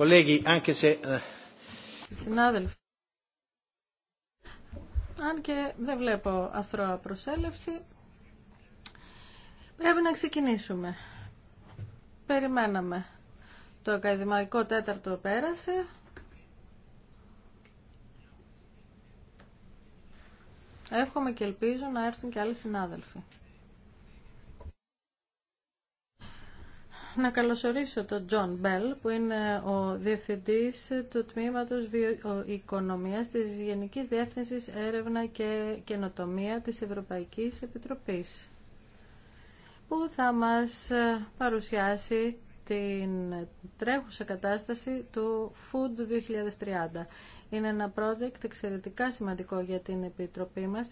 Ε. Συνάδελφοι, αν και δεν βλέπω αθρώα προσέλευση, πρέπει να ξεκινήσουμε. Περιμέναμε. Το ακαδημαϊκό τέταρτο πέρασε. Εύχομαι και ελπίζω να έρθουν και άλλοι συνάδελφοι. να καλωσορίσω τον Τζον Μπέλ, που είναι ο Διευθυντής του Τμήματος Βιοοικονομίας της Γενικής Διεύθυνσης Έρευνα και Καινοτομία της Ευρωπαϊκής Επιτροπής, που θα μας ε, παρουσιάσει την τρέχουσα κατάσταση του Food 2030. Είναι ένα project εξαιρετικά σημαντικό για την Επιτροπή μας,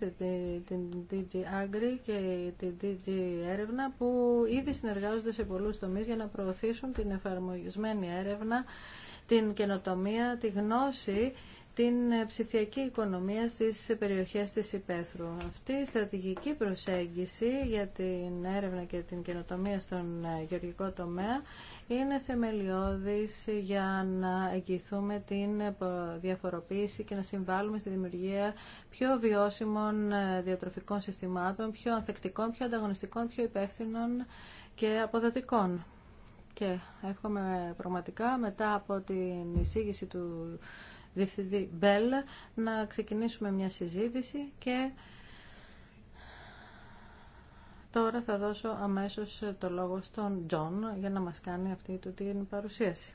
την DG Agri και την DG Έρευνα, που ήδη συνεργάζονται σε πολλούς τομείς για να προωθήσουν την εφαρμογισμένη έρευνα, την καινοτομία, τη γνώση την ψηφιακή οικονομία στις περιοχές της υπαίθρου. Αυτή η στρατηγική προσέγγιση για την έρευνα και την καινοτομία στον ε, γεωργικό τομέα είναι θεμελιώδης για να εγγυηθούμε την ε, διαφοροποίηση και να συμβάλλουμε στη δημιουργία πιο βιώσιμων ε, διατροφικών συστημάτων, πιο ανθεκτικών, πιο ανταγωνιστικών, πιο υπεύθυνων και αποδοτικών. Και εύχομαι πραγματικά μετά από την εισήγηση του Διευθυντή Μπέλ να ξεκινήσουμε μια συζήτηση και τώρα θα δώσω αμέσως το λόγο στον Τζον για να μας κάνει αυτή την παρουσίαση.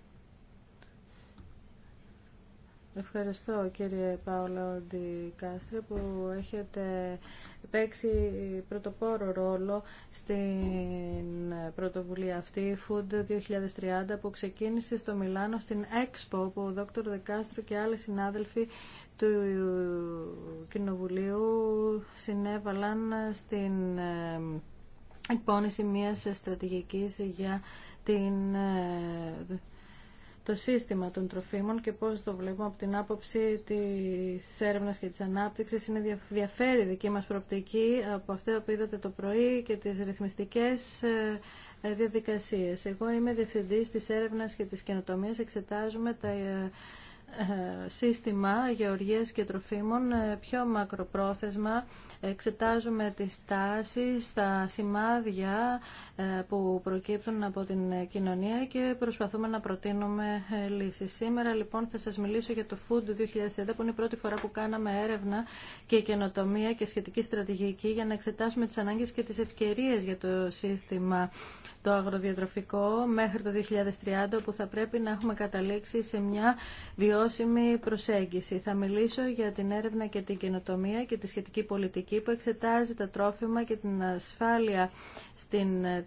Ευχαριστώ κύριε Πάολο Ντικάστρε που έχετε παίξει πρωτοπόρο ρόλο στην πρωτοβουλία αυτή Food 2030 που ξεκίνησε στο Μιλάνο στην Expo που ο Δόκτωρ Δεκάστρο και άλλοι συνάδελφοι του Κοινοβουλίου συνέβαλαν στην ε, εκπόνηση μιας στρατηγικής για την ε, το σύστημα των τροφίμων και πώς το βλέπουμε από την άποψη της έρευνας και της ανάπτυξης είναι διαφέρει δική μας προοπτική από αυτό που είδατε το πρωί και τις ρυθμιστικές ε, ε, διαδικασίες. Εγώ είμαι διευθυντής της έρευνας και της καινοτομίας, εξετάζουμε τα ε, ε, σύστημα γεωργίας και τροφίμων ε, πιο μακροπρόθεσμα. Εξετάζουμε τις τάσεις, τα σημάδια ε, που προκύπτουν από την κοινωνία και προσπαθούμε να προτείνουμε λύσεις. Σήμερα λοιπόν θα σας μιλήσω για το Food 2010 που είναι η πρώτη φορά που κάναμε έρευνα και καινοτομία και σχετική στρατηγική για να εξετάσουμε τις ανάγκες και τις ευκαιρίες για το σύστημα το αγροδιατροφικό μέχρι το 2030 που θα πρέπει να έχουμε καταλήξει σε μια βιώσιμη προσέγγιση. Θα μιλήσω για την έρευνα και την καινοτομία και τη σχετική πολιτική που εξετάζει τα τρόφιμα και την ασφάλεια στην ε,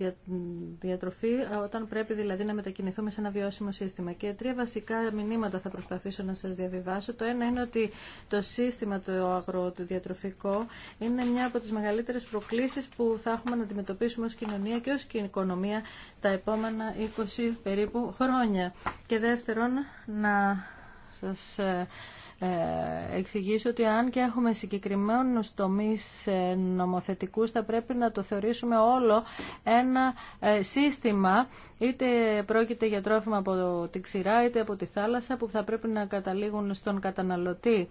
διατροφή όταν πρέπει δηλαδή να μετακινηθούμε σε ένα βιώσιμο σύστημα. Και τρία βασικά μηνύματα θα προσπαθήσω να σας διαβιβάσω. Το ένα είναι ότι το σύστημα το αγροδιατροφικό είναι μια από τις μεγαλύτερες προκλήσεις που θα έχουμε να αντιμετωπίσουμε ως κοινωνία και ω οικονομία τα επόμενα 20 περίπου χρόνια. Και δεύτερον, να σας ε, ε, εξηγήσω ότι αν και έχουμε συγκεκριμένους τομείς ε, νομοθετικούς θα πρέπει να το θεωρήσουμε όλο ένα σύστημα είτε πρόκειται για τρόφιμα από τη ξηρά είτε από τη θάλασσα που θα πρέπει να καταλήγουν στον καταναλωτή.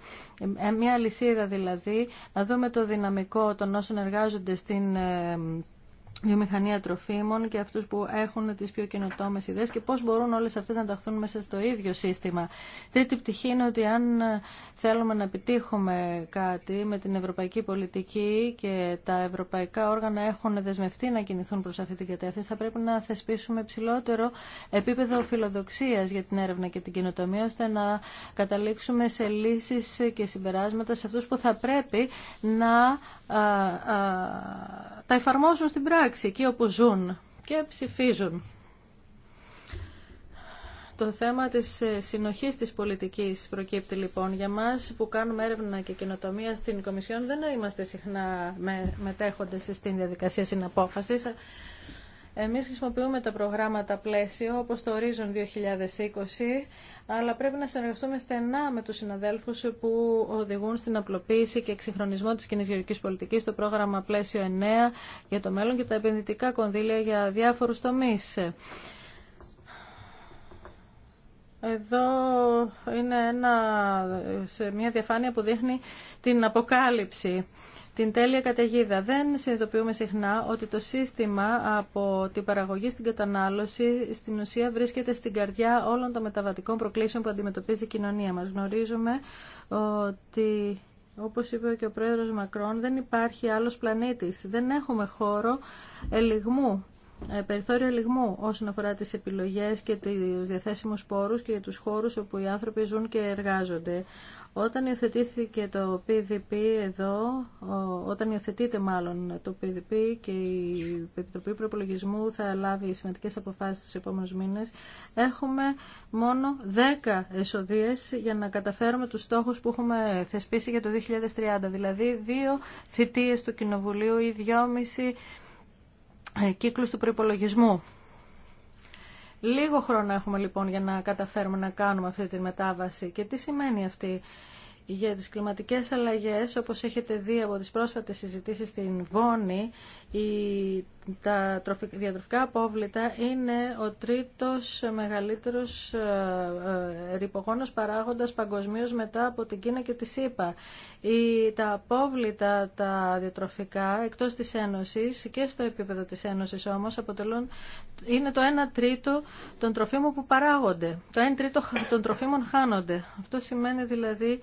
Μια λυσίδα δηλαδή, να δούμε το δυναμικό των όσων εργάζονται στην βιομηχανία τροφίμων και αυτούς που έχουν τις πιο καινοτόμες ιδέες και πώς μπορούν όλες αυτές να ταχθούν μέσα στο ίδιο σύστημα. Τρίτη πτυχή είναι ότι αν θέλουμε να επιτύχουμε κάτι με την ευρωπαϊκή πολιτική και τα ευρωπαϊκά όργανα έχουν δεσμευτεί να κινηθούν προς αυτή την κατεύθυνση, θα πρέπει να θεσπίσουμε ψηλότερο επίπεδο φιλοδοξίας για την έρευνα και την κοινοτομία ώστε να καταλήξουμε σε λύσεις και συμπεράσματα σε αυτούς που θα πρέπει να ε, ε, τα εφαρμόσουν στην πράξη εκεί όπου ζουν και ψηφίζουν. Το θέμα της ε, συνοχής της πολιτικής προκύπτει λοιπόν για μας που κάνουμε έρευνα και κοινοτομία στην Κομισιόν. Δεν είμαστε συχνά με, μετέχοντες στην διαδικασία συναπόφασης, εμείς χρησιμοποιούμε τα προγράμματα πλαίσιο όπως το Horizon 2020, αλλά πρέπει να συνεργαστούμε στενά με τους συναδέλφους που οδηγούν στην απλοποίηση και εξυγχρονισμό της κοινής γεωργικής πολιτικής, το πρόγραμμα πλαίσιο 9 για το μέλλον και τα επενδυτικά κονδύλια για διάφορους τομείς. Εδώ είναι ένα, σε μια διαφάνεια που δείχνει την αποκάλυψη, την τέλεια καταιγίδα. Δεν συνειδητοποιούμε συχνά ότι το σύστημα από την παραγωγή στην κατανάλωση στην ουσία βρίσκεται στην καρδιά όλων των μεταβατικών προκλήσεων που αντιμετωπίζει η κοινωνία μας. Γνωρίζουμε ότι όπως είπε και ο πρόεδρος Μακρόν, δεν υπάρχει άλλος πλανήτης. Δεν έχουμε χώρο ελιγμού ε, περιθώριο λιγμού όσον αφορά τις επιλογές και τους διαθέσιμους πόρους και τους χώρους όπου οι άνθρωποι ζουν και εργάζονται. Όταν υιοθετήθηκε το PDP εδώ, όταν υιοθετείται μάλλον το PDP και η Επιτροπή Προπολογισμού θα λάβει σημαντικές αποφάσεις στους επόμενους μήνες, έχουμε μόνο 10 εσοδίες για να καταφέρουμε τους στόχους που έχουμε θεσπίσει για το 2030, δηλαδή δύο θητείες του Κοινοβουλίου ή δυόμιση ε, κύκλους του προϋπολογισμού. Λίγο χρόνο έχουμε λοιπόν για να καταφέρουμε να κάνουμε αυτή τη μετάβαση. Και τι σημαίνει αυτή για τις κλιματικές αλλαγές, όπως έχετε δει από τις πρόσφατες συζητήσεις στην Βόνη, η τα διατροφικά απόβλητα είναι ο τρίτος μεγαλύτερος ε, ε, ρηπογόνος παράγοντας παγκοσμίως μετά από την Κίνα και τη ΣΥΠΑ. τα απόβλητα τα διατροφικά εκτός της Ένωσης και στο επίπεδο της Ένωσης όμως αποτελούν, είναι το 1 τρίτο των τροφίμων που παράγονται. Το 1 τρίτο των τροφίμων χάνονται. Αυτό σημαίνει δηλαδή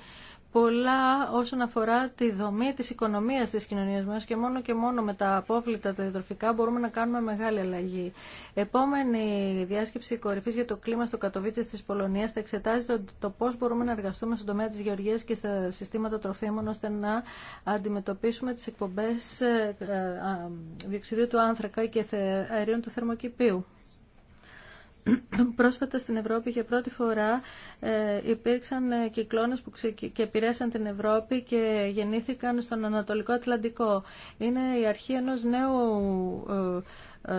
πολλά όσον αφορά τη δομή της οικονομίας της κοινωνίας μας και μόνο και μόνο με τα απόβλητα τα διατροφικά μπορούμε να κάνουμε μεγάλη αλλαγή. Επόμενη διάσκεψη κορυφής για το κλίμα στο Κατοβίτσες της Πολωνίας θα εξετάζει το, το πώς μπορούμε να εργαστούμε στον τομέα της γεωργίας και στα συστήματα τροφίμων ώστε να αντιμετωπίσουμε τις εκπομπές ε, ε, διοξιδίου του άνθρακα και αερίων του θερμοκηπίου. Πρόσφατα στην Ευρώπη για πρώτη φορά ε, υπήρξαν ε, κυκλώνες που και επηρέασαν την Ευρώπη και γεννήθηκαν στον Ανατολικό Ατλαντικό. Είναι η αρχή ενός νέου ε,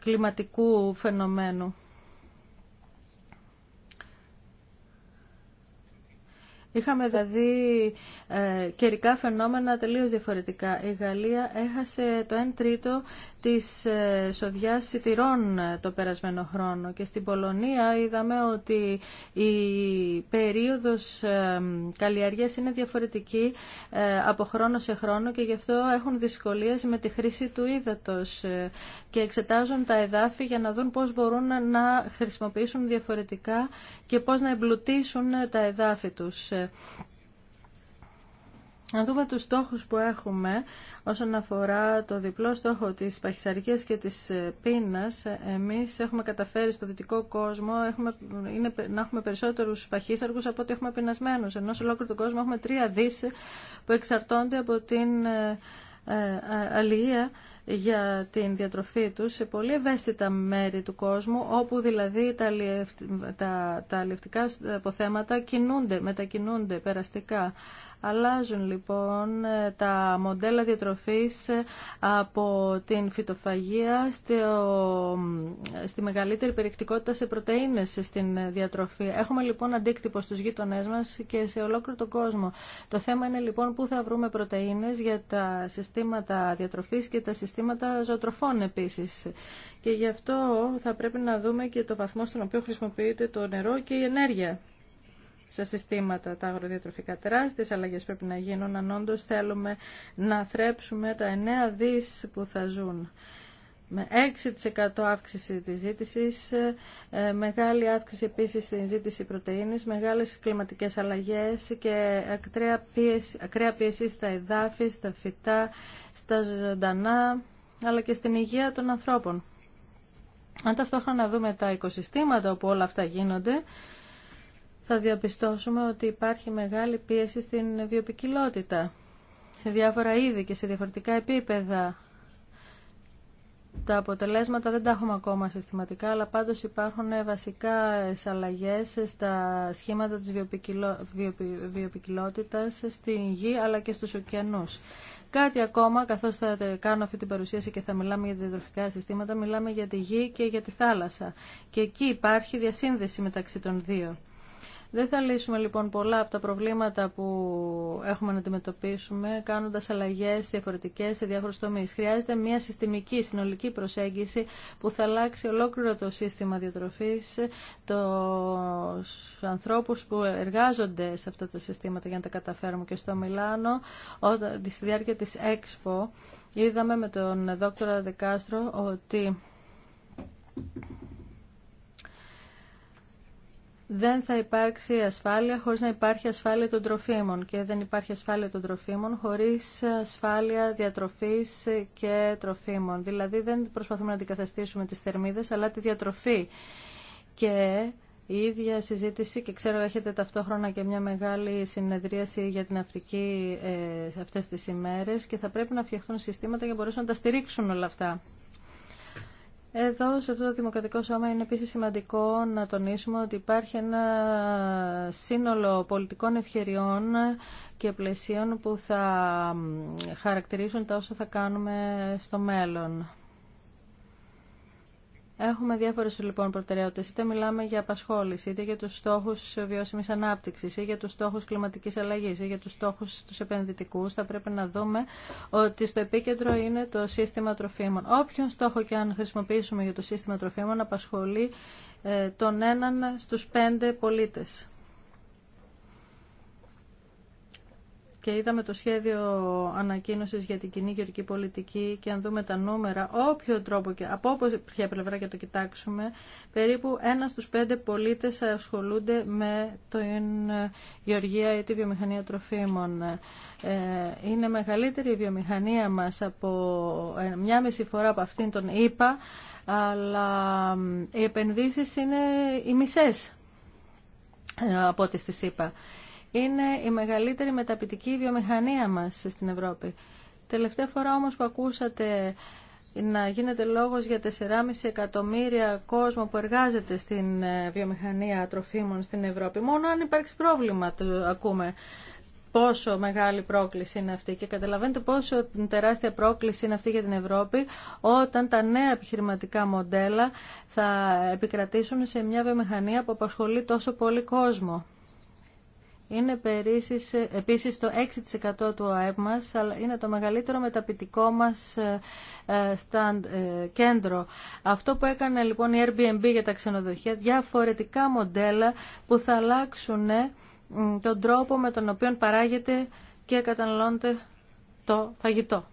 κλιματικού φαινομένου. Είχαμε δηλαδή ε, καιρικά φαινόμενα τελείως διαφορετικά. Η Γαλλία έχασε το 1 τρίτο της ε, σοδιάς σιτηρών ε, το περασμένο χρόνο και στην Πολωνία είδαμε ότι η περίοδος ε, καλλιεργίας είναι διαφορετική ε, από χρόνο σε χρόνο και γι' αυτό έχουν δυσκολίες με τη χρήση του ύδατος ε, και εξετάζουν τα εδάφη για να δουν πώς μπορούν να χρησιμοποιήσουν διαφορετικά και πώ να εμπλουτίσουν τα εδάφη τους να δούμε τους στόχους που έχουμε όσον αφορά το διπλό στόχο της παχυσαρκίας και της ε, πείνας. Ε, εμείς έχουμε καταφέρει στο δυτικό κόσμο έχουμε, είναι, να έχουμε περισσότερους παχύσαρκους από ό,τι έχουμε πεινασμένους. Ενώ σε ολόκληρο τον κόσμο έχουμε τρία δις που εξαρτώνται από την ε, αλληλεία για την διατροφή τους σε πολύ ευαίσθητα μέρη του κόσμου, όπου δηλαδή τα, τα, τα αποθέματα κινούνται, μετακινούνται περαστικά. Αλλάζουν λοιπόν ε, τα μοντέλα διατροφής ε, από την φυτοφαγία στη μεγαλύτερη περιεκτικότητα σε πρωτεΐνες στην διατροφή. Έχουμε λοιπόν αντίκτυπο στους γείτονές μας και σε ολόκληρο τον κόσμο. Το θέμα είναι λοιπόν πού θα βρούμε πρωτεΐνες για τα συστήματα διατροφής και τα συστήματα ζωοτροφών επίσης. Και γι' αυτό θα πρέπει να δούμε και το βαθμό στον οποίο χρησιμοποιείται το νερό και η ενέργεια σε συστήματα τα αγροδιατροφικά. τεράστιε αλλαγές πρέπει να γίνουν αν όντω θέλουμε να θρέψουμε τα 9 δις που θα ζουν. Με 6% αύξηση της ζήτησης, ε, μεγάλη αύξηση επίσης στην ζήτηση πρωτεΐνης, μεγάλες κλιματικές αλλαγές και ακραία πίεση, ακραία πίεση στα εδάφη, στα φυτά, στα ζωντανά, αλλά και στην υγεία των ανθρώπων. Αν ταυτόχρονα δούμε τα οικοσυστήματα όπου όλα αυτά γίνονται, θα διαπιστώσουμε ότι υπάρχει μεγάλη πίεση στην βιοπικιλότητα σε διάφορα είδη και σε διαφορετικά επίπεδα. Τα αποτελέσματα δεν τα έχουμε ακόμα συστηματικά, αλλά πάντως υπάρχουν βασικά αλλαγέ στα σχήματα της βιοπικιλότητας στην γη αλλά και στους ωκεανούς. Κάτι ακόμα, καθώς θα κάνω αυτή την παρουσίαση και θα μιλάμε για τα διατροφικά συστήματα, μιλάμε για τη γη και για τη θάλασσα. Και εκεί υπάρχει διασύνδεση μεταξύ των δύο. Δεν θα λύσουμε λοιπόν πολλά από τα προβλήματα που έχουμε να αντιμετωπίσουμε κάνοντας αλλαγές διαφορετικές σε διάφορους τομείς. Χρειάζεται μια συστημική συνολική προσέγγιση που θα αλλάξει ολόκληρο το σύστημα διατροφής, τους ανθρώπους που εργάζονται σε αυτά τα συστήματα για να τα καταφέρουμε και στο Μιλάνο, όταν, στη διάρκεια της ΕΞΠΟ, είδαμε με τον δόκτωρα Δεκάστρο ότι δεν θα υπάρξει ασφάλεια χωρίς να υπάρχει ασφάλεια των τροφίμων και δεν υπάρχει ασφάλεια των τροφίμων χωρίς ασφάλεια διατροφής και τροφίμων. Δηλαδή δεν προσπαθούμε να αντικαταστήσουμε τις θερμίδες αλλά τη διατροφή. Και η ίδια συζήτηση και ξέρω έχετε ταυτόχρονα και μια μεγάλη συνεδρίαση για την Αφρική ε, αυτές τις ημέρες και θα πρέπει να φτιαχτούν συστήματα για να μπορέσουν να τα στηρίξουν όλα αυτά. Εδώ, σε αυτό το Δημοκρατικό Σώμα, είναι επίση σημαντικό να τονίσουμε ότι υπάρχει ένα σύνολο πολιτικών ευκαιριών και πλαισίων που θα χαρακτηρίσουν τα όσα θα κάνουμε στο μέλλον. Έχουμε διάφορες λοιπόν προτεραιότητες. Είτε μιλάμε για απασχόληση, είτε για τους στόχους βιώσιμη ανάπτυξη, είτε για τους στόχους κλιματικής αλλαγής, είτε για τους στόχους του επενδυτικού, Θα πρέπει να δούμε ότι στο επίκεντρο είναι το σύστημα τροφίμων. Όποιον στόχο και αν χρησιμοποιήσουμε για το σύστημα τροφίμων απασχολεί ε, τον έναν στου πέντε πολίτε. και είδαμε το σχέδιο ανακοίνωση για την κοινή γεωργική πολιτική και αν δούμε τα νούμερα, όποιο τρόπο και από όποια πλευρά και το κοιτάξουμε, περίπου ένα στου πέντε πολίτες ασχολούνται με την γεωργία ή τη βιομηχανία τροφίμων. Ε, είναι μεγαλύτερη η βιομηχανία μας από ε, μια μισή φορά από αυτήν τον ΙΠΑ, αλλά οι επενδύσει είναι οι μισέ ε, από ό,τι στις είπα είναι η μεγαλύτερη μεταπητική βιομηχανία μας στην Ευρώπη. Τελευταία φορά όμως που ακούσατε να γίνεται λόγος για 4,5 εκατομμύρια κόσμο που εργάζεται στην ε, βιομηχανία τροφίμων στην Ευρώπη. Μόνο αν υπάρξει πρόβλημα το ακούμε πόσο μεγάλη πρόκληση είναι αυτή και καταλαβαίνετε πόσο τεράστια πρόκληση είναι αυτή για την Ευρώπη όταν τα νέα επιχειρηματικά μοντέλα θα επικρατήσουν σε μια βιομηχανία που απασχολεί τόσο πολύ κόσμο. Είναι περίσης, επίσης το 6% του ΑΕΠ μας, αλλά είναι το μεγαλύτερο μεταπητικό μας ε, ε, stand, ε, κέντρο. Αυτό που έκανε λοιπόν η Airbnb για τα ξενοδοχεία, διαφορετικά μοντέλα που θα αλλάξουν τον τρόπο με τον οποίο παράγεται και καταναλώνεται το φαγητό.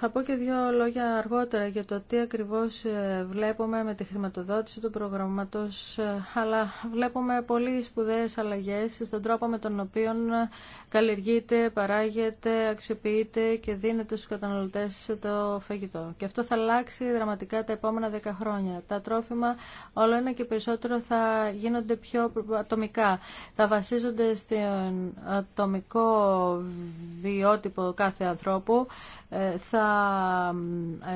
Θα πω και δύο λόγια αργότερα για το τι ακριβώς ε, βλέπουμε με τη χρηματοδότηση του προγραμματός, ε, αλλά βλέπουμε πολύ σπουδαίες αλλαγές στον τρόπο με τον οποίο ε, καλλιεργείται, παράγεται, αξιοποιείται και δίνεται στους καταναλωτές το φαγητό. Και αυτό θα αλλάξει δραματικά τα επόμενα δέκα χρόνια. Τα τρόφιμα όλο ένα και περισσότερο θα γίνονται πιο ατομικά. Θα βασίζονται στον ατομικό βιότυπο κάθε ανθρώπου, ε, θα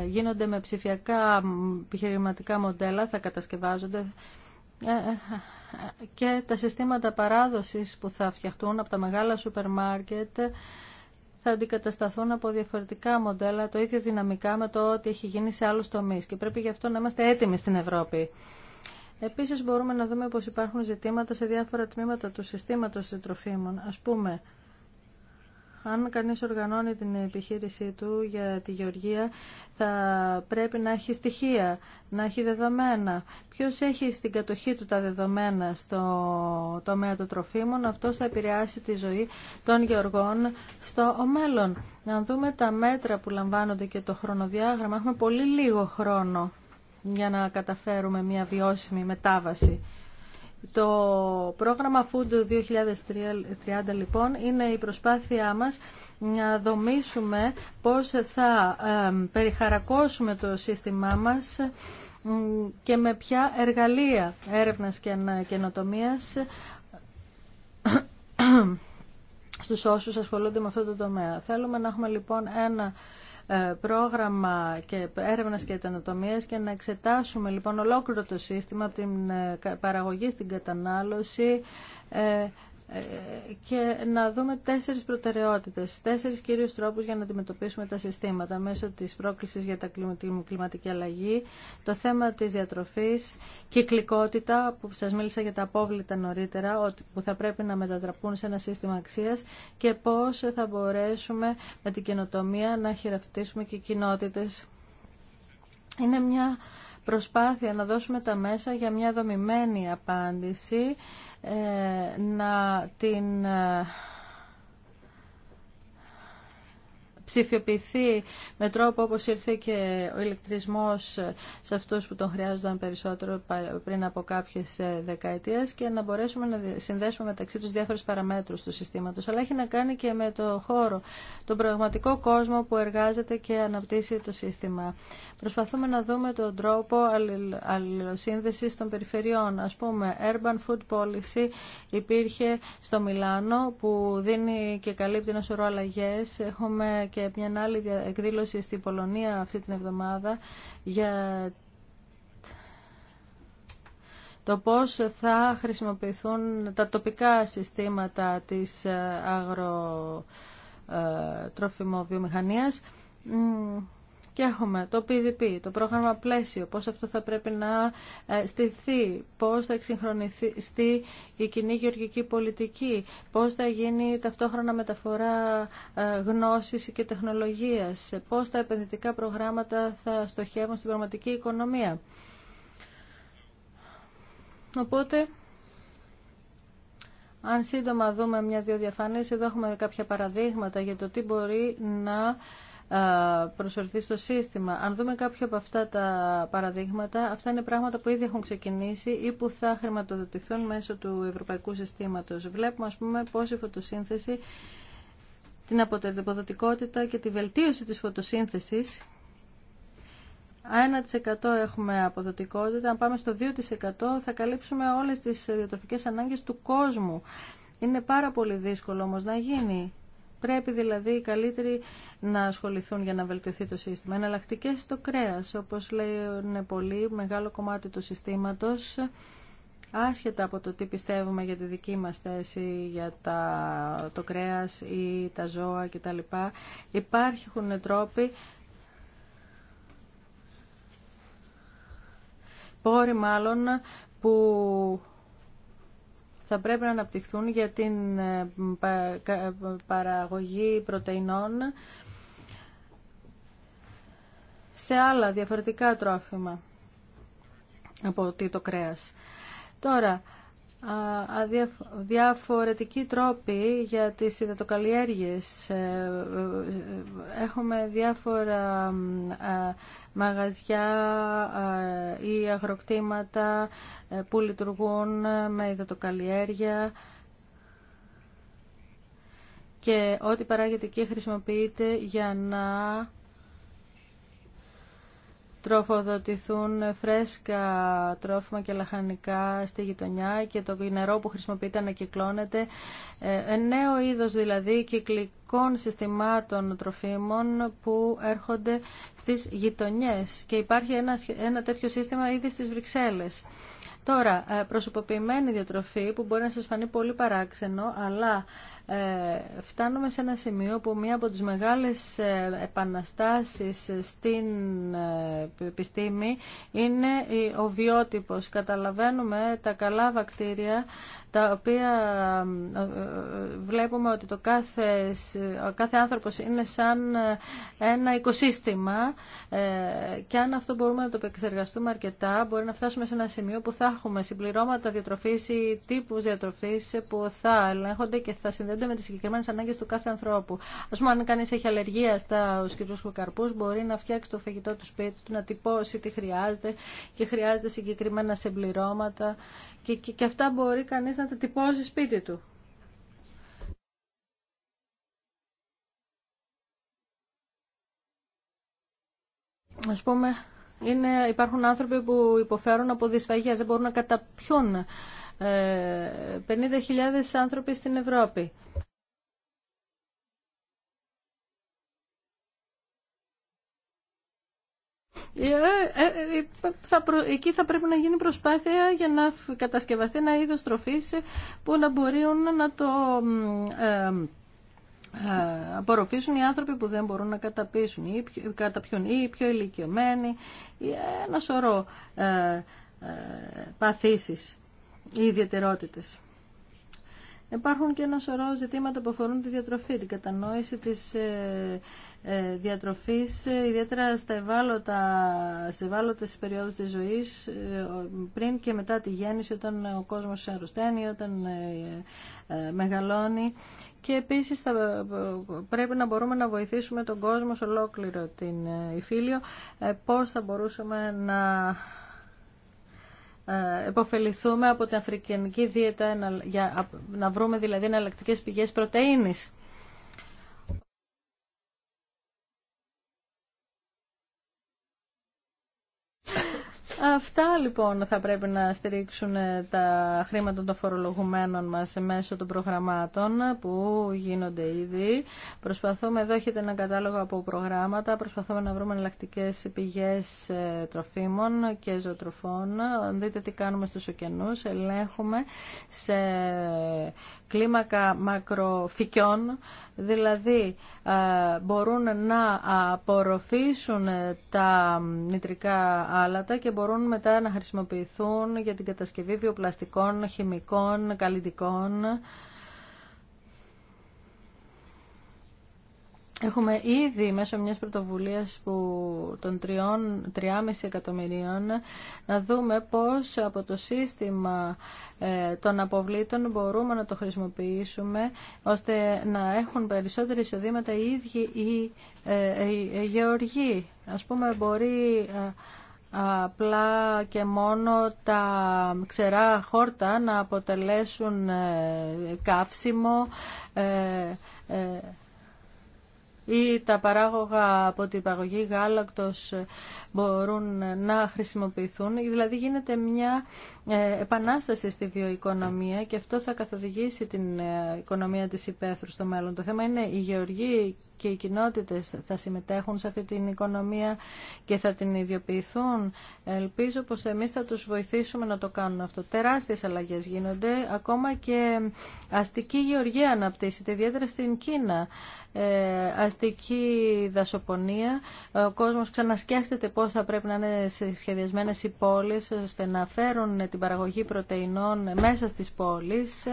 ε, γίνονται με ψηφιακά επιχειρηματικά μοντέλα, θα κατασκευάζονται ε, και τα συστήματα παράδοσης που θα φτιαχτούν από τα μεγάλα σούπερ μάρκετ θα αντικατασταθούν από διαφορετικά μοντέλα, το ίδιο δυναμικά με το ότι έχει γίνει σε άλλους τομείς και πρέπει γι' αυτό να είμαστε έτοιμοι στην Ευρώπη. Επίσης μπορούμε να δούμε πως υπάρχουν ζητήματα σε διάφορα τμήματα του συστήματος των τροφίμων. Ας πούμε, αν κανείς οργανώνει την επιχείρησή του για τη γεωργία, θα πρέπει να έχει στοιχεία, να έχει δεδομένα. Ποιος έχει στην κατοχή του τα δεδομένα στο τομέα των τροφίμων, αυτό θα επηρεάσει τη ζωή των γεωργών στο μέλλον. Να δούμε τα μέτρα που λαμβάνονται και το χρονοδιάγραμμα. Έχουμε πολύ λίγο χρόνο για να καταφέρουμε μια βιώσιμη μετάβαση. Το πρόγραμμα Food 2030 λοιπόν είναι η προσπάθειά μας να δομήσουμε πώς θα περιχαρακώσουμε το σύστημά μας και με ποια εργαλεία έρευνας και καινοτομίας στους όσους ασχολούνται με αυτό το τομέα. Θέλουμε να έχουμε λοιπόν ένα ε, πρόγραμμα και έρευνας και τανατομίας και να εξετάσουμε λοιπόν ολόκληρο το σύστημα από την ε, παραγωγή στην κατανάλωση ε, και να δούμε τέσσερις προτεραιότητες, τέσσερις κυρίους τρόπους για να αντιμετωπίσουμε τα συστήματα μέσω της πρόκλησης για την κλιματική αλλαγή, το θέμα της διατροφής, κυκλικότητα που σας μίλησα για τα απόβλητα νωρίτερα, που θα πρέπει να μετατραπούν σε ένα σύστημα αξίας και πώς θα μπορέσουμε με την καινοτομία να χειραφτήσουμε και κοινότητες. Είναι μια προσπάθεια να δώσουμε τα μέσα για μια δομημένη απάντηση ε, να την ε, ψηφιοποιηθεί με τρόπο όπως ήρθε και ο ηλεκτρισμός σε αυτούς που τον χρειάζονταν περισσότερο πριν από κάποιες ε, δεκαετίες και να μπορέσουμε να συνδέσουμε μεταξύ τους διάφορους παραμέτρους του συστήματος. Αλλά έχει να κάνει και με το χώρο, τον πραγματικό κόσμο που εργάζεται και αναπτύσσει το σύστημα. Προσπαθούμε να δούμε τον τρόπο αλληλοσύνδεσης των περιφερειών. Ας πούμε, Urban Food Policy υπήρχε στο Μιλάνο που δίνει και καλύπτει ένα σωρό αλλαγές. Έχουμε και και μια άλλη εκδήλωση στην Πολωνία αυτή την εβδομάδα για το πώς θα χρησιμοποιηθούν τα τοπικά συστήματα της ε, αγροτροφιμοβιομηχανίας ε, και έχουμε το PDP, το πρόγραμμα πλαίσιο, πώς αυτό θα πρέπει να ε, στηθεί, πώς θα εξυγχρονιστεί η κοινή γεωργική πολιτική, πώς θα γίνει ταυτόχρονα μεταφορά ε, γνώσης και τεχνολογίας, πώς τα επενδυτικά προγράμματα θα στοχεύουν στην πραγματική οικονομία. Οπότε, αν σύντομα δούμε μια-δυο διαφάνειες, εδώ έχουμε κάποια παραδείγματα για το τι μπορεί να προσορθεί στο σύστημα. Αν δούμε κάποια από αυτά τα παραδείγματα, αυτά είναι πράγματα που ήδη έχουν ξεκινήσει ή που θα χρηματοδοτηθούν μέσω του ευρωπαϊκού συστήματος. Βλέπουμε, ας πούμε, πώς η φωτοσύνθεση, την αποτελεσματικότητα και τη βελτίωση της φωτοσύνθεσης 1% έχουμε αποδοτικότητα, αν πάμε στο 2% θα καλύψουμε όλες τις διατροφικές ανάγκες του κόσμου. Είναι πάρα πολύ δύσκολο όμως να γίνει. Πρέπει δηλαδή οι καλύτεροι να ασχοληθούν για να βελτιωθεί το σύστημα. Εναλλακτικέ στο κρέα, όπω λένε πολύ μεγάλο κομμάτι του συστήματο, άσχετα από το τι πιστεύουμε για τη δική μας θέση, για τα, το κρέας ή τα ζώα κτλ. Υπάρχουν τρόποι, πόροι μάλλον, που θα πρέπει να αναπτυχθούν για την ε, παραγωγή πρωτεϊνών σε άλλα διαφορετικά τρόφιμα από ότι το κρέας. Τώρα, διαφορετικοί τρόποι για τις υδατοκαλλιέργειες. Ε, ε, έχουμε διάφορα ε, μαγαζιά ή αγροκτήματα που λειτουργούν με υδατοκαλλιέργεια και ό,τι παράγεται εκεί χρησιμοποιείται για να τροφοδοτηθούν φρέσκα τρόφιμα και λαχανικά στη γειτονιά και το νερό που χρησιμοποιείται ανακυκλώνεται. Ε, ε, νέο είδος δηλαδή κυκλικών συστημάτων τροφίμων που έρχονται στις γειτονιές και υπάρχει ένα, ένα τέτοιο σύστημα ήδη στις Βρυξέλλες. Τώρα, ε, προσωποποιημένη διατροφή που μπορεί να σας φανεί πολύ παράξενο, αλλά ε, φτάνουμε σε ένα σημείο που μία από τις μεγάλες ε, επαναστάσεις ε, στην επιστήμη είναι ο βιότυπος. Καταλαβαίνουμε τα καλά βακτήρια τα οποία ε, ε, βλέπουμε ότι το κάθε, ο κάθε άνθρωπος είναι σαν ε, ένα οικοσύστημα και αν αυτό μπορούμε να το επεξεργαστούμε αρκετά μπορεί να φτάσουμε σε ένα σημείο που θα έχουμε συμπληρώματα διατροφής ή τύπους διατροφής που θα ελέγχονται και θα συνδέονται με τις συγκεκριμένες ανάγκες του κάθε ανθρώπου. Ας πούμε αν κανείς έχει αλλεργία στα σκυρούς καρπούς μπορεί να φτιάξει το φαγητό του σπίτι του, να τυπώσει τι χρειάζεται και χρειάζεται συγκεκριμένα συμπληρώματα και, και, αυτά μπορεί κανείς να τα τυπώσει σπίτι του. Ας πούμε, υπάρχουν άνθρωποι που υποφέρουν από δυσφαγία, δεν μπορούν να καταπιούν. 50.000 ε, άνθρωποι στην Ευρώπη. Ε, ε, ε, εκεί θα πρέπει να γίνει προσπάθεια για να κατασκευαστεί ένα είδος τροφής που να μπορούν να το απορροφήσουν οι άνθρωποι που δεν μπορούν να καταπίσουν ή πιο, ή πιο ηλικιωμένοι ή ένα σωρό ε, παθήσεις ή ιδιαιτερότητες. Υπάρχουν και ένα σωρό ζητήματα που αφορούν τη διατροφή, την κατανόηση της ε, ε, διατροφής, ε, ιδιαίτερα στα ευάλωτα, σε ευάλωτες περιόδους της ζωής, πριν και μετά τη γέννηση, όταν ο κόσμος αρρωσταίνει, όταν μεγαλώνει. Και επίσης θα, πρέπει να μπορούμε να βοηθήσουμε τον κόσμο σε ολόκληρο την υφήλιο, πώς θα μπορούσαμε να ε, επωφεληθούμε από την αφρικανική δίαιτα, για να βρούμε δηλαδή εναλλακτικές πηγές πρωτεΐνης. Αυτά λοιπόν θα πρέπει να στηρίξουν ε, τα χρήματα των φορολογουμένων μας μέσω των προγραμμάτων που γίνονται ήδη. Προσπαθούμε, εδώ έχετε ένα κατάλογο από προγράμματα, προσπαθούμε να βρούμε εναλλακτικέ πηγές ε, τροφίμων και ζωοτροφών. Δείτε τι κάνουμε στους ωκεανούς, ελέγχουμε σε κλίμακα μακροφυκιών, δηλαδή ε, μπορούν να απορροφήσουν τα νητρικά άλατα και μπορούν μετά να χρησιμοποιηθούν για την κατασκευή βιοπλαστικών, χημικών, καλλιτικών Έχουμε ήδη μέσω μιας πρωτοβουλίας που των 3,5 εκατομμυρίων να δούμε πώς από το σύστημα ε, των αποβλήτων μπορούμε να το χρησιμοποιήσουμε ώστε να έχουν περισσότερα εισοδήματα οι ίδιοι ε, οι γεωργοί. Ας πούμε μπορεί ε, απλά και μόνο τα ξερά χόρτα να αποτελέσουν καύσιμο ή τα παράγωγα από την παγωγή γάλακτος μπορούν να χρησιμοποιηθούν. Δηλαδή γίνεται μια ε, επανάσταση στη βιοοικονομία και αυτό θα καθοδηγήσει την ε, οικονομία της υπαίθρου στο μέλλον. Το θέμα είναι οι γεωργοί και οι κοινότητες θα συμμετέχουν σε αυτή την οικονομία και θα την ιδιοποιηθούν. Ελπίζω πως εμείς θα τους βοηθήσουμε να το κάνουν αυτό. Τεράστιες αλλαγές γίνονται, ακόμα και αστική γεωργία αναπτύσσεται, ιδιαίτερα στην Κίνα ε, αστική δασοπονία. Ο κόσμος ξανασκέφτεται πώς θα πρέπει να είναι σχεδιασμένες οι πόλεις ώστε να φέρουν την παραγωγή πρωτεϊνών μέσα στις πόλεις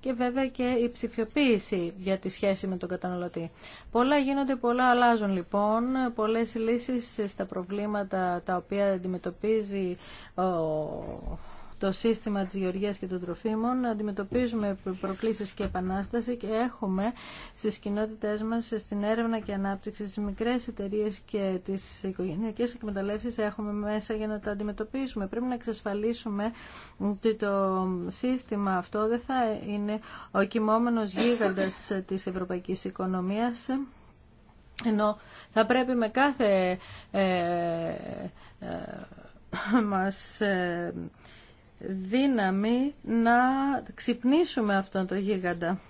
και βέβαια και η ψηφιοποίηση για τη σχέση με τον καταναλωτή. Πολλά γίνονται, πολλά αλλάζουν λοιπόν. Πολλές λύσεις στα προβλήματα τα οποία αντιμετωπίζει ο το σύστημα της γεωργίας και των τροφίμων, αντιμετωπίζουμε προκλήσεις και επανάσταση και έχουμε στις κοινότητές μας, στην έρευνα και ανάπτυξη, στις μικρές εταιρείε και τις οικογενειακές εκμεταλλεύσεις έχουμε μέσα για να τα αντιμετωπίσουμε. Πρέπει να εξασφαλίσουμε ότι το σύστημα αυτό δεν θα είναι ο κοιμόμενος γίγαντας της ευρωπαϊκής οικονομίας, ενώ θα πρέπει με κάθε ε, ε, ε μας ε, δύναμη να ξυπνήσουμε αυτόν τον γίγαντα.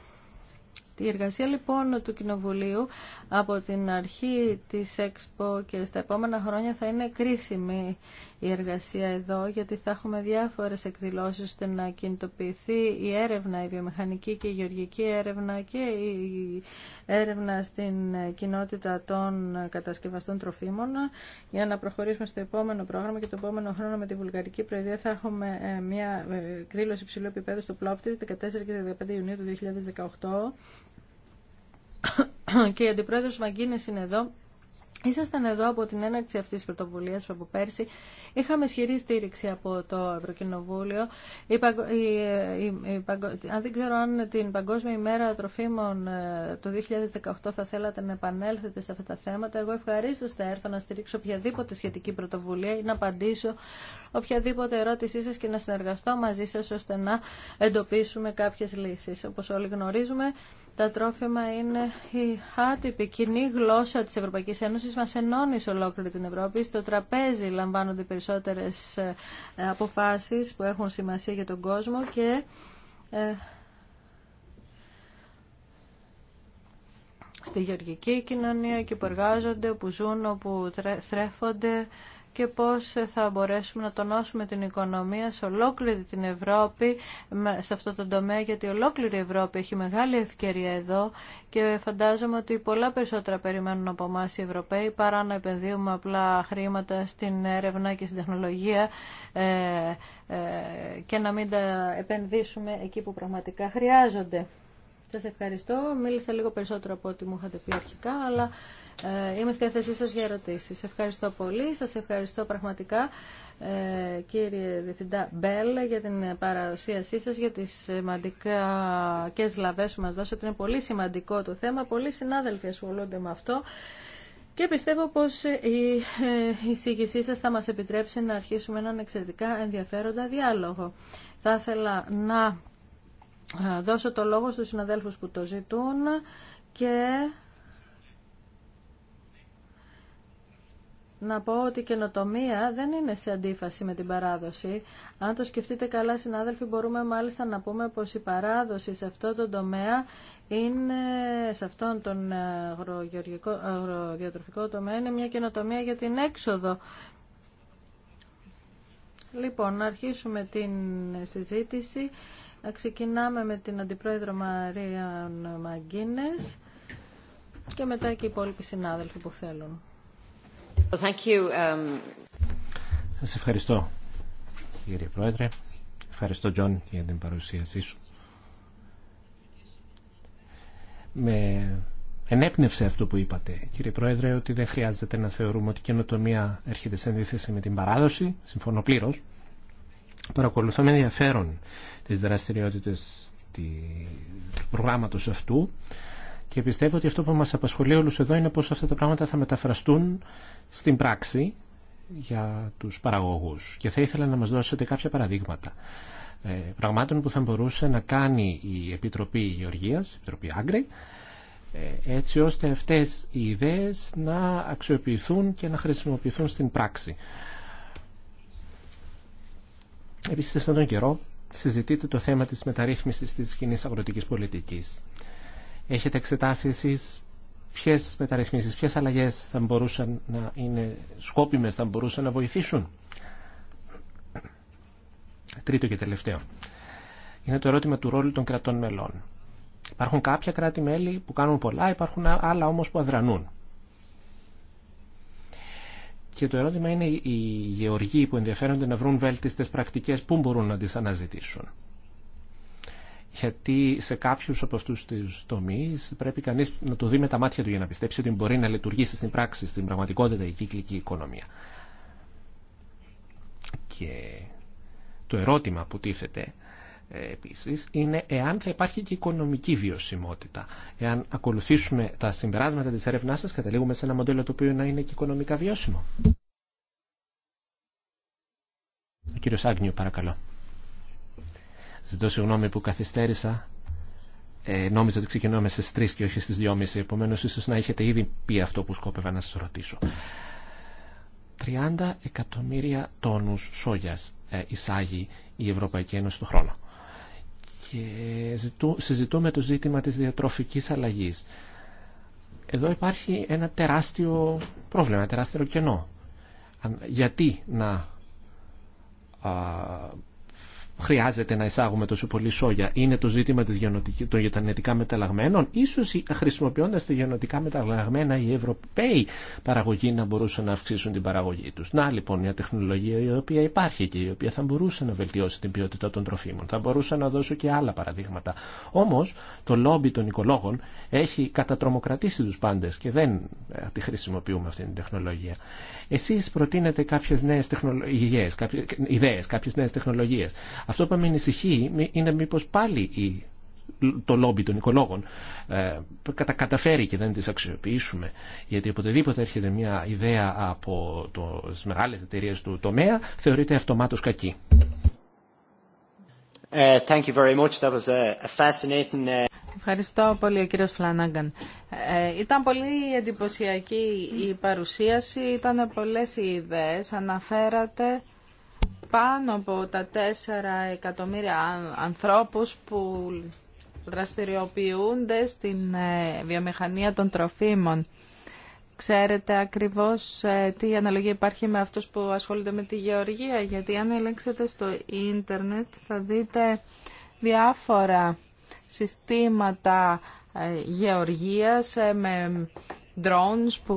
Η εργασία λοιπόν του Κοινοβουλίου από την αρχή της ΕΞΠΟ και στα επόμενα χρόνια θα είναι κρίσιμη η εργασία εδώ, γιατί θα έχουμε διάφορες εκδηλώσεις ώστε να κινητοποιηθεί η έρευνα, η βιομηχανική και η γεωργική έρευνα και η έρευνα στην κοινότητα των κατασκευαστών τροφίμων για να προχωρήσουμε στο επόμενο πρόγραμμα και το επόμενο χρόνο με τη Βουλγαρική Προεδρία θα έχουμε ε, μια ε, εκδήλωση ψηλού επίπεδου στο Πλόφτη 14 και 15 Ιουνίου του 2018 και η Αντιπρόεδρος Μαγκίνες είναι εδώ Ήσασταν εδώ από την έναρξη αυτή τη πρωτοβουλία από πέρσι. Είχαμε ισχυρή στήριξη από το Ευρωκοινοβούλιο. Η, η, η, αν δεν ξέρω αν την Παγκόσμια ημέρα τροφίμων ε, το 2018 θα θέλατε να επανέλθετε σε αυτά τα θέματα, εγώ ευχαρίστω θα έρθω να στηρίξω οποιαδήποτε σχετική πρωτοβουλία ή να απαντήσω οποιαδήποτε ερώτησή σα και να συνεργαστώ μαζί σα ώστε να εντοπίσουμε κάποιε λύσει. Όπω όλοι γνωρίζουμε, τα τρόφιμα είναι η άτυπη κοινή γλώσσα της Ευρωπαϊκής Ένωσης. Μας ενώνει σε ολόκληρη την Ευρώπη. Στο τραπέζι λαμβάνονται περισσότερες ε, αποφάσεις που έχουν σημασία για τον κόσμο και ε, στη γεωργική κοινωνία και που εργάζονται, που ζουν, όπου θρέφονται και πώς θα μπορέσουμε να τονώσουμε την οικονομία σε ολόκληρη την Ευρώπη σε αυτό το τομέα γιατί ολόκληρη η Ευρώπη έχει μεγάλη ευκαιρία εδώ και φαντάζομαι ότι πολλά περισσότερα περιμένουν από εμά οι Ευρωπαίοι παρά να επενδύουμε απλά χρήματα στην έρευνα και στην τεχνολογία ε, ε, και να μην τα επενδύσουμε εκεί που πραγματικά χρειάζονται. Σας ευχαριστώ. Μίλησα λίγο περισσότερο από ό,τι μου είχατε πει αρχικά, αλλά ε, είμαι στη θέση σας για ερωτήσεις. Ευχαριστώ πολύ. Σας ευχαριστώ πραγματικά ε, κύριε Διευθυντά Μπέλ για την παρουσίασή σας, για τις σημαντικές λαβές που μας δώσετε. Είναι πολύ σημαντικό το θέμα. Πολλοί συνάδελφοι ασχολούνται με αυτό. Και πιστεύω πως ε, η εισήγησή σας θα μας επιτρέψει να αρχίσουμε έναν εξαιρετικά ενδιαφέροντα διάλογο. Θα ήθελα να δώσω το λόγο στους συναδέλφους που το ζητούν και να πω ότι η καινοτομία δεν είναι σε αντίφαση με την παράδοση. Αν το σκεφτείτε καλά, συνάδελφοι, μπορούμε μάλιστα να πούμε πως η παράδοση σε αυτό το τομέα είναι, σε αυτόν τον αγροδιατροφικό τομέα, είναι μια καινοτομία για την έξοδο. Λοιπόν, να αρχίσουμε την συζήτηση. Ξεκινάμε με την Αντιπρόεδρο Μαρία Μαγκίνες και μετά και οι υπόλοιποι συνάδελφοι που θέλουν. Um, Σας ευχαριστώ, κύριε Πρόεδρε. Ευχαριστώ, Τζον, για την παρουσίασή σου. Με ενέπνευσε αυτό που είπατε, κύριε Πρόεδρε, ότι δεν χρειάζεται να θεωρούμε ότι η καινοτομία έρχεται σε αντίθεση με την παράδοση. Συμφωνώ πλήρω. Παρακολουθώ με ενδιαφέρον τις δραστηριότητες του προγράμματος αυτού και πιστεύω ότι αυτό που μας απασχολεί όλους εδώ είναι πώς αυτά τα πράγματα θα μεταφραστούν στην πράξη για τους παραγωγούς. Και θα ήθελα να μας δώσετε κάποια παραδείγματα ε, πραγμάτων που θα μπορούσε να κάνει η Επιτροπή Γεωργίας, η Επιτροπή Άγκρη, ε, έτσι ώστε αυτές οι ιδέες να αξιοποιηθούν και να χρησιμοποιηθούν στην πράξη. Επίσης, αυτόν τον καιρό συζητείται το θέμα της μεταρρύθμισης της κοινή αγροτικής πολιτικής. Έχετε εξετάσει εσείς ποιες μεταρρυθμίσεις, ποιες αλλαγές θα μπορούσαν να είναι σκόπιμες, θα μπορούσαν να βοηθήσουν. Τρίτο και τελευταίο. Είναι το ερώτημα του ρόλου των κρατών μελών. Υπάρχουν κάποια κράτη-μέλη που κάνουν πολλά, υπάρχουν άλλα όμως που αδρανούν. Και το ερώτημα είναι οι γεωργοί που ενδιαφέρονται να βρουν βέλτιστες πρακτικές, πού μπορούν να τις αναζητήσουν γιατί σε κάποιους από αυτούς τους τομείς πρέπει κανείς να το δει με τα μάτια του για να πιστέψει ότι μπορεί να λειτουργήσει στην πράξη, στην πραγματικότητα η κύκλικη οικονομία. Και το ερώτημα που τίθεται ε, επίσης είναι εάν θα υπάρχει και οικονομική βιωσιμότητα. Εάν ακολουθήσουμε τα συμπεράσματα της έρευνάς σας καταλήγουμε σε ένα μοντέλο το οποίο να είναι και οικονομικά βιώσιμο. Ο κύριος παρακαλώ. Ζητώ συγγνώμη που καθυστέρησα. Ε, νόμιζα ότι ξεκινούμε στι 3 και όχι στι 2.30. Επομένω, ίσω να έχετε ήδη πει αυτό που σκόπευα να σα ρωτήσω. 30 εκατομμύρια τόνου σόγια ε, εισάγει η Ευρωπαϊκή Ένωση το χρόνο. Και ζητού, συζητούμε το ζήτημα της διατροφικής αλλαγή. Εδώ υπάρχει ένα τεράστιο πρόβλημα, ένα τεράστιο κενό. Γιατί να χρειάζεται να εισάγουμε τόσο πολύ σόγια. Είναι το ζήτημα της των γενετικά μεταλλαγμένων. Ίσως χρησιμοποιώντας τα γενετικά μεταλλαγμένα οι Ευρωπαίοι παραγωγοί να μπορούσαν να αυξήσουν την παραγωγή τους. Να λοιπόν μια τεχνολογία η οποία υπάρχει και η οποία θα μπορούσε να βελτιώσει την ποιότητα των τροφίμων. Θα μπορούσα να δώσω και άλλα παραδείγματα. Όμως το λόμπι των οικολόγων έχει κατατρομοκρατήσει τους πάντες και δεν ε, τη χρησιμοποιούμε αυτή την τεχνολογία. Εσείς προτείνετε κάποιες νέες τεχνολογίες, κάποιες ιδέες, κάποιες νέες τεχνολογίες. Αυτό που με ανησυχεί είναι μήπω πάλι η το λόμπι των οικολόγων ε, κατα, καταφέρει και δεν τις αξιοποιήσουμε γιατί οποτεδήποτε έρχεται μια ιδέα από το, τις μεγάλες εταιρείες του τομέα θεωρείται αυτομάτως κακή. Ε, thank you very much. That was a, fascinating... Ε, Ευχαριστώ πολύ ο κύριος Φλανάγκαν. Ε, ήταν πολύ εντυπωσιακή η παρουσίαση, ήταν πολλές οι ιδέες. Αναφέρατε πάνω από τα τέσσερα εκατομμύρια ανθρώπους που δραστηριοποιούνται στην ε, βιομηχανία των τροφίμων. Ξέρετε ακριβώς ε, τι αναλογία υπάρχει με αυτούς που ασχολούνται με τη γεωργία, γιατί αν ελέγξετε στο ίντερνετ θα δείτε διάφορα συστήματα ε, γεωργίας ε, με drones που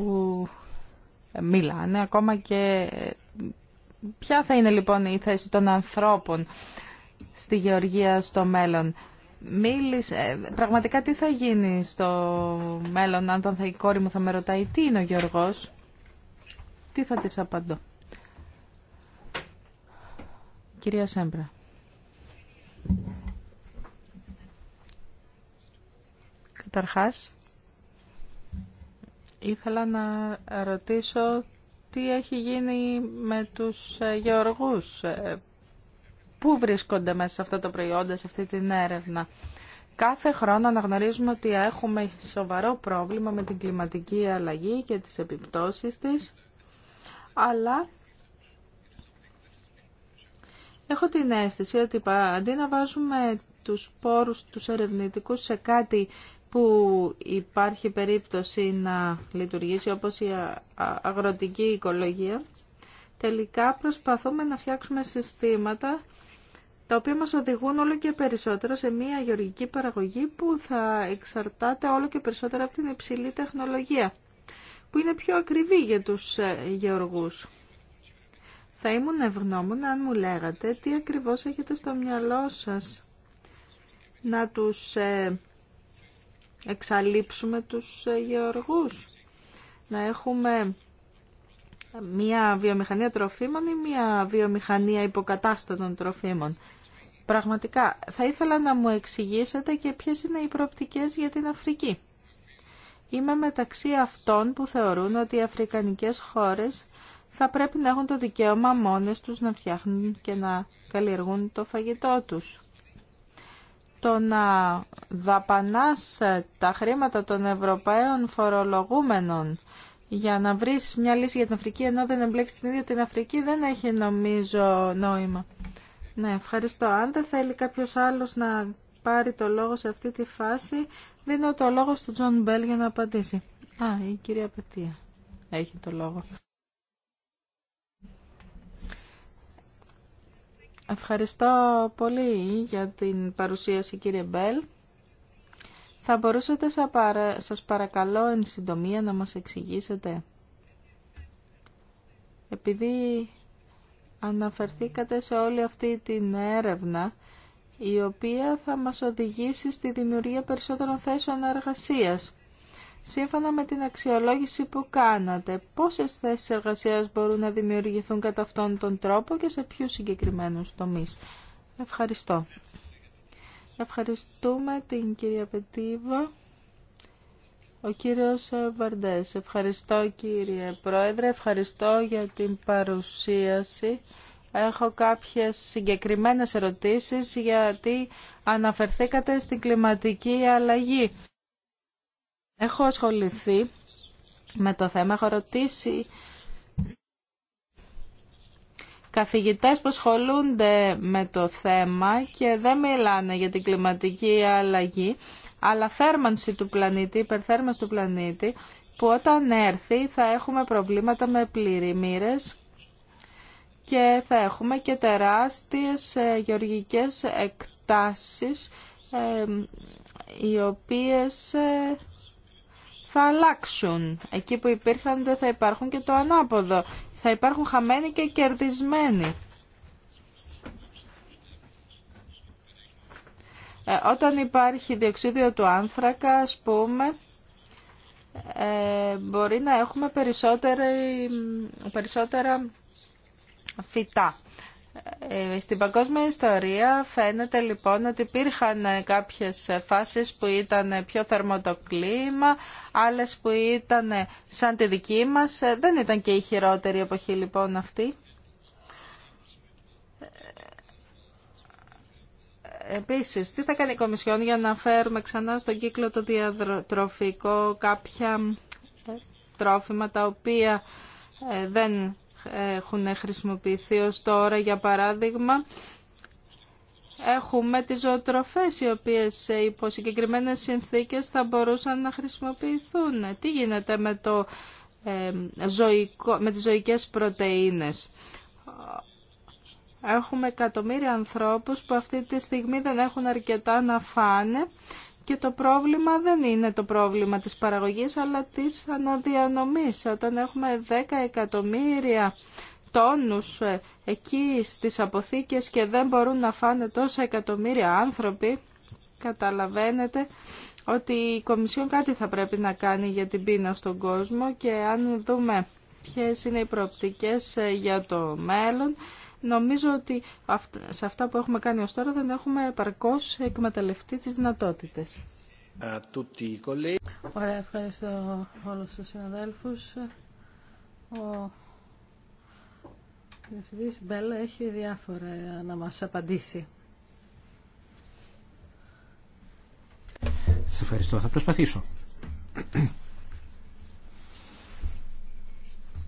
μιλάνε ακόμα και ε, ποια θα είναι λοιπόν η θέση των ανθρώπων στη γεωργία στο μέλλον. Μίλησε, πραγματικά τι θα γίνει στο μέλλον αν θα, η κόρη μου θα με ρωτάει τι είναι ο Γιώργος τι θα της απαντώ κυρία Σέμπρα Καταρχάς, ήθελα να ρωτήσω τι έχει γίνει με τους ε, γεωργούς. Ε, πού βρίσκονται μέσα σε αυτά τα προϊόντα, σε αυτή την έρευνα. Κάθε χρόνο αναγνωρίζουμε ότι έχουμε σοβαρό πρόβλημα με την κλιματική αλλαγή και τις επιπτώσεις της, αλλά έχω την αίσθηση ότι αντί να βάζουμε τους πόρους, τους ερευνητικούς σε κάτι που υπάρχει περίπτωση να λειτουργήσει όπως η αγροτική οικολογία, τελικά προσπαθούμε να φτιάξουμε συστήματα τα οποία μας οδηγούν όλο και περισσότερο σε μια γεωργική παραγωγή που θα εξαρτάται όλο και περισσότερο από την υψηλή τεχνολογία, που είναι πιο ακριβή για τους ε, γεωργούς. Θα ήμουν ευγνώμων αν μου λέγατε τι ακριβώς έχετε στο μυαλό σας να τους ε, εξαλείψουμε τους ε, γεωργούς. Να έχουμε μια βιομηχανία τροφίμων ή μια βιομηχανία υποκατάστατων τροφίμων. Πραγματικά, θα ήθελα να μου εξηγήσετε και ποιες είναι οι προοπτικές για την Αφρική. Είμαι μεταξύ αυτών που θεωρούν ότι οι αφρικανικές χώρες θα πρέπει να έχουν το δικαίωμα μόνες τους να φτιάχνουν και να καλλιεργούν το φαγητό τους το να δαπανάς ε, τα χρήματα των Ευρωπαίων φορολογούμενων για να βρεις μια λύση για την Αφρική ενώ δεν εμπλέξεις την ίδια την Αφρική δεν έχει νομίζω νόημα. Ναι, ευχαριστώ. Αν δεν θέλει κάποιος άλλος να πάρει το λόγο σε αυτή τη φάση, δίνω το λόγο στον Τζον Μπέλ για να απαντήσει. Α, η κυρία Πετία έχει το λόγο. Ευχαριστώ πολύ για την παρουσίαση κύριε Μπέλ. Θα μπορούσατε σας παρακαλώ εν συντομία να μας εξηγήσετε. Επειδή αναφερθήκατε σε όλη αυτή την έρευνα η οποία θα μας οδηγήσει στη δημιουργία περισσότερων θέσεων εργασίας. Σύμφωνα με την αξιολόγηση που κάνατε, πόσες θέσεις εργασίας μπορούν να δημιουργηθούν κατά αυτόν τον τρόπο και σε ποιους συγκεκριμένους τομείς. Ευχαριστώ. Ευχαριστούμε την κυρία Πετίβα. Ο κύριος Βαρντές. Ευχαριστώ κύριε Πρόεδρε, ευχαριστώ για την παρουσίαση. Έχω κάποιες συγκεκριμένες ερωτήσεις γιατί αναφερθήκατε στην κλιματική αλλαγή. Έχω ασχοληθεί με το θέμα, έχω ρωτήσει καθηγητές που ασχολούνται με το θέμα και δεν μιλάνε για την κλιματική αλλαγή, αλλά θέρμανση του πλανήτη, υπερθέρμανση του πλανήτη, που όταν έρθει θα έχουμε προβλήματα με πληρημύρες και θα έχουμε και τεράστιες ε, γεωργικές εκτάσεις ε, οι οποίες ε, θα αλλάξουν. Εκεί που υπήρχαν δεν θα υπάρχουν και το ανάποδο. Θα υπάρχουν χαμένοι και κερδισμένοι. Ε, όταν υπάρχει διοξίδιο του άνθρακα, ας πούμε, ε, μπορεί να έχουμε περισσότερα φυτά. Ε, στην παγκόσμια ιστορία φαίνεται λοιπόν ότι υπήρχαν ε, κάποιες φάσεις που ήταν ε, πιο θερμό άλλες που ήταν σαν τη δική μας. Δεν ήταν και η χειρότερη εποχή λοιπόν αυτή. Επίσης, τι θα κάνει η Κομισιόν για να φέρουμε ξανά στον κύκλο το διατροφικό κάποια τρόφιμα τα οποία δεν έχουν χρησιμοποιηθεί ως τώρα, για παράδειγμα, έχουμε τις ζωοτροφές οι οποίες υπό συγκεκριμένε συνθήκες θα μπορούσαν να χρησιμοποιηθούν. Τι γίνεται με, το, ε, ζωικό, με τις ζωικές πρωτεΐνες. Έχουμε εκατομμύρια ανθρώπους που αυτή τη στιγμή δεν έχουν αρκετά να φάνε και το πρόβλημα δεν είναι το πρόβλημα της παραγωγής, αλλά της αναδιανομής. Όταν έχουμε 10 εκατομμύρια τόνους ε, εκεί στις αποθήκες και δεν μπορούν να φάνε τόσα εκατομμύρια άνθρωποι, καταλαβαίνετε ότι η Κομισιόν κάτι θα πρέπει να κάνει για την πείνα στον κόσμο και αν δούμε ποιες είναι οι προοπτικές ε, για το μέλλον, Νομίζω ότι σε αυτά που έχουμε κάνει ως τώρα δεν έχουμε επαρκώς εκμεταλλευτεί τις δυνατότητες. Ε, Ωραία, ευχαριστώ όλους τους συναδέλφους. Ο διευθυντής Μπέλα έχει διάφορα να μας απαντήσει. Σας ευχαριστώ. Θα προσπαθήσω.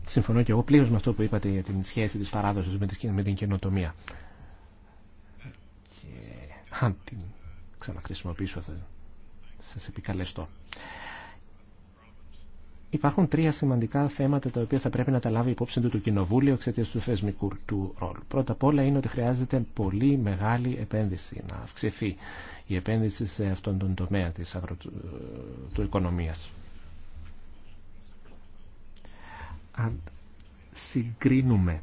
συμφωνώ και εγώ πλήρως με αυτό που είπατε για την σχέση τη παράδοση με την καινοτομία. Και αν την ξαναχρησιμοποιήσω θα σας επικαλεστώ. Υπάρχουν τρία σημαντικά θέματα τα οποία θα πρέπει να τα λάβει υπόψη του το Κοινοβούλιο εξαιτία του θεσμικού του ρόλου. Πρώτα απ' όλα είναι ότι χρειάζεται πολύ μεγάλη επένδυση, να αυξηθεί η επένδυση σε αυτόν τον τομέα της οικονομίας. αν συγκρίνουμε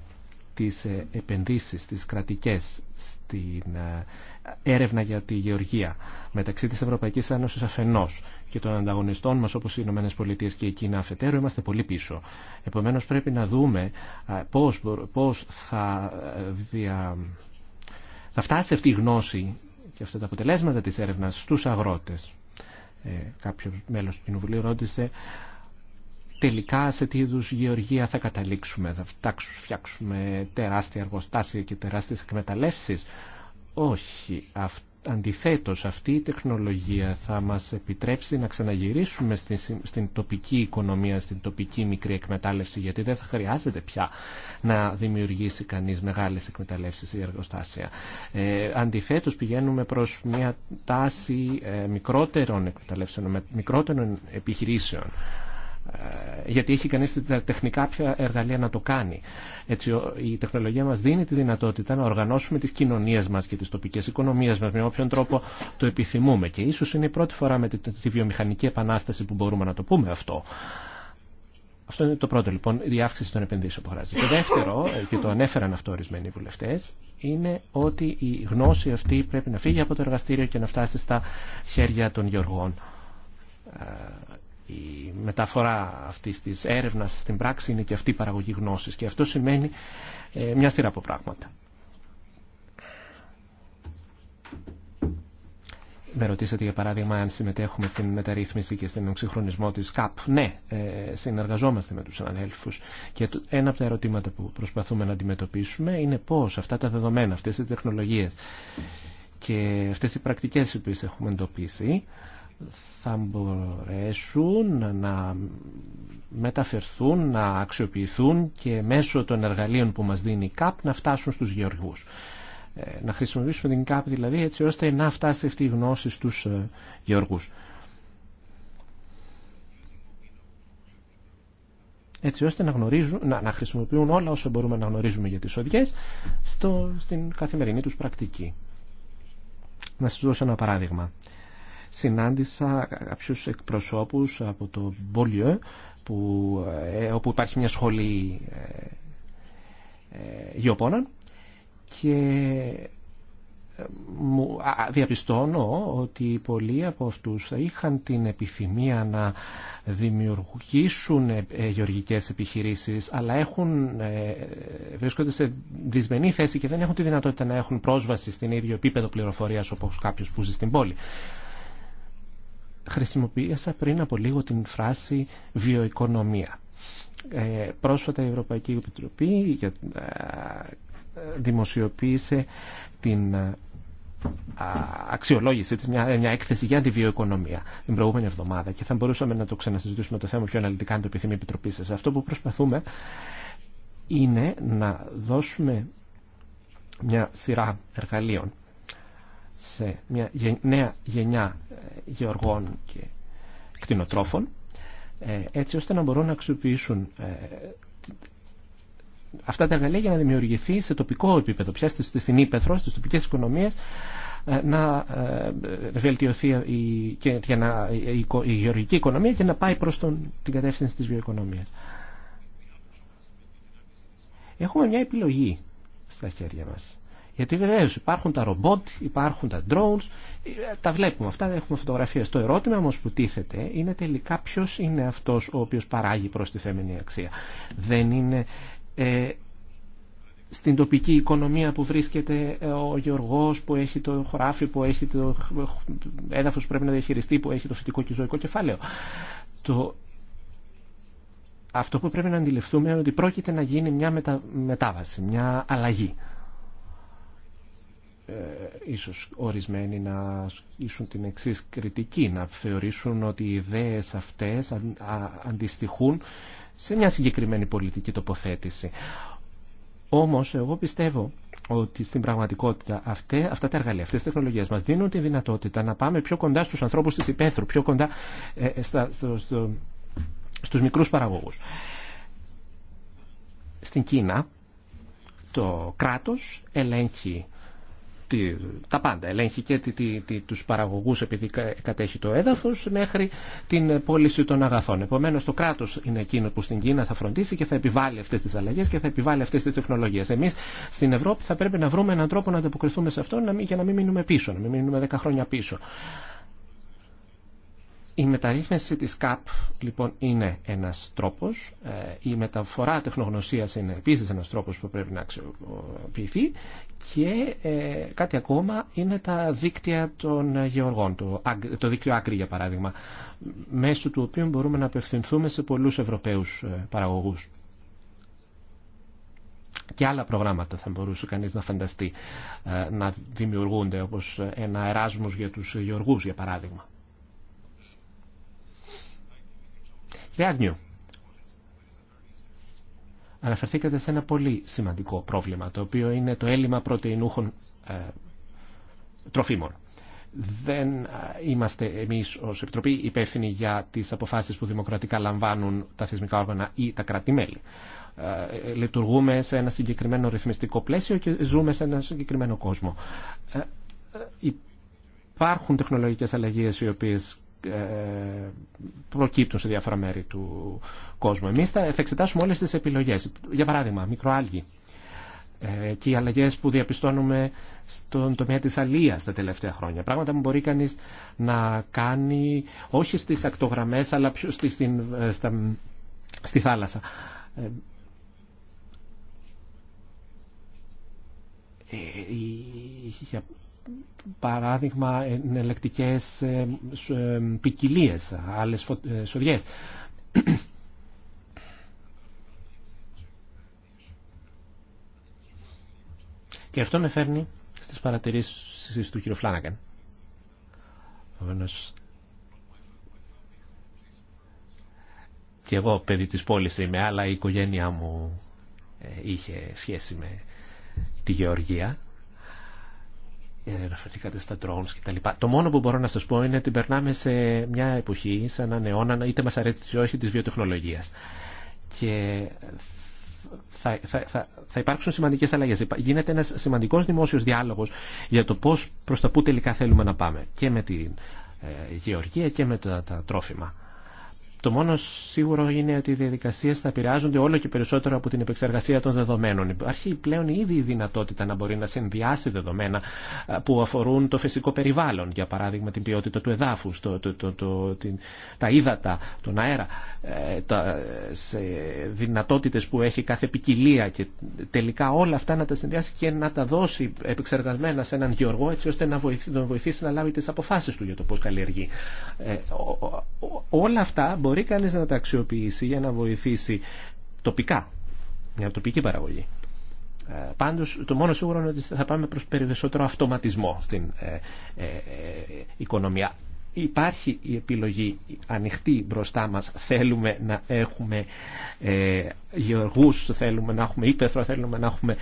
τις ε, επενδύσεις, τις κρατικές στην ε, έρευνα για τη γεωργία μεταξύ της Ευρωπαϊκής Ένωσης αφενός και των ανταγωνιστών μας όπως οι Ηνωμένε Πολιτείε και η Κίνα αφετέρου είμαστε πολύ πίσω. Επομένως πρέπει να δούμε ε, πώς, πώς θα, θα φτάσει αυτή η γνώση και αυτά τα αποτελέσματα της έρευνας στους αγρότες. κάποιος μέλος του Κοινοβουλίου ρώτησε τελικά σε τι είδου γεωργία θα καταλήξουμε. Θα φτάξουμε, φτιάξουμε τεράστια εργοστάσια και τεράστιες εκμεταλλεύσεις. Όχι. Αυ, αντιθέτως, αυτή η τεχνολογία θα μας επιτρέψει να ξαναγυρίσουμε στην, στην τοπική οικονομία, στην τοπική μικρή εκμετάλλευση, γιατί δεν θα χρειάζεται πια να δημιουργήσει κανείς μεγάλες εκμεταλλεύσεις ή εργοστάσια. Ε, αντιθέτως, πηγαίνουμε προς μια τάση ε, μικρότερων εκμεταλλεύσεων, μικρότερων επιχειρήσεων. Ε, γιατί έχει κανείς τα τεχνικά πια εργαλεία να το κάνει. Έτσι, η τεχνολογία μας δίνει τη δυνατότητα να οργανώσουμε τις κοινωνίες μας και τις τοπικές οικονομίες μας με όποιον τρόπο το επιθυμούμε. Και ίσως είναι η πρώτη φορά με τη βιομηχανική επανάσταση που μπορούμε να το πούμε αυτό. Αυτό είναι το πρώτο λοιπόν, η αύξηση των επενδύσεων που χρειάζεται. Το δεύτερο, ε, και το ανέφεραν αυτό ορισμένοι βουλευτέ, είναι ότι η γνώση αυτή πρέπει να φύγει από το εργαστήριο και να φτάσει στα χέρια των γεωργών ε, η μεταφορά αυτής της έρευνας στην πράξη είναι και αυτή η παραγωγή γνώσης και αυτό σημαίνει ε, μια σειρά από πράγματα. Με ρωτήσατε για παράδειγμα αν συμμετέχουμε στην μεταρρύθμιση και στον εξυγχρονισμό της ΚΑΠ. Ναι, ε, συνεργαζόμαστε με τους συναδέλφους και ένα από τα ερωτήματα που προσπαθούμε να αντιμετωπίσουμε είναι πώς αυτά τα δεδομένα, αυτές οι τεχνολογίες και αυτές οι πρακτικές που έχουμε εντοπίσει θα μπορέσουν να μεταφερθούν, να αξιοποιηθούν και μέσω των εργαλείων που μας δίνει η ΚΑΠ να φτάσουν στους γεωργούς. Ε, να χρησιμοποιήσουμε την ΚΑΠ δηλαδή έτσι ώστε να φτάσει αυτή η γνώση στους ε, γεωργούς. έτσι ώστε να, γνωρίζουν, να, χρησιμοποιούν όλα όσα μπορούμε να γνωρίζουμε για τις οδιές στην καθημερινή τους πρακτική. Να σας δώσω ένα παράδειγμα συνάντησα κάποιου εκπροσώπους από το Μπολιό που, ε, όπου υπάρχει μια σχολή ε, ε, γεωπόναν και διαπιστώνω ότι πολλοί από αυτούς είχαν την επιθυμία να δημιουργήσουν γεωργικές επιχειρήσεις αλλά έχουν, βρίσκονται σε δυσμενή θέση και δεν έχουν τη δυνατότητα να έχουν πρόσβαση στην ίδιο επίπεδο πληροφορίας όπως κάποιος που ζει στην πόλη χρησιμοποίησα πριν από λίγο την φράση βιοοικονομία. Ε, πρόσφατα η Ευρωπαϊκή Επιτροπή ε, δημοσιοποίησε την ε, αξιολόγηση της, μια, μια έκθεση για τη βιοοικονομία την προηγούμενη εβδομάδα και θα μπορούσαμε να το ξανασυζητήσουμε το θέμα πιο αναλυτικά αν το επιθυμεί η Επιτροπή σας. Αυτό που προσπαθούμε είναι να δώσουμε μια σειρά εργαλείων σε μια νέα γενιά ε, γεωργών και κτηνοτρόφων ε, έτσι ώστε να μπορούν να αξιοποιήσουν ε, αυτά τα εργαλεία για να δημιουργηθεί σε τοπικό επίπεδο, πια στην Ήπεθρο, στις τοπικές οικονομίες να βελτιωθεί η, και, για να, η, γεωργική οικονομία και να πάει προς τον, την κατεύθυνση της βιοοικονομίας. Έχουμε μια επιλογή στα χέρια μας. Γιατί βεβαίω υπάρχουν τα ρομπότ, υπάρχουν τα drones, τα βλέπουμε αυτά, έχουμε φωτογραφίε. Το ερώτημα όμω που τίθεται είναι τελικά ποιο είναι αυτό ο οποίο παράγει προ τη θέμενη αξία. Δεν είναι ε, στην τοπική οικονομία που βρίσκεται ε, ο Γεωργό που έχει το χωράφι, που έχει το έδαφο που πρέπει να διαχειριστεί, που έχει το φυτικό και ζωικό κεφάλαιο. Το... Αυτό που πρέπει να αντιληφθούμε είναι ότι πρόκειται να γίνει μια μετα... μετάβαση, μια αλλαγή ε, ίσως ορισμένοι να ίσουν την εξή κριτική, να θεωρήσουν ότι οι ιδέες αυτές αντιστοιχούν σε μια συγκεκριμένη πολιτική τοποθέτηση. Όμως εγώ πιστεύω ότι στην πραγματικότητα αυτά τα εργαλεία, αυτές τις τεχνολογίες μας δίνουν τη δυνατότητα να πάμε πιο κοντά στους ανθρώπους της υπαίθρου, πιο κοντά ε, ε στα, στο, στους μικρούς παραγωγούς. Στην Κίνα το κράτος ελέγχει τα πάντα. Ελέγχει και τι, τους παραγωγούς επειδή κατέχει το έδαφος μέχρι την πώληση των αγαθών. Επομένως το κράτος είναι εκείνο που στην Κίνα θα φροντίσει και θα επιβάλλει αυτές τις αλλαγές και θα επιβάλλει αυτές τις τεχνολογίες. Εμείς στην Ευρώπη θα πρέπει να βρούμε έναν τρόπο να ανταποκριθούμε σε αυτό για να μην μείνουμε πίσω, να μην μείνουμε 10 χρόνια πίσω. Η μεταρρύθμιση της ΚΑΠ λοιπόν είναι ένας τρόπος, ε, η μεταφορά τεχνογνωσίας είναι επίσης ένας τρόπος που πρέπει να αξιοποιηθεί και ε, κάτι ακόμα είναι τα δίκτυα των γεωργών, το δίκτυο Άκρη για παράδειγμα, μέσω του οποίου μπορούμε να απευθυνθούμε σε πολλούς Ευρωπαίους ε, παραγωγούς. Και άλλα προγράμματα θα μπορούσε κανείς να φανταστεί να δημιουργούνται, όπως ένα εράσμος για τους γεωργούς για παράδειγμα. Κύριε αναφερθήκατε σε ένα πολύ σημαντικό πρόβλημα, το οποίο είναι το έλλειμμα πρωτεϊνούχων ε, τροφίμων. Δεν ε, είμαστε εμείς ως Επιτροπή υπεύθυνοι για τις αποφάσεις που δημοκρατικά λαμβάνουν τα θεσμικά όργανα ή τα κράτη-μέλη. Ε, λειτουργούμε σε ένα συγκεκριμένο ρυθμιστικό πλαίσιο και ζούμε σε ένα συγκεκριμένο κόσμο. Ε, υπάρχουν τεχνολογικές αλλαγές οι οποίες ε, προκύπτουν σε διάφορα μέρη του κόσμου. Εμείς θα εξετάσουμε όλες τις επιλογές. Για παράδειγμα, μικροάλγη ε, και οι αλλαγές που διαπιστώνουμε στον τομέα της αλίας τα τελευταία χρόνια. Πράγματα που μπορεί κανείς να κάνει όχι στις ακτογραμμές αλλά πιο στη, στην, ε, στη θάλασσα παράδειγμα ε, ενελεκτικέ ε, ε, ποικιλίε, άλλες σοδιές. Και αυτό με φέρνει στις παρατηρήσεις του κ. Φλάνακεν. και εγώ παιδί της πόλης είμαι, αλλά η οικογένειά μου είχε σχέση με τη Γεωργία στα drones Το μόνο που μπορώ να σα πω είναι ότι περνάμε σε μια εποχή, σε έναν αιώνα, είτε μα αρέσει ή όχι, τη βιοτεχνολογία. Και θα, θα, θα, θα υπάρξουν σημαντικές αλλαγές. Γίνεται ένα σημαντικό δημόσιο διάλογο για το πώ προ τα πού τελικά θέλουμε να πάμε. Και με τη ε, γεωργία και με τα τρόφιμα. Το μόνο σίγουρο είναι ότι οι διαδικασίε θα επηρεάζονται όλο και περισσότερο από την επεξεργασία των δεδομένων. Υπάρχει πλέον ήδη η δυνατότητα να μπορεί να συνδυάσει δεδομένα που αφορούν το φυσικό περιβάλλον, για παράδειγμα την ποιότητα του εδάφου, το, το, το, τα ύδατα, τον αέρα, ε, τα, δυνατότητε που έχει κάθε ποικιλία και τελικά όλα αυτά να τα συνδυάσει και να τα δώσει επεξεργασμένα σε έναν γεωργό έτσι ώστε να βοηθήσει, να, βοηθήσει να λάβει τι αποφάσει του για το πώ καλλιεργεί. Ε, όλα αυτά μπορεί κανείς να τα αξιοποιήσει για να βοηθήσει τοπικά μια τοπική παραγωγή. Ε, πάντως το μόνο σίγουρο είναι ότι θα πάμε προς περισσότερο αυτοματισμό στην ε, ε, ε, οικονομία. Υπάρχει η επιλογή ανοιχτή μπροστά μας. Θέλουμε να έχουμε ε, γεωργούς, θέλουμε να έχουμε ύπεθρο, θέλουμε να έχουμε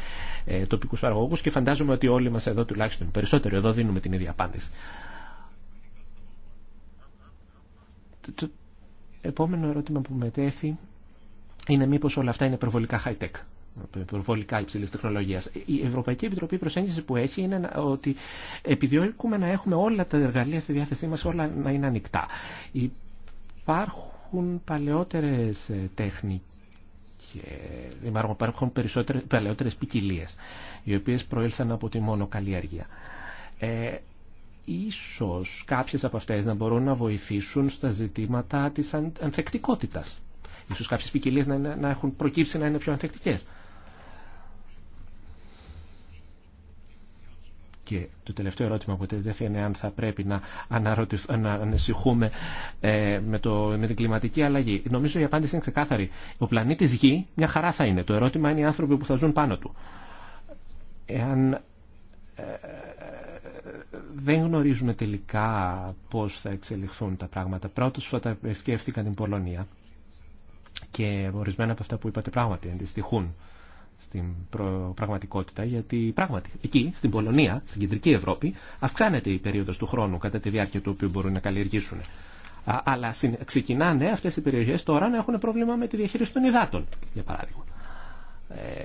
ε, τοπικούς παραγωγούς και φαντάζομαι ότι όλοι μας εδώ τουλάχιστον περισσότερο εδώ δίνουμε την ίδια απάντηση επόμενο ερώτημα που μετέθη είναι μήπως όλα αυτά είναι υπερβολικά high-tech υπερβολικά υψηλή τεχνολογία. Η Ευρωπαϊκή Επιτροπή προσέγγιση που έχει είναι ότι επιδιώκουμε να έχουμε όλα τα εργαλεία στη διάθεσή μα, όλα να είναι ανοιχτά. Υπάρχουν παλαιότερε ε, τέχνικε, υπάρχουν περισσότερε παλαιότερε ποικιλίε, οι οποίε προήλθαν από τη μόνο καλλιέργεια. Ε, ίσως κάποιες από αυτές να μπορούν να βοηθήσουν στα ζητήματα της ανθεκτικότητας. Ίσως κάποιες ποικιλίε να, να έχουν προκύψει να είναι πιο ανθεκτικές. Και το τελευταίο ερώτημα που τέθηκε είναι αν θα πρέπει να, αναρωτηθ, να ε, με, το, με την κλιματική αλλαγή. Νομίζω η απάντηση είναι ξεκάθαρη. Ο πλανήτης Γη μια χαρά θα είναι. Το ερώτημα είναι οι άνθρωποι που θα ζουν πάνω του. Εάν ε, δεν γνωρίζουμε τελικά πώς θα εξελιχθούν τα πράγματα. Πρώτος όταν σκέφτηκαν την Πολωνία και ορισμένα από αυτά που είπατε πράγματι αντιστοιχούν στην πραγματικότητα, γιατί πράγματι εκεί, στην Πολωνία, στην κεντρική Ευρώπη, αυξάνεται η περίοδος του χρόνου κατά τη διάρκεια του οποίου μπορούν να καλλιεργήσουν. Αλλά ξεκινάνε αυτές οι περιοχές τώρα να έχουν πρόβλημα με τη διαχείριση των υδάτων, για παράδειγμα. Ε,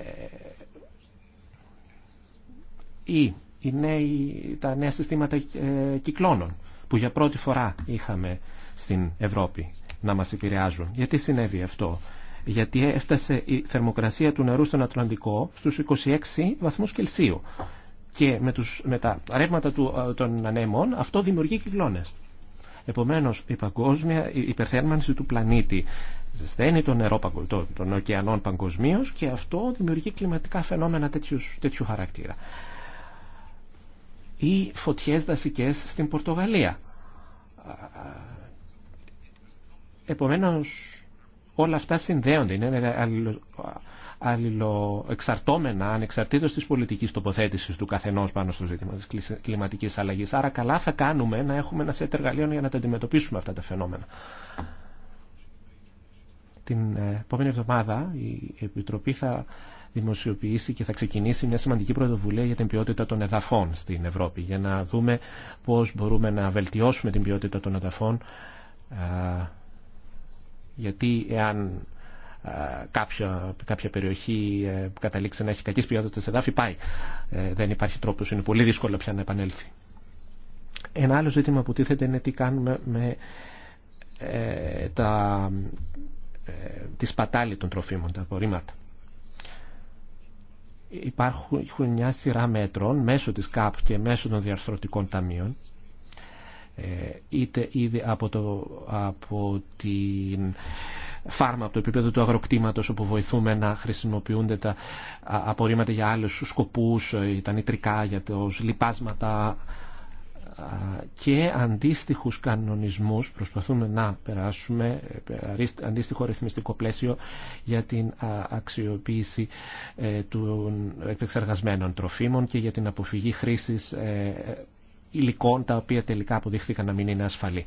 οι τα νέα συστήματα ε, κυκλώνων που για πρώτη φορά είχαμε στην Ευρώπη να μας επηρεάζουν. Γιατί συνέβη αυτό. Γιατί έφτασε η θερμοκρασία του νερού στον Ατλαντικό στους 26 βαθμούς Κελσίου. Και με, τους, τα ρεύματα του, ε, των ανέμων αυτό δημιουργεί κυκλώνες. Επομένως, η παγκόσμια υπερθέρμανση του πλανήτη ζεσταίνει τον νερό των ωκεανών παγκοσμίω και αυτό δημιουργεί κλιματικά φαινόμενα τέτοιου χαρακτήρα ή φωτιές δασικές στην Πορτογαλία. Επομένως, όλα αυτά συνδέονται, είναι αλληλοεξαρτώμενα, ανεξαρτήτως της πολιτικής τοποθέτησης του καθενός πάνω στο ζήτημα της κλιματικής αλλαγής. Άρα καλά θα κάνουμε να έχουμε ένα σετ εργαλείων για να τα αντιμετωπίσουμε αυτά τα φαινόμενα. Την ε, επόμενη εβδομάδα η Επιτροπή θα δημοσιοποιήσει και θα ξεκινήσει μια σημαντική πρωτοβουλία για την ποιότητα των εδαφών στην Ευρώπη, για να δούμε πώς μπορούμε να βελτιώσουμε την ποιότητα των εδαφών, γιατί εάν κάποια, κάποια περιοχή ε, καταλήξει να έχει ποιότητα σε εδάφη, πάει. Ε, δεν υπάρχει τρόπος, είναι πολύ δύσκολο πια να επανέλθει. Ένα άλλο ζήτημα που τίθεται είναι τι κάνουμε με ε, τα, τη σπατάλη των τροφίμων, τα απορρίμματα υπάρχουν μια σειρά μέτρων μέσω της ΚΑΠ και μέσω των διαρθρωτικών ταμείων ε, είτε ήδη από, το, από την φάρμα, από το επίπεδο του αγροκτήματος όπου βοηθούμε να χρησιμοποιούνται τα απορρίμματα για άλλους σκοπούς, ε, τα νητρικά, για τα λοιπάσματα και αντίστοιχους κανονισμούς προσπαθούμε να περάσουμε αντίστοιχο ρυθμιστικό πλαίσιο για την αξιοποίηση ε, των επεξεργασμένων τροφίμων και για την αποφυγή χρήσης ε, υλικών τα οποία τελικά αποδείχθηκαν να μην είναι ασφαλή.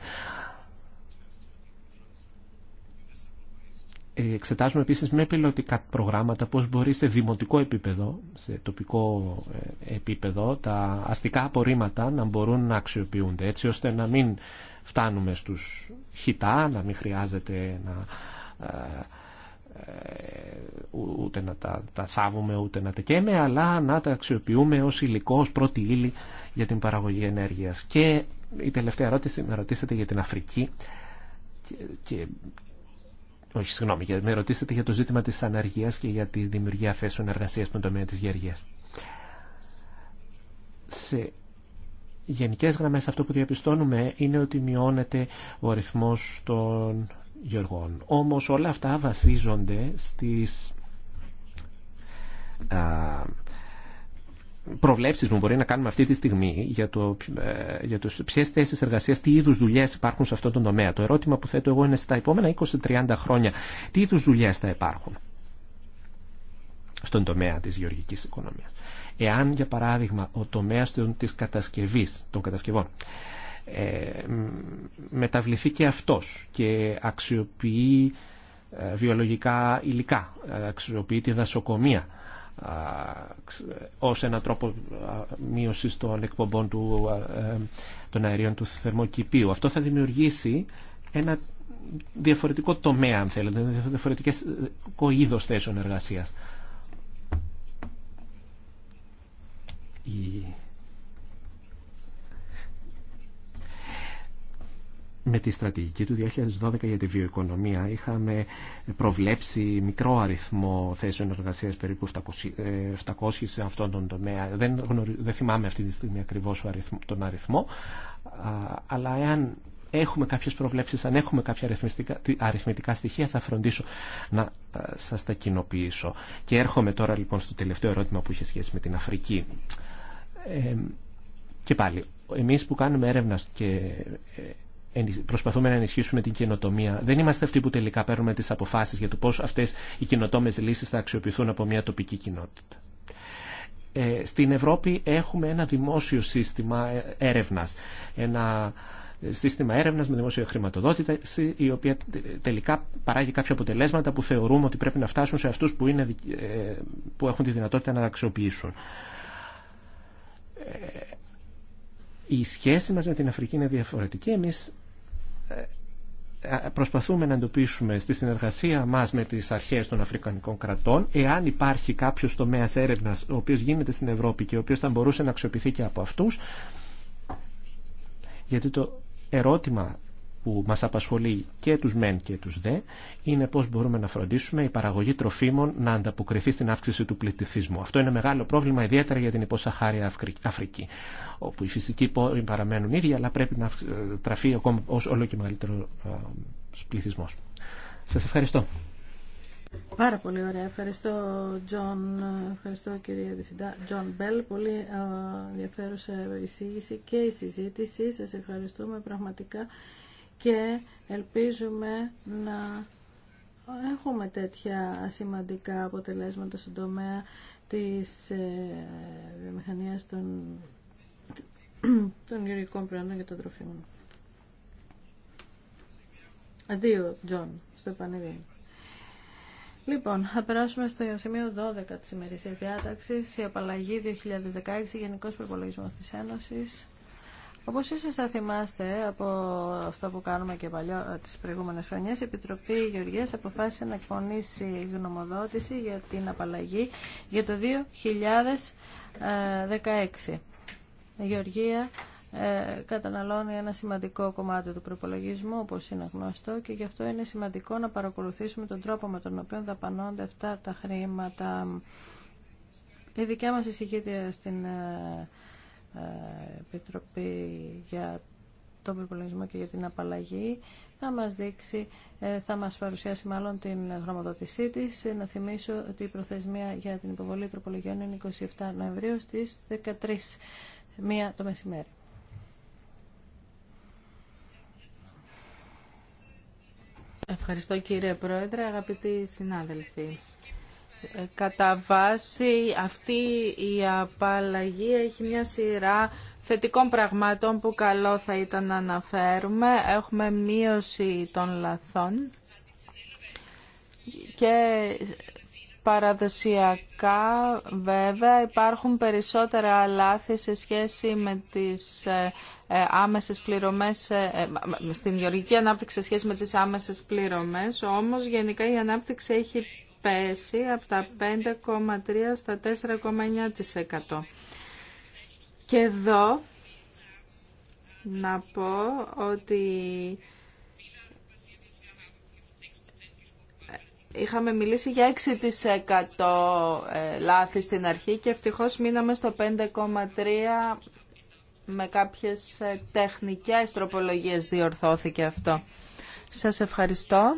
Ε, εξετάζουμε επίσης με πιλωτικά προγράμματα πώ μπορεί σε δημοτικό επίπεδο, σε τοπικό ε, επίπεδο, τα αστικά απορρίμματα να μπορούν να αξιοποιούνται έτσι ώστε να μην φτάνουμε στους χιτά, να μην χρειάζεται να, ε, ούτε να τα, θάβουμε ούτε να τα καίμε αλλά να τα αξιοποιούμε ως υλικό, ω πρώτη ύλη για την παραγωγή ενέργεια. Και η τελευταία ερώτηση με ρωτήσατε για την Αφρική και όχι, συγγνώμη, με ρωτήσατε για το ζήτημα της αναργίας και για τη δημιουργία θέσεων εργασία στον τομέα τη γεωργία. Σε γενικές γραμμέ αυτό που διαπιστώνουμε είναι ότι μειώνεται ο αριθμό των γεωργών. Όμως όλα αυτά βασίζονται στις προβλέψεις που μπορεί να κάνουμε αυτή τη στιγμή για, το, ε, για το ποιες θέσεις τι είδου δουλειέ υπάρχουν σε αυτόν τον τομέα. Το ερώτημα που θέτω εγώ είναι στα επόμενα 20-30 χρόνια τι είδου δουλειέ θα υπάρχουν στον τομέα της γεωργικής οικονομίας. Εάν, για παράδειγμα, ο τομέας της κατασκευής, των κατασκευών, ε, μεταβληθεί και αυτό και αξιοποιεί ε, βιολογικά υλικά, ε, αξιοποιεί τη δασοκομεία, ως ένα τρόπο μείωσης των εκπομπών του, ε, των αερίων του θερμοκηπίου. Αυτό θα δημιουργήσει ένα διαφορετικό τομέα, αν θέλετε, διαφορετικό είδο θέσεων εργασίας. με τη στρατηγική του 2012 για τη βιοοικονομία είχαμε προβλέψει μικρό αριθμό θέσεων εργασίας περίπου 700 σε αυτόν τον τομέα. Δεν, δεν θυμάμαι αυτή τη στιγμή ακριβώς τον αριθμό, αλλά εάν έχουμε κάποιες προβλέψεις, αν έχουμε κάποια αριθμητικά, αριθμητικά στοιχεία θα φροντίσω να σας τα κοινοποιήσω. Και έρχομαι τώρα λοιπόν στο τελευταίο ερώτημα που είχε σχέση με την Αφρική. Ε, και πάλι, εμείς που κάνουμε έρευνα και ε, προσπαθούμε να ενισχύσουμε την καινοτομία. Δεν είμαστε αυτοί που τελικά παίρνουμε τις αποφάσεις για το πώς αυτές οι καινοτόμες λύσεις θα αξιοποιηθούν από μια τοπική κοινότητα. Ε, στην Ευρώπη έχουμε ένα δημόσιο σύστημα ε, έρευνας. Ένα ε, σύστημα έρευνας με δημόσια χρηματοδότηση η οποία τελικά παράγει κάποια αποτελέσματα που θεωρούμε ότι πρέπει να φτάσουν σε αυτούς που, είναι, που έχουν τη δυνατότητα να τα αξιοποιήσουν η σχέση μας με την Αφρική είναι διαφορετική. Εμείς ε, ε, προσπαθούμε να εντοπίσουμε στη συνεργασία μας με τις αρχές των Αφρικανικών κρατών εάν υπάρχει κάποιος τομέα έρευνα ο οποίος γίνεται στην Ευρώπη και ο οποίος θα μπορούσε να αξιοποιηθεί και από αυτούς γιατί το ερώτημα που μας απασχολεί και τους μεν και τους δε είναι πώς μπορούμε να φροντίσουμε η παραγωγή τροφίμων να ανταποκριθεί στην αύξηση του πληθυσμού. Αυτό είναι μεγάλο πρόβλημα ιδιαίτερα για την υποσαχάρια Αφρική όπου οι φυσικοί πόροι παραμένουν ίδιοι αλλά πρέπει να ε, τραφεί ακόμα ως όλο και μεγαλύτερο ε, πληθυσμό. Σας ευχαριστώ. Πάρα πολύ ωραία. Ευχαριστώ, John. Ευχαριστώ, Διευθυντά. Τζον Μπέλ, πολύ ε, ενδιαφέρουσα εισήγηση και η συζήτηση. Σας ευχαριστούμε πραγματικά και ελπίζουμε να έχουμε τέτοια σημαντικά αποτελέσματα στον τομέα της ε, βιομηχανίας των, των γεωργικών προϊόντων και των τροφίμων. Αντίο, Τζον, στο επανειδή. Λοιπόν, θα περάσουμε στο σημείο 12 της ημερησίας διάταξης, η απαλλαγή 2016, Γενικός Προπολογισμός της Ένωσης. Όπως ίσως θα θυμάστε από αυτό που κάνουμε και παλιό ε, τις προηγούμενες χρονιές, η Επιτροπή Γεωργίας αποφάσισε να εκπονήσει γνωμοδότηση για την απαλλαγή για το 2016. Ε, η Γεωργία ε, καταναλώνει ένα σημαντικό κομμάτι του προπολογισμού, όπως είναι γνωστό, και γι' αυτό είναι σημαντικό να παρακολουθήσουμε τον τρόπο με τον οποίο δαπανώνται αυτά τα χρήματα. Η δικιά μας εισηγήτρια στην ε, Επιτροπή για τον προπολογισμό και για την απαλλαγή θα μας δείξει, ε, θα μας παρουσιάσει μάλλον την γνωμοδότησή της. Να θυμίσω ότι η προθεσμία για την υποβολή τροπολογιών είναι 27 Νοεμβρίου στις 13, μία το μεσημέρι. Ευχαριστώ κύριε Πρόεδρε, αγαπητοί συνάδελφοι. Κατά βάση αυτή η απαλλαγή έχει μια σειρά θετικών πραγμάτων που καλό θα ήταν να αναφέρουμε. Έχουμε μείωση των λαθών και παραδοσιακά βέβαια υπάρχουν περισσότερα λάθη σε σχέση με τις ε, ε, άμεσες πληρωμές, ε, στην γεωργική ανάπτυξη σε σχέση με τις άμεσες πληρωμές, όμως γενικά η ανάπτυξη έχει πέσει από τα 5,3% στα 4,9%. Και εδώ να πω ότι είχαμε μιλήσει για 6% ε, λάθη στην αρχή και ευτυχώς μείναμε στο 5,3% με κάποιες ε, τεχνικές τροπολογίες διορθώθηκε αυτό. Σας ευχαριστώ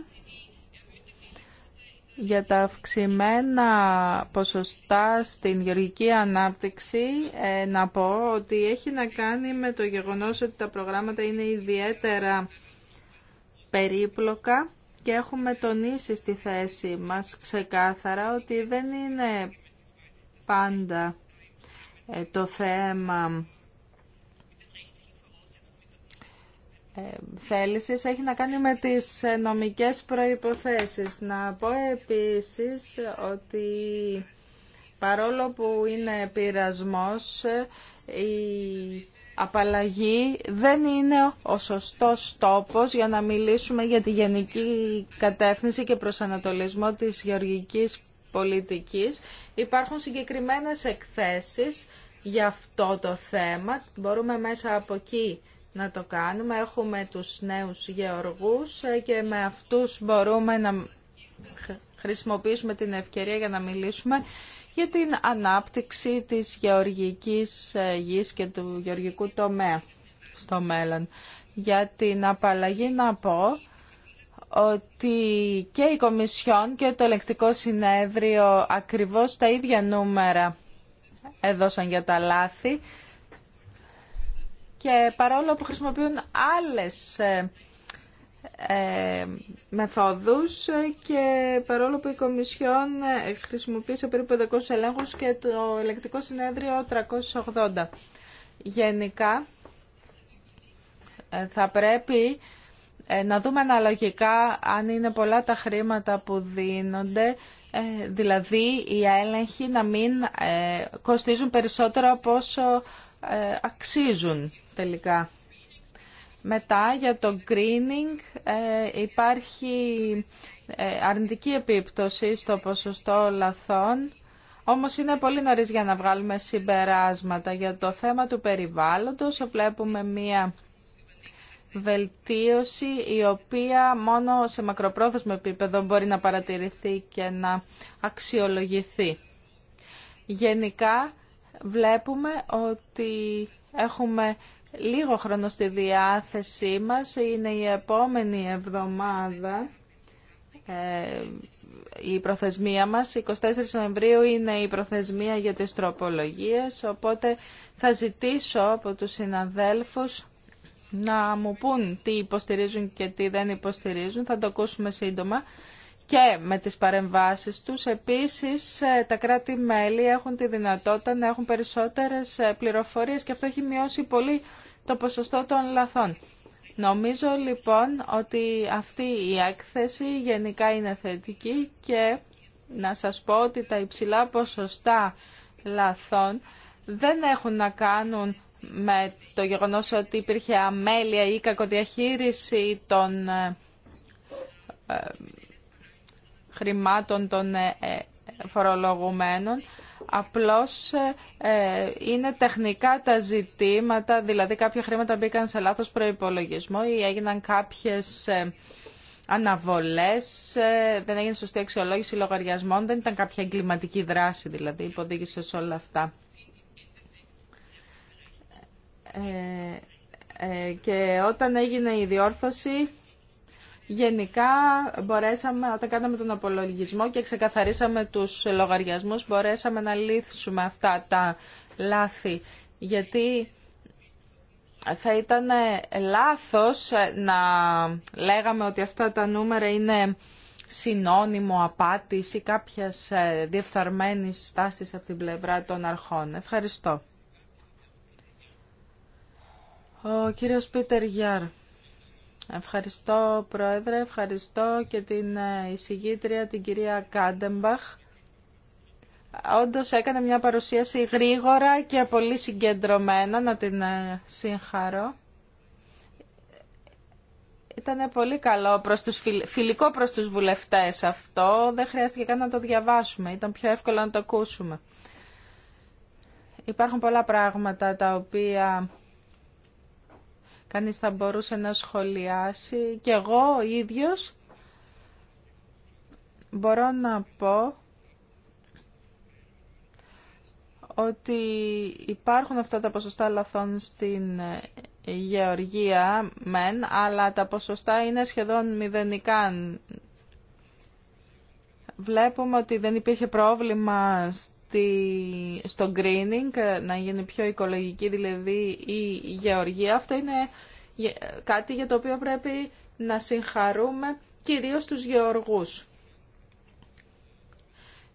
για τα αυξημένα ποσοστά στην γεωργική ανάπτυξη ε, να πω ότι έχει να κάνει με το γεγονός ότι τα προγράμματα είναι ιδιαίτερα περίπλοκα και έχουμε τονίσει στη θέση μας ξεκάθαρα ότι δεν είναι πάντα ε, το θέμα θέλησης έχει να κάνει με τις νομικές προϋποθέσεις. Να πω επίσης ότι παρόλο που είναι πειρασμός, η απαλλαγή δεν είναι ο σωστός τόπος για να μιλήσουμε για τη γενική κατεύθυνση και προσανατολισμό της γεωργικής πολιτικής. Υπάρχουν συγκεκριμένες εκθέσεις για αυτό το θέμα. Μπορούμε μέσα από εκεί να το κάνουμε. Έχουμε τους νέους γεωργούς ε, και με αυτούς μπορούμε να χρησιμοποιήσουμε την ευκαιρία για να μιλήσουμε για την ανάπτυξη της γεωργικής ε, γης και του γεωργικού τομέα στο μέλλον. Για την απαλλαγή να πω ότι και η Κομισιόν και το Ελεκτικό Συνέδριο ακριβώς τα ίδια νούμερα έδωσαν για τα λάθη και παρόλο που χρησιμοποιούν άλλες ε, ε, μεθόδους και παρόλο που η Κομισιόν ε, σε περίπου 500 ελέγχους και το ελεκτικό συνέδριο 380. Γενικά ε, θα πρέπει να δούμε αναλογικά αν είναι πολλά τα χρήματα που δίνονται, δηλαδή οι έλεγχοι να μην κοστίζουν περισσότερο από όσο αξίζουν τελικά. Μετά για το greening ε, υπάρχει ε, αρνητική επίπτωση στο ποσοστό λαθών, όμως είναι πολύ νωρίς για να βγάλουμε συμπεράσματα. Για το θέμα του περιβάλλοντος βλέπουμε μία βελτίωση η οποία μόνο σε μακροπρόθεσμο επίπεδο μπορεί να παρατηρηθεί και να αξιολογηθεί. Γενικά βλέπουμε ότι έχουμε λίγο χρόνο στη διάθεσή μας. Είναι η επόμενη εβδομάδα. Ε, η προθεσμία μας. 24 Νοεμβρίου είναι η προθεσμία για τις τροπολογίες, οπότε θα ζητήσω από τους συναδέλφους να μου πούν τι υποστηρίζουν και τι δεν υποστηρίζουν. Θα το ακούσουμε σύντομα και με τις παρεμβάσεις τους. Επίσης, ε, τα κράτη-μέλη έχουν τη δυνατότητα να έχουν περισσότερες ε, πληροφορίες και αυτό έχει μειώσει πολύ το ποσοστό των λαθών. Νομίζω λοιπόν ότι αυτή η έκθεση γενικά είναι θετική και να σας πω ότι τα υψηλά ποσοστά λαθών δεν έχουν να κάνουν με το γεγονός ότι υπήρχε αμέλεια ή κακοδιαχείριση των ε, ε, χρημάτων των ε, φορολογουμένων, Απλώς ε, είναι τεχνικά τα ζητήματα, δηλαδή κάποια χρήματα μπήκαν σε λάθος προϋπολογισμό ή έγιναν κάποιες ε, αναβολές, ε, δεν έγινε σωστή αξιολόγηση λογαριασμών, δεν ήταν κάποια εγκληματική δράση δηλαδή, υποδήγησε σε όλα αυτά. και όταν έγινε η εγιναν καποιες αναβολες δεν εγινε σωστη αξιολογηση λογαριασμων δεν ηταν καποια εγκληματικη δραση δηλαδη υποδηγησε ολα αυτα και οταν εγινε η διορθωση Γενικά μπορέσαμε, όταν κάναμε τον απολογισμό και ξεκαθαρίσαμε τους λογαριασμούς, μπορέσαμε να λύσουμε αυτά τα λάθη. Γιατί θα ήταν ε, λάθος ε, να λέγαμε ότι αυτά τα νούμερα είναι συνώνυμο απάτης ή κάποιας ε, διεφθαρμένης στάσης από την πλευρά των αρχών. Ευχαριστώ. Ο κύριος Πίτερ Γιάρ. Ευχαριστώ Πρόεδρε, ευχαριστώ και την ε, εισηγήτρια την κυρία Κάντεμπαχ. Όντως έκανε μια παρουσίαση γρήγορα και πολύ συγκεντρωμένα, να την ε, συγχαρώ. Ήταν πολύ καλό, προς τους φιλικό προς τους βουλευτές αυτό, δεν χρειάστηκε καν να το διαβάσουμε, ήταν πιο εύκολο να το ακούσουμε. Υπάρχουν πολλά πράγματα τα οποία Κανείς θα μπορούσε να σχολιάσει. Και εγώ ο ίδιος μπορώ να πω ότι υπάρχουν αυτά τα ποσοστά λαθών στην γεωργία, μεν, αλλά τα ποσοστά είναι σχεδόν μηδενικά. Βλέπουμε ότι δεν υπήρχε πρόβλημα στο greening, ε, να γίνει πιο οικολογική δηλαδή η γεωργία. Αυτό είναι κάτι για το οποίο πρέπει να συγχαρούμε κυρίως τους γεωργούς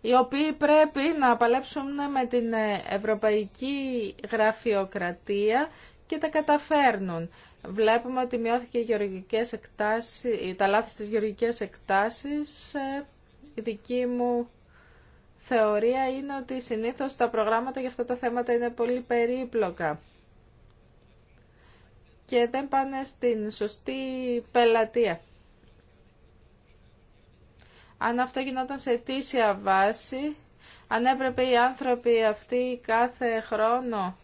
οι οποίοι πρέπει να παλέψουν με την ε, ευρωπαϊκή γραφειοκρατία και τα καταφέρνουν. Βλέπουμε ότι μειώθηκε εκτάσεις, τα λάθη στις γεωργικές εκτάσεις. Ε, η δική μου θεωρία είναι ότι συνήθως τα προγράμματα για αυτά τα θέματα είναι πολύ περίπλοκα και δεν πάνε στην σωστή πελατεία. Αν αυτό γινόταν σε αιτήσια βάση, αν έπρεπε οι άνθρωποι αυτοί κάθε χρόνο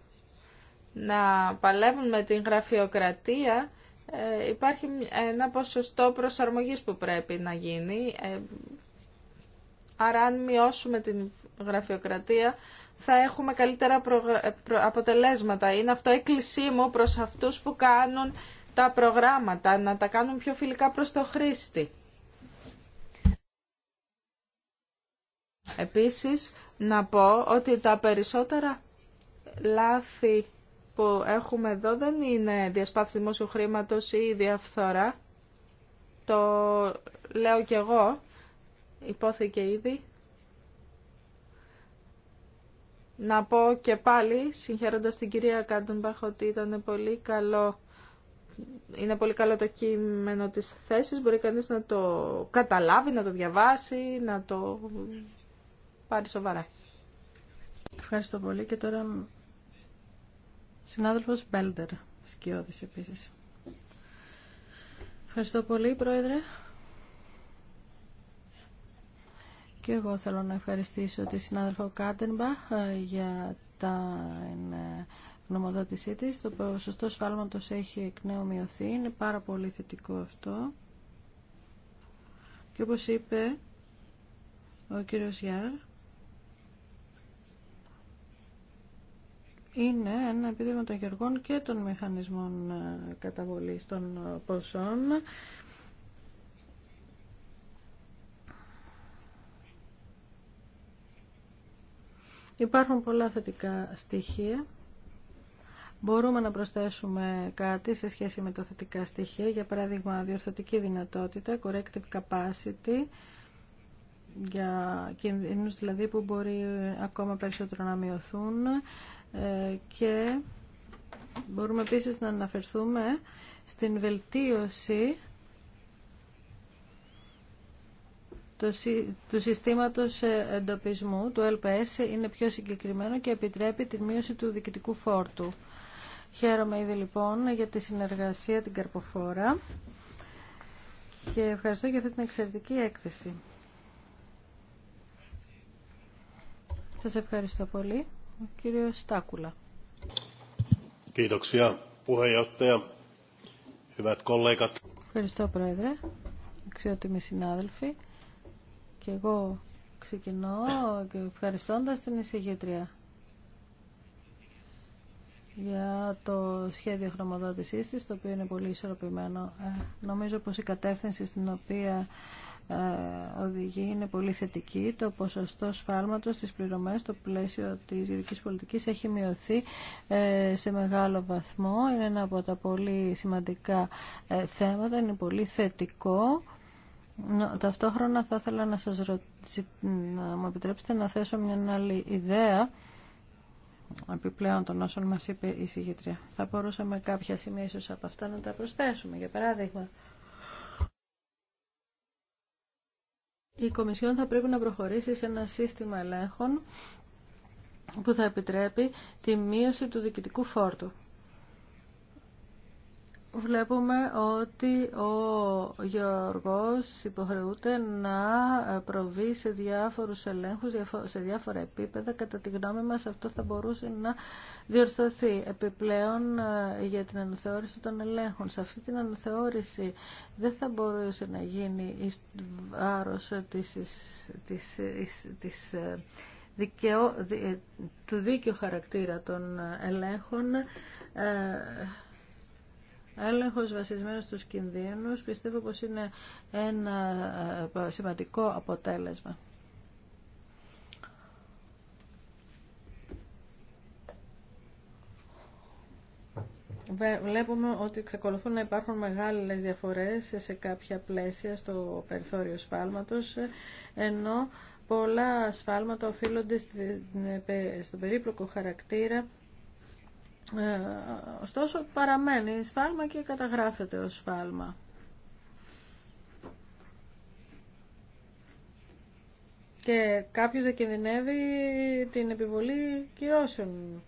να παλεύουν με την γραφειοκρατία, ε, υπάρχει ένα ποσοστό προσαρμογής που πρέπει να γίνει ε, Άρα αν μειώσουμε την γραφειοκρατία θα έχουμε καλύτερα ε, αποτελέσματα. Είναι αυτό έκκλησή μου προς αυτούς που κάνουν τα προγράμματα, να τα κάνουν πιο φιλικά προς το χρήστη. Επίσης, να πω ότι τα περισσότερα λάθη που έχουμε εδώ δεν είναι διασπάθηση δημόσιου χρήματος ή διαφθορά. Το λέω και εγώ υπόθηκε ήδη. Να πω και πάλι, συγχαίροντας την κυρία Κάντεμπαχ, ότι ήταν πολύ καλό είναι πολύ καλό το κείμενο της θέσης, μπορεί κανείς να το καταλάβει, να το διαβάσει, να το πάρει σοβαρά. Ευχαριστώ πολύ και τώρα συνάδελφος Μπέλτερ, σκιώδης επίσης. Ευχαριστώ πολύ, Πρόεδρε. Και εγώ θέλω να ευχαριστήσω τη συνάδελφο Κάντενμπαχ ε, για τα ε, γνωμοδότησή της. Το ποσοστό σφάλματος έχει εκ νέου μειωθεί. Είναι πάρα πολύ θετικό αυτό. Και όπως είπε ο κύριος Γιάρ, είναι ένα επίδευμα των γεργών και των μηχανισμών ε, καταβολής των ποσών Υπάρχουν πολλά θετικά στοιχεία. Μπορούμε να προσθέσουμε κάτι σε σχέση με τα θετικά στοιχεία, για παράδειγμα διορθωτική δυνατότητα, corrective capacity, για κινδύνους δηλαδή που μπορεί ακόμα περισσότερο να μειωθούν ε, και μπορούμε επίσης να αναφερθούμε στην βελτίωση του συστήματος ε, εντοπισμού, του LPS, είναι πιο συγκεκριμένο και επιτρέπει τη μείωση του διοικητικού φόρτου. Χαίρομαι ήδη λοιπόν για τη συνεργασία την Καρποφόρα και ευχαριστώ για αυτή την εξαιρετική έκθεση. Σας ευχαριστώ πολύ. Ο κύριος Στάκουλα. Ευχαριστώ, Πρόεδρε. Αξιότιμοι συνάδελφοι. Και εγώ ξεκινώ ευχαριστώντας την εισηγήτρια για το σχέδιο χρωμοδότησής της, το οποίο είναι πολύ ισορροπημένο. Ε, νομίζω πως η κατεύθυνση στην οποία ε, οδηγεί είναι πολύ θετική. Το ποσοστό σφάλματος στις πληρωμές στο πλαίσιο της γερικής πολιτικής έχει μειωθεί ε, σε μεγάλο βαθμό. Είναι ένα από τα πολύ σημαντικά θέματα, είναι πολύ θετικό. Ταυτόχρονα θα ήθελα να σας ρωτήσω, να μου επιτρέψετε να θέσω μια άλλη ιδέα επιπλέον των όσων μας είπε η συγγετρία. Θα μπορούσαμε κάποια σημεία ίσως από αυτά να τα προσθέσουμε. Για παράδειγμα, η Κομισιόν θα πρέπει να προχωρήσει σε ένα σύστημα ελέγχων που θα επιτρέπει τη μείωση του διοικητικού φόρτου βλέπουμε ότι ο Γιώργος υποχρεούται να προβεί σε διάφορους ελέγχους, σε διάφορα επίπεδα. Κατά τη γνώμη μας αυτό θα μπορούσε να διορθωθεί επιπλέον ε, για την αναθεώρηση των ελέγχων. Σε αυτή την αναθεώρηση δεν θα μπορούσε να γίνει η βάρος της, της, ε, ε, του δίκαιου χαρακτήρα των ελέγχων Έλεγχος βασισμένος στους κινδύνους πιστεύω πως είναι ένα ε, σημαντικό αποτέλεσμα. Βλέπουμε ότι εξακολουθούν να υπάρχουν μεγάλες διαφορές σε κάποια πλαίσια στο περιθώριο σφάλματος, ενώ πολλά σφάλματα οφείλονται στον περίπλοκο χαρακτήρα ε, ωστόσο παραμένει σφάλμα και καταγράφεται ως σφάλμα. Και κάποιος διακινδυνεύει την επιβολή κυρώσεων.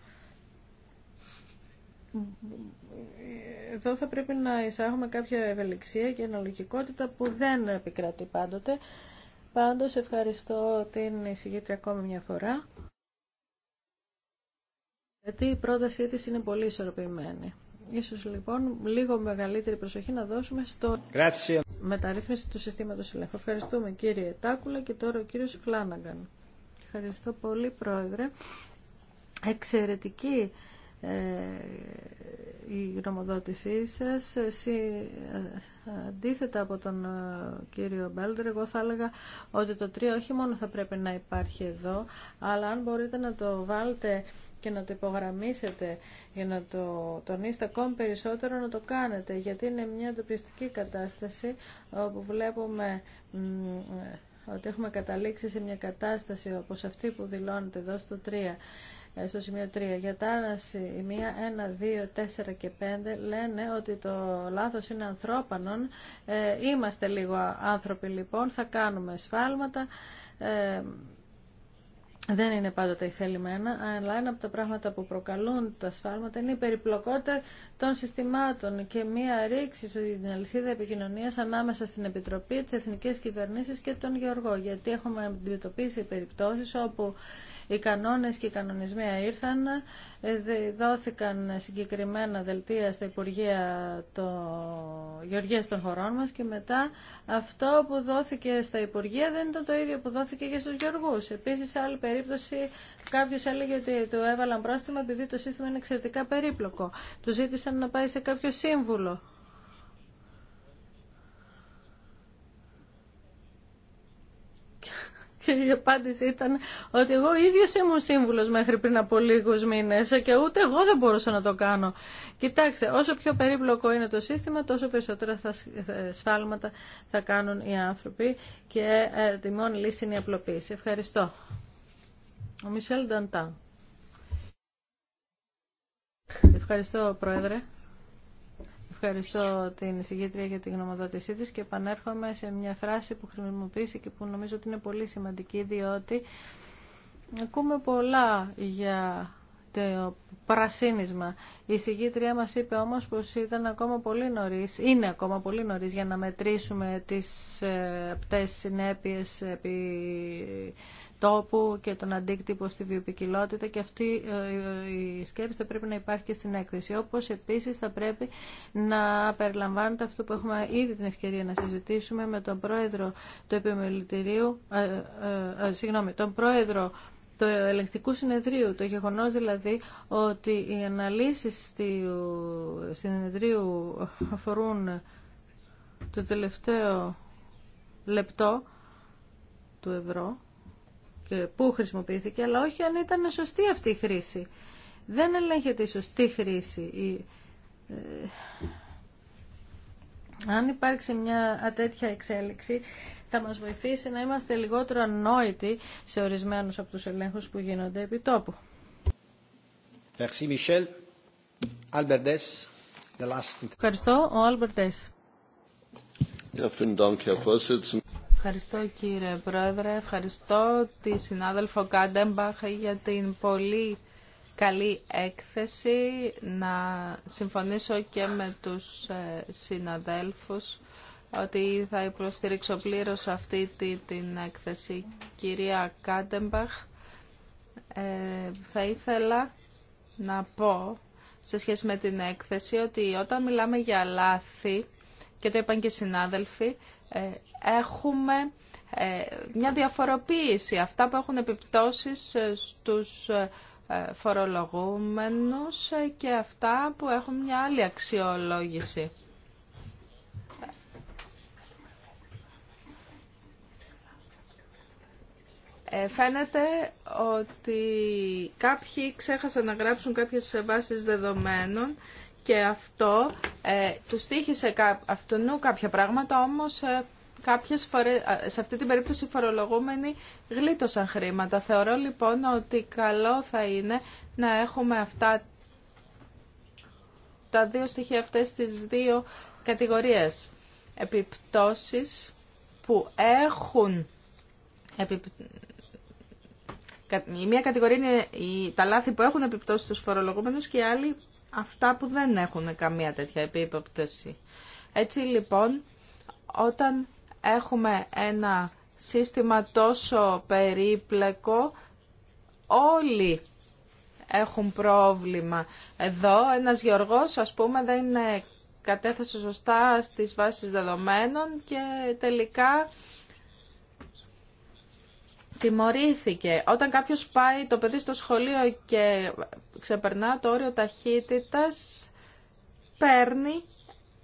Εδώ θα πρέπει να εισάγουμε κάποια ευελιξία και αναλογικότητα που δεν επικρατεί πάντοτε. Πάντως ευχαριστώ την εισηγήτρια ακόμη μια φορά γιατί η πρότασή της είναι πολύ ισορροπημένη. Ίσως λοιπόν λίγο μεγαλύτερη προσοχή να δώσουμε στο Grazie. μεταρρύθμιση του συστήματος ελέγχου. Ευχαριστούμε κύριε Τάκουλα και τώρα ο κύριος Φλάναγκαν. Ευχαριστώ πολύ πρόεδρε. Εξαιρετική ε, η γνωμοδότησή σας. Ε, αντίθετα από τον ε, κύριο Μπέλντερ, εγώ θα έλεγα ότι το 3 όχι μόνο θα πρέπει να υπάρχει εδώ, αλλά αν μπορείτε να το βάλετε και να το υπογραμμίσετε για να το τονίσετε ακόμη περισσότερο να το κάνετε, γιατί είναι μια εντοπιστική κατάσταση όπου βλέπουμε ότι έχουμε καταλήξει σε μια κατάσταση όπως αυτή που δηλώνεται εδώ στο 3 ε, στο σημείο 3. Για τα άλλα σημεία 1, 2, 4 και 5 λένε ότι το λάθος είναι Ε, είμαστε λίγο άνθρωποι λοιπόν, θα κάνουμε σφάλματα. Ε, δεν είναι πάντοτε η θελημένα, αλλά ένα από τα πράγματα που προκαλούν τα σφάλματα είναι η περιπλοκότητα των συστημάτων και μία ρήξη στην αλυσίδα επικοινωνία ανάμεσα στην Επιτροπή, τι εθνικέ κυβερνήσει και τον Γεωργό. Γιατί έχουμε αντιμετωπίσει περιπτώσει όπου οι κανόνες και οι κανονισμοί ήρθαν, ε, δόθηκαν συγκεκριμένα δελτία στα Υπουργεία το... Γεωργίας των χωρών μας και μετά αυτό που δόθηκε στα Υπουργεία δεν ήταν το ίδιο που δόθηκε και στους Γεωργούς. Επίσης, σε άλλη περίπτωση, κάποιος έλεγε ότι του έβαλαν πρόστιμα επειδή το σύστημα είναι εξαιρετικά περίπλοκο. Του ζήτησαν να πάει σε κάποιο σύμβουλο. Και η απάντηση ήταν ότι εγώ ίδιος ήμουν σύμβουλος μέχρι πριν από λίγους μήνες και ούτε εγώ δεν μπορούσα να το κάνω. Κοιτάξτε, όσο πιο περίπλοκο είναι το σύστημα, τόσο περισσότερα θα σφάλματα θα κάνουν οι άνθρωποι και ε, τη μόνη λύση είναι η απλοποίηση. Ευχαριστώ. Ο Μισελ Νταντάν. Ευχαριστώ, Πρόεδρε. Ευχαριστώ την συγγήτρια για την γνωμοδότησή της και επανέρχομαι σε μια φράση που χρησιμοποίησε και που νομίζω ότι είναι πολύ σημαντική διότι ακούμε πολλά για το πρασίνισμα. Η συγγήτρια μας είπε όμως πως ήταν ακόμα πολύ νωρίς, είναι ακόμα πολύ νωρίς για να μετρήσουμε τις απτές ε, συνέπειες επί τόπου και τον αντίκτυπο στη βιοπικιλότητα και αυτή ε, η σκέψη θα πρέπει να υπάρχει και στην έκθεση. Όπως επίσης θα πρέπει να περιλαμβάνεται αυτό που έχουμε ήδη την ευκαιρία να συζητήσουμε με τον πρόεδρο του επιμελητηρίου, ε, ε, συγγνώμη, τον πρόεδρο το συνεδρίου, το γεγονός δηλαδή ότι οι αναλύσεις του συνεδρίου αφορούν το τελευταίο λεπτό του ευρώ, πού χρησιμοποιήθηκε, αλλά όχι αν ήταν σωστή αυτή η χρήση. Δεν ελέγχεται η σωστή χρήση. Ε, αν υπάρξει μια τέτοια εξέλιξη, θα μας βοηθήσει να είμαστε λιγότερο ανόητοι σε ορισμένους από τους ελέγχους που γίνονται επί τόπου. Ευχαριστώ, ο Άλμπερτ Ευχαριστώ κύριε Πρόεδρε, ευχαριστώ τη συνάδελφο Κάντεμπαχ για την πολύ καλή έκθεση. Να συμφωνήσω και με τους ε, συναδέλφους ότι θα υποστηρίξω πλήρως αυτή την έκθεση. Κυρία Κάντεμπαχ, ε, θα ήθελα να πω σε σχέση με την έκθεση ότι όταν μιλάμε για λάθη, και το είπαν και οι συνάδελφοι, ε, έχουμε ε, μια διαφοροποίηση. Αυτά που έχουν επιπτώσεις ε, στους φορολογούμενους και αυτά που έχουν μια άλλη αξιολόγηση. Φαίνεται ότι κάποιοι ξέχασαν να γράψουν κάποιες βάσεις δεδομένων και αυτό ε, του στήχησε κά, κάποια πράγματα, όμως ε, κάποιες ε, σε αυτή την περίπτωση οι φορολογούμενοι γλίτωσαν χρήματα. Θεωρώ λοιπόν ότι καλό θα είναι να έχουμε αυτά τα δύο στοιχεία αυτές τις δύο κατηγορίες. Επιπτώσεις που έχουν η μία κατηγορία είναι τα λάθη που έχουν επιπτώσει στους φορολογούμενους και η άλλη αυτά που δεν έχουν καμία τέτοια επίπτωση. Έτσι λοιπόν, όταν έχουμε ένα σύστημα τόσο περίπλεκο, όλοι έχουν πρόβλημα. Εδώ ένας γεωργός, ας πούμε, δεν κατέθεσε σωστά στις βάσεις δεδομένων και τελικά τιμωρήθηκε. Όταν κάποιος πάει το παιδί στο σχολείο και ξεπερνά το όριο ταχύτητας, παίρνει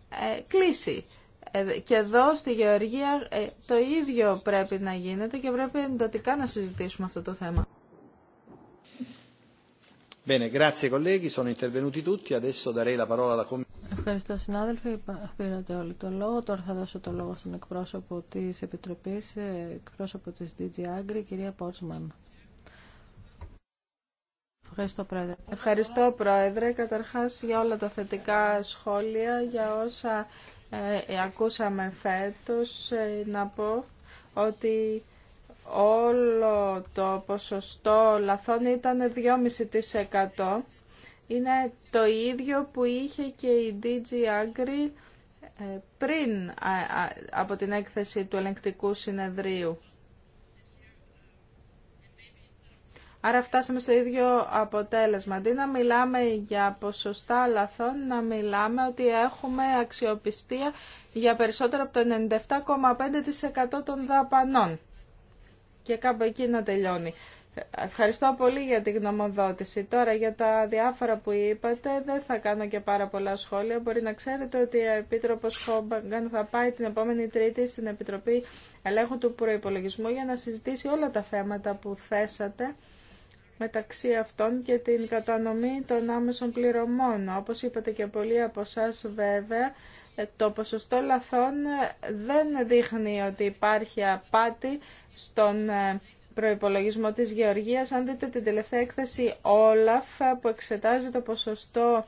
ε, κλίση. Ε, και εδώ στη Γεωργία ε, το ίδιο πρέπει να γίνεται και πρέπει εντατικά να συζητήσουμε αυτό το θέμα. Bene, grazie colleghi, sono intervenuti tutti. Adesso darei la parola alla Ευχαριστώ συνάδελφοι. Πήρατε όλοι το λόγο. Τώρα θα δώσω το λόγο στον εκπρόσωπο της Επιτροπής, ε, εκπρόσωπο της DG Agri, κυρία Πόρτσμαν. Ευχαριστώ Πρόεδρε. Ευχαριστώ Πρόεδρε. Καταρχάς για όλα τα θετικά σχόλια, για όσα ε, ακούσαμε φέτος, ε, να πω ότι όλο το ποσοστό λαθών ήταν 2,5% είναι το ίδιο που είχε και η DG Agri ε, πριν από την έκθεση του ελεγκτικού συνεδρίου. Άρα φτάσαμε στο ίδιο αποτέλεσμα. Αντί να μιλάμε για ποσοστά λαθών, να μιλάμε ότι έχουμε αξιοπιστία για περισσότερο από το 97,5% των δαπανών. Και κάπου εκεί να τελειώνει. Ευχαριστώ πολύ για την γνωμοδότηση. Τώρα για τα διάφορα που είπατε δεν θα κάνω και πάρα πολλά σχόλια. Μπορεί να ξέρετε ότι ο Επίτροπος Χόμπαγκαν θα πάει την επόμενη Τρίτη στην Επιτροπή Ελέγχου του Προϋπολογισμού για να συζητήσει όλα τα θέματα που θέσατε μεταξύ αυτών και την κατανομή των άμεσων πληρωμών. Όπως είπατε και πολλοί από εσά βέβαια, ε, το ποσοστό λαθών δεν δείχνει ότι υπάρχει απάτη στον ε, της Γεωργίας. Αν δείτε την τελευταία έκθεση Όλαφ που εξετάζει το ποσοστό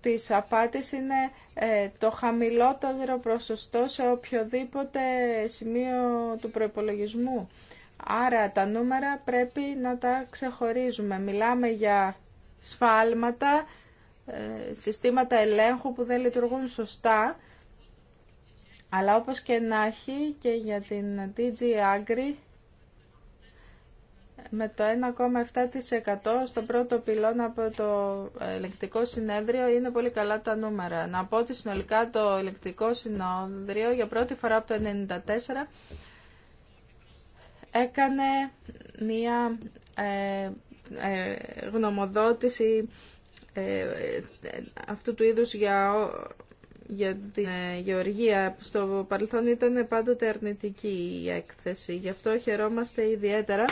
της απάτης είναι ε, το χαμηλότερο ποσοστό σε οποιοδήποτε σημείο του προϋπολογισμού. Άρα τα νούμερα πρέπει να τα ξεχωρίζουμε. Μιλάμε για σφάλματα, ε, συστήματα ελέγχου που δεν λειτουργούν σωστά, αλλά όπως και να έχει και για την DG Agri με το 1,7% στον πρώτο πυλώνα από το ελεκτικό συνέδριο είναι πολύ καλά τα νούμερα. Να πω ότι συνολικά το ελεκτικό συνέδριο για πρώτη φορά από το 1994 έκανε μία ε, ε, γνωμοδότηση ε, αυτού του είδους για, για την ε, γεωργία. Στο παρελθόν ήταν πάντοτε αρνητική η έκθεση. Γι' αυτό χαιρόμαστε ιδιαίτερα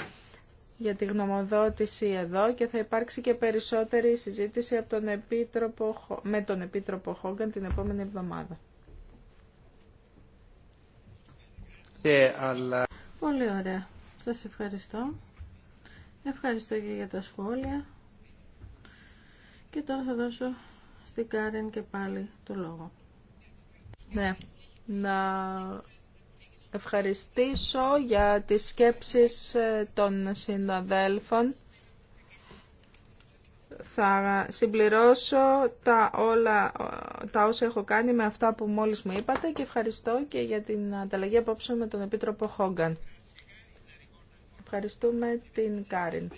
για τη γνωμοδότηση εδώ και θα υπάρξει και περισσότερη συζήτηση από τον Επίτροπο, με τον Επίτροπο Χόγκαν την επόμενη εβδομάδα. αλλά... Πολύ ωραία. Σας ευχαριστώ. Ευχαριστώ και για τα σχόλια. Και τώρα θα δώσω στην Κάρεν και πάλι το λόγο. Ναι, να ευχαριστήσω για τις σκέψεις ε, των συναδέλφων. Θα συμπληρώσω τα, όλα, τα όσα έχω κάνει με αυτά που μόλις μου είπατε και ευχαριστώ και για την ανταλλαγή απόψε με τον Επίτροπο Χόγκαν. Ευχαριστούμε την Κάριν.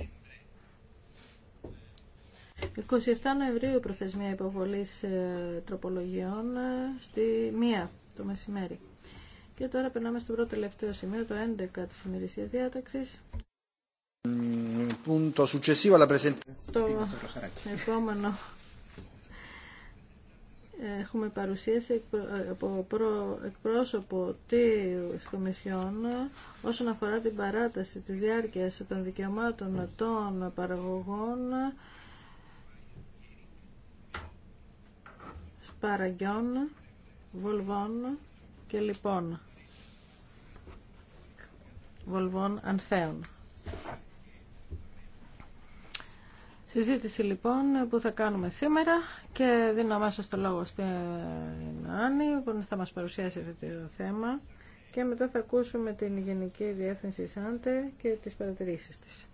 27 Νοεμβρίου προθεσμία υποβολής ε, τροπολογιών ε, στη μία το μεσημέρι. Και τώρα περνάμε στο πρώτο τελευταίο σημείο, το 11 της ημερησίας διάταξης. Το επόμενο έχουμε παρουσίαση από προ, εκπρόσωπο της Κομισιόν όσον αφορά την παράταση της διάρκειας των δικαιωμάτων των παραγωγών σπαραγγιών, βολβών και λοιπόν βολβών ανθέων. Συζήτηση λοιπόν που θα κάνουμε σήμερα και δίνω αμέσως το λόγο στην Άννη που θα μας παρουσιάσει αυτό το θέμα και μετά θα ακούσουμε την Γενική Διεύθυνση ΣΑΝΤΕ και τις παρατηρήσεις της.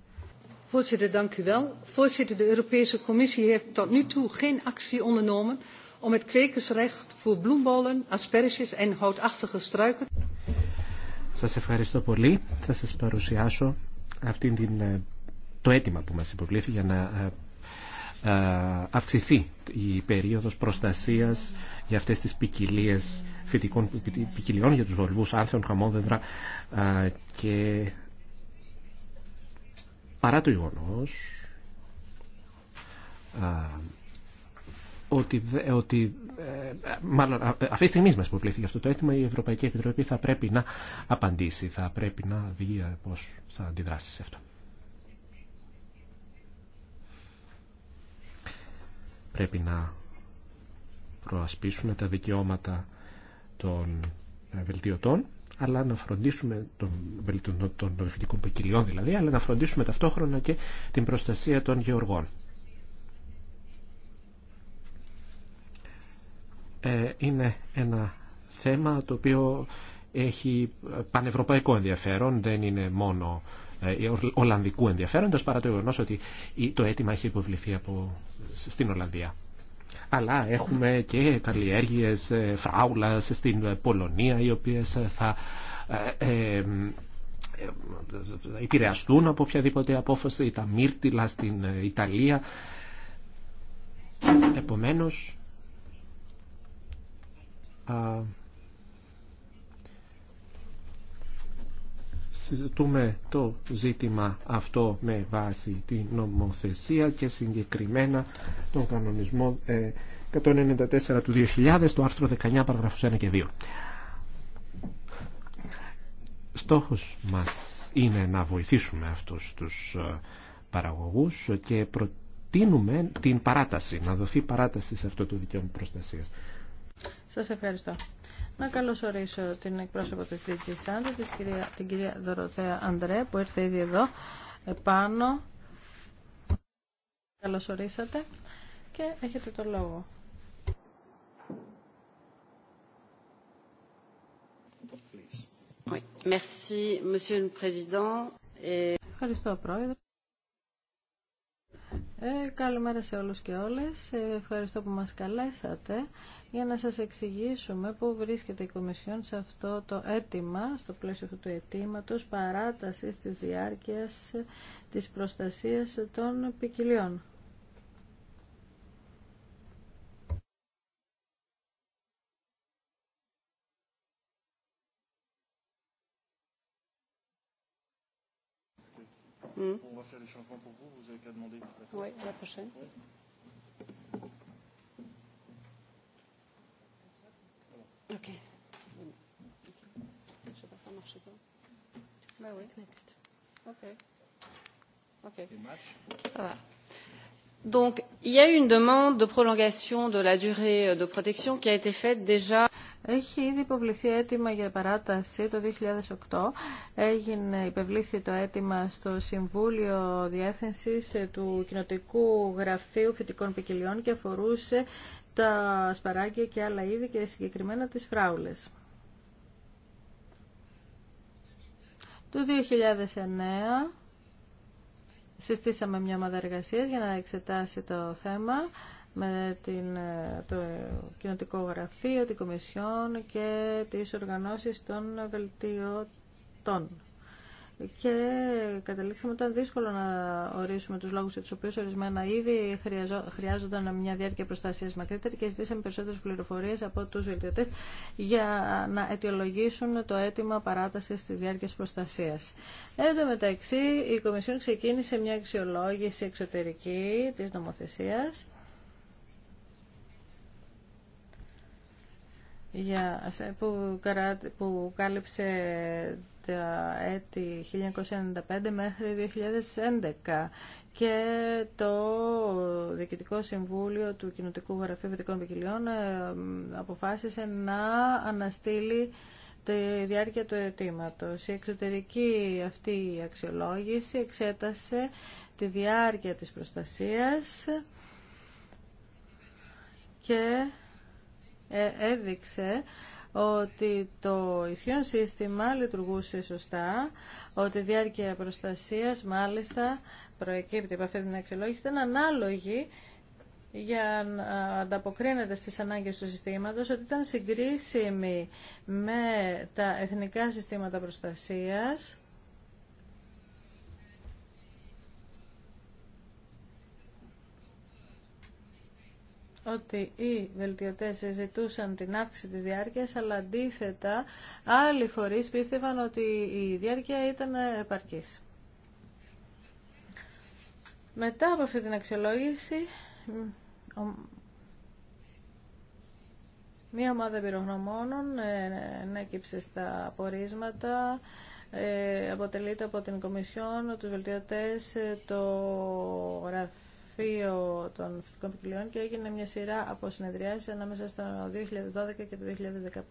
Voorzitter, dank u wel. Voorzitter, de Europese Commissie heeft tot nu toe geen actie ondernomen om het kwekersrecht voor bloembollen, asperges en houtachtige struiken. Σας ευχαριστώ πολύ. Θα σας παρουσιάσω την, ε, το αίτημα που μας υποβλήθηκε για να ε, ε, αυξηθεί η περίοδος προστασίας για αυτές τις ποικιλίε φυτικών ποικιλιών για τους βολβούς, άνθεων, χαμόδεντρα και παρά το γεγονό ότι, ότι ε, μάλλον αυτή τη στιγμή που πλήθηκε αυτό το αίτημα η Ευρωπαϊκή Επιτροπή θα πρέπει να απαντήσει, θα πρέπει να δει ε, πώς θα αντιδράσει σε αυτό. Πρέπει να προασπίσουμε τα δικαιώματα των ε, βελτιωτών αλλά να φροντίσουμε των, των, των ποικιλιών δηλαδή, αλλά να φροντίσουμε ταυτόχρονα και την προστασία των γεωργών. Ε, είναι ένα θέμα το οποίο έχει πανευρωπαϊκό ενδιαφέρον, δεν είναι μόνο ε, Ολλανδικού ενδιαφέροντος παρά το γεγονό ότι το αίτημα έχει υποβληθεί από, στην Ολλανδία. Αλλά έχουμε και καλλιέργειες ε, φράουλας στην Πολωνία οι οποίες θα επηρεαστούν από οποιαδήποτε απόφαση, τα μύρτιλα στην Ιταλία. Επομένως, συζητούμε το ζήτημα αυτό με βάση την νομοθεσία και συγκεκριμένα τον κανονισμό 194 ε, του 2000, στο άρθρο 19, παραγραφούς 1 και 2. Στόχος μας είναι να βοηθήσουμε αυτούς τους ε, παραγωγούς και προτείνουμε την παράταση, να δοθεί παράταση σε αυτό το δικαίωμα προστασίας. Σα ευχαριστώ. Να καλωσορίσω την εκπρόσωπο της δική Santa, την κυρία Δωροθέα Αντρέ, που ήρθε ήδη εδώ επάνω. Καλωσορίσατε και έχετε το λόγο. Ευχαριστώ, Πρόεδρε. Ε, καλημέρα σε όλους και όλες. Ε, ευχαριστώ που μας καλέσατε για να σας εξηγήσουμε πού βρίσκεται η Κομισιόν σε αυτό το αίτημα, στο πλαίσιο αυτού του αιτήματο παράτασης της διάρκειας της προστασίας των ποικιλιών. On va faire les changements pour vous, vous avez qu'à demander. Oui, la prochaine. Ok. Je ne sais pas, ça ne marchait pas. Bah oui. Next. Ok. Ok. Ça va. Donc, il y Έχει ήδη υποβληθεί αίτημα για παράταση το 2008. Έγινε υπευλήθη το αίτημα στο Συμβούλιο Διεύθυνσης ε, του Κοινοτικού Γραφείου Φυτικών Ποικιλιών και αφορούσε τα σπαράγγια και άλλα είδη και συγκεκριμένα τις φράουλες. Το 2009 συστήσαμε μια ομάδα εργασία για να εξετάσει το θέμα με την, το κοινοτικό γραφείο, την Κομισιόν και τις οργανώσεις των βελτιωτών και καταλήξαμε ότι ήταν δύσκολο να ορίσουμε τους λόγους για του οποίους ορισμένα ήδη χρειάζονταν μια διάρκεια προστασίας μακρύτερη και ζητήσαμε περισσότερες πληροφορίε από τους βελτιωτέ για να αιτιολογήσουν το αίτημα παράταση της διάρκεια προστασίας. Εν τω μεταξύ η Κομισιόν ξεκίνησε μια αξιολόγηση εξωτερική τη νομοθεσία. για, που, που κάλυψε έτη 1995 μέχρι 2011 και το Διοικητικό Συμβούλιο του Κοινοτικού Γραφείου Βετικών Ποικιλιών ε, αποφάσισε να αναστείλει τη διάρκεια του αιτήματο. Η εξωτερική αυτή αξιολόγηση εξέτασε τη διάρκεια της προστασίας και ε, έδειξε ότι το ισχύον σύστημα λειτουργούσε σωστά, ότι η διάρκεια προστασίας μάλιστα προεκύπτει από αυτή την αξιολόγηση, ήταν ανάλογη για να ανταποκρίνεται στις ανάγκες του συστήματος, ότι ήταν συγκρίσιμη με τα εθνικά συστήματα προστασίας ότι οι βελτιωτές ζητούσαν την αύξηση της διάρκειας, αλλά αντίθετα άλλοι φορείς πίστευαν ότι η διάρκεια ήταν επαρκής. Μετά από αυτή την αξιολόγηση, μία ομάδα πυρογνωμόνων ε, ενέκυψε στα απορίσματα. Ε, αποτελείται από την Κομισιόν, τους βελτιωτές, ε, το γραφείο, γραφείο των φυτικών ποικιλιών και έγινε μια σειρά από συνεδριάσεις ανάμεσα στο 2012 και το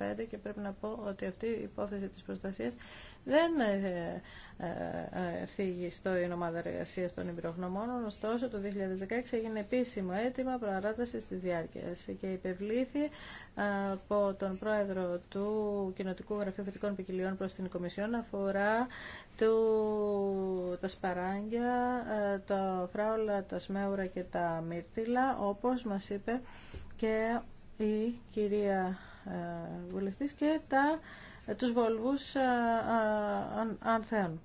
2015 και πρέπει να πω ότι αυτή η υπόθεση της προστασίας δεν ε, φύγει στο ομάδα εργασία των υπηρογνωμών. Ωστόσο, το 2016 έγινε επίσημο αίτημα προαράταση τη διάρκεια και υπευλήθη ε, από τον πρόεδρο του Κοινοτικού Γραφείου Φετικών Ποικιλιών προ την Κομισιόν αφορά του, τα σπαράγγια, ε, τα φράουλα, τα σμέουρα και τα μύρτιλα, όπως μας είπε και η κυρία ε, βουλευτής και τα, τους βόλβους ανθέων.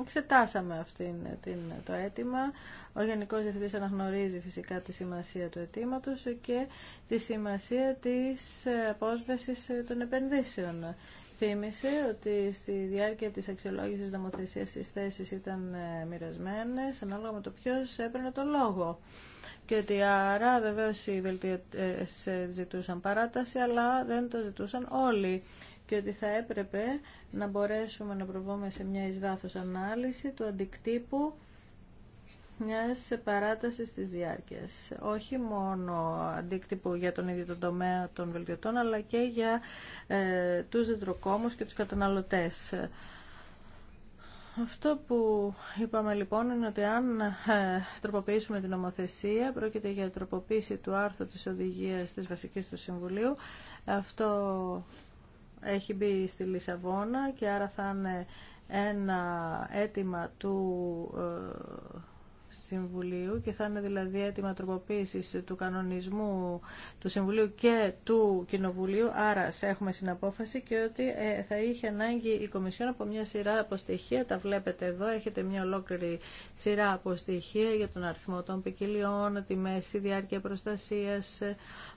Εξετάσαμε αυτήν, την, το αίτημα. Ο Γενικός Διευθυντής αναγνωρίζει φυσικά τη σημασία του αιτήματο και τη σημασία της ε, απόσβεσης ε, των επενδύσεων. Θύμισε ότι στη διάρκεια της αξιολόγησης νομοθεσίας τις θέσεις ήταν ε, μοιρασμένε ανάλογα με το ποιο έπαιρνε το λόγο και ότι άρα βεβαίω οι βελτιωτές ζητούσαν παράταση αλλά δεν το ζητούσαν όλοι και ότι θα έπρεπε να μπορέσουμε να προβούμε σε μια εις βάθος ανάλυση του αντικτύπου μιας παράτασης της διάρκειας. Όχι μόνο αντίκτυπο για τον ίδιο τον τομέα των βελτιωτών, αλλά και για ε, τους διδροκόμους και τους καταναλωτές. Αυτό που είπαμε λοιπόν είναι ότι αν ε, τροποποιήσουμε την νομοθεσία, πρόκειται για τροποποίηση του άρθρου της οδηγίας της βασικής του Συμβουλίου, αυτό έχει μπει στη Λισαβόνα και άρα θα είναι ένα αίτημα του ε, Συμβουλίου και θα είναι δηλαδή έτοιμα τροποποίηση του κανονισμού του Συμβουλίου και του Κοινοβουλίου. Άρα σε έχουμε συναπόφαση και ότι ε, θα είχε ανάγκη η Κομισιόν από μια σειρά από στοιχεία. Τα βλέπετε εδώ, έχετε μια ολόκληρη σειρά από στοιχεία για τον αριθμό των ποικιλιών, τη μέση διάρκεια προστασία, ε,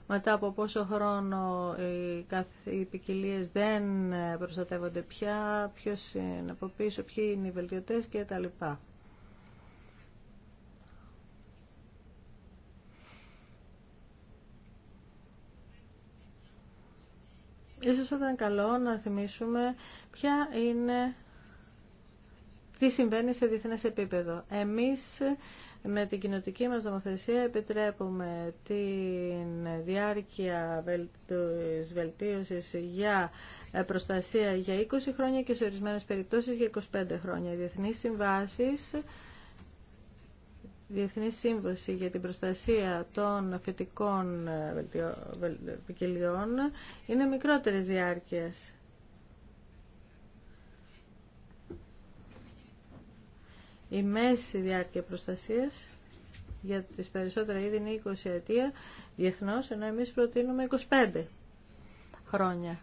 μετά από πόσο χρόνο ε, οι ποικιλίε δεν προστατεύονται πια, ποιο είναι από πίσω, ποιοι είναι οι βελτιωτέ κτλ. Ίσως θα ήταν καλό να θυμίσουμε ποια είναι, τι συμβαίνει σε διεθνές επίπεδο. Εμείς με την κοινοτική μας νομοθεσία επιτρέπουμε την διάρκεια της βελτίωσης για ε, προστασία για 20 χρόνια και σε ορισμένες περιπτώσεις για 25 χρόνια. Οι διεθνείς συμβάσεις Διεθνή Σύμβαση για την Προστασία των Φυτικών ε, ε, Ποικιλιών είναι μικρότερης διάρκειας. Η μέση διάρκεια προστασίας για τις περισσότερα είδη είναι 20 ετία διεθνώς, ενώ εμείς προτείνουμε 25 χρόνια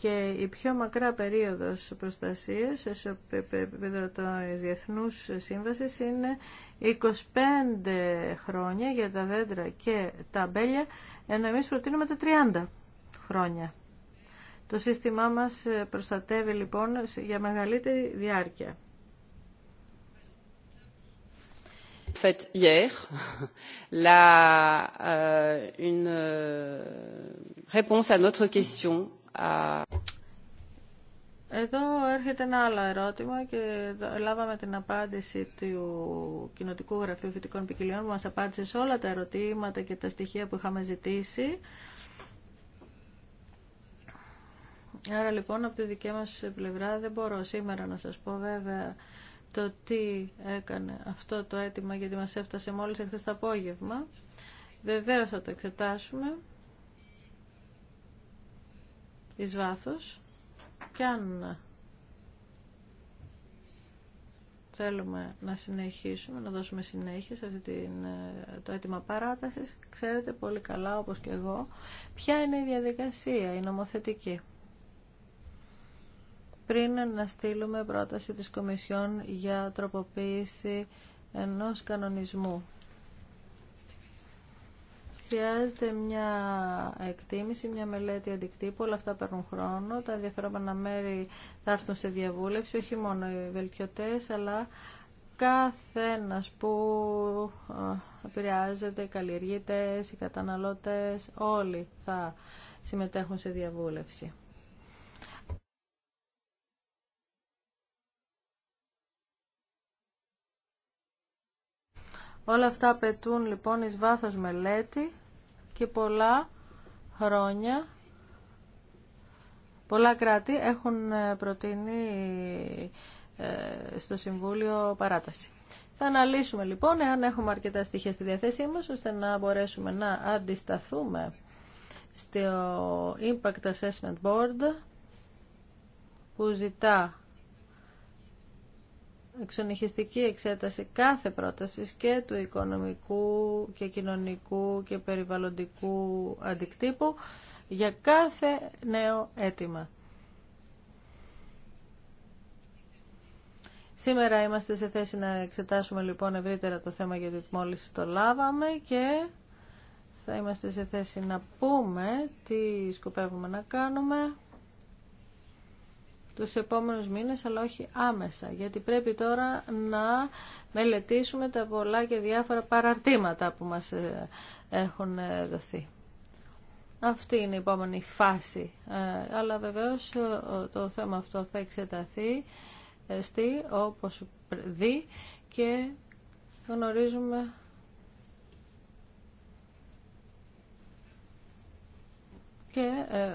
και η πιο μακρά περίοδος προστασίας σε επίπεδο της Διεθνούς Σύμβασης είναι 25 χρόνια για τα δέντρα και τα μπέλια ενώ εμείς προτείνουμε τα 30 χρόνια. Το σύστημά μας προστατεύει λοιπόν για μεγαλύτερη διάρκεια. fait hier la, euh, une euh, réponse à notre εδώ έρχεται ένα άλλο ερώτημα και λάβαμε την απάντηση του Κοινοτικού Γραφείου Φυτικών Ποικιλιών που μας απάντησε σε όλα τα ερωτήματα και τα στοιχεία που είχαμε ζητήσει. Άρα λοιπόν από τη δική μας πλευρά δεν μπορώ σήμερα να σας πω βέβαια το τι έκανε αυτό το αίτημα γιατί μας έφτασε μόλις εχθές το απόγευμα. Βεβαίως θα το εξετάσουμε εις βάθος και αν θέλουμε να συνεχίσουμε, να δώσουμε συνέχεια σε αυτή την, ε, το αίτημα παράτασης, ξέρετε πολύ καλά, όπως και εγώ, ποια είναι η διαδικασία, η νομοθετική. Πριν να στείλουμε πρόταση της Κομισιόν για τροποποίηση ενός κανονισμού Χρειάζεται μια εκτίμηση, μια μελέτη αντικτύπου. Όλα αυτά παίρνουν χρόνο. Τα ενδιαφερόμενα μέρη θα έρθουν σε διαβούλευση, όχι μόνο οι βελτιωτές, αλλά καθένας που ε, επηρεάζεται, οι καλλιεργητές, οι καταναλώτες, όλοι θα συμμετέχουν σε διαβούλευση. Όλα αυτά απαιτούν λοιπόν εις βάθος μελέτη και πολλά χρόνια πολλά κράτη έχουν ε, προτείνει ε, στο Συμβούλιο παράταση. Θα αναλύσουμε λοιπόν εάν έχουμε αρκετά στοιχεία στη διαθέσή μας ώστε να μπορέσουμε να αντισταθούμε στο Impact Assessment Board που ζητά εξονυχιστική εξέταση κάθε πρότασης και του οικονομικού και κοινωνικού και περιβαλλοντικού αντικτύπου για κάθε νέο αίτημα. Σήμερα είμαστε σε θέση να εξετάσουμε λοιπόν ευρύτερα το θέμα γιατί μόλις το λάβαμε και θα είμαστε σε θέση να πούμε τι σκοπεύουμε να κάνουμε τους επόμενους μήνες, αλλά όχι άμεσα, γιατί πρέπει τώρα να μελετήσουμε τα πολλά και διάφορα παραρτήματα που μας ε, έχουν ε, δοθεί. Αυτή είναι η επόμενη φάση, ε, αλλά βεβαίως το θέμα αυτό θα εξεταθεί στη όπως δει και γνωρίζουμε και ε,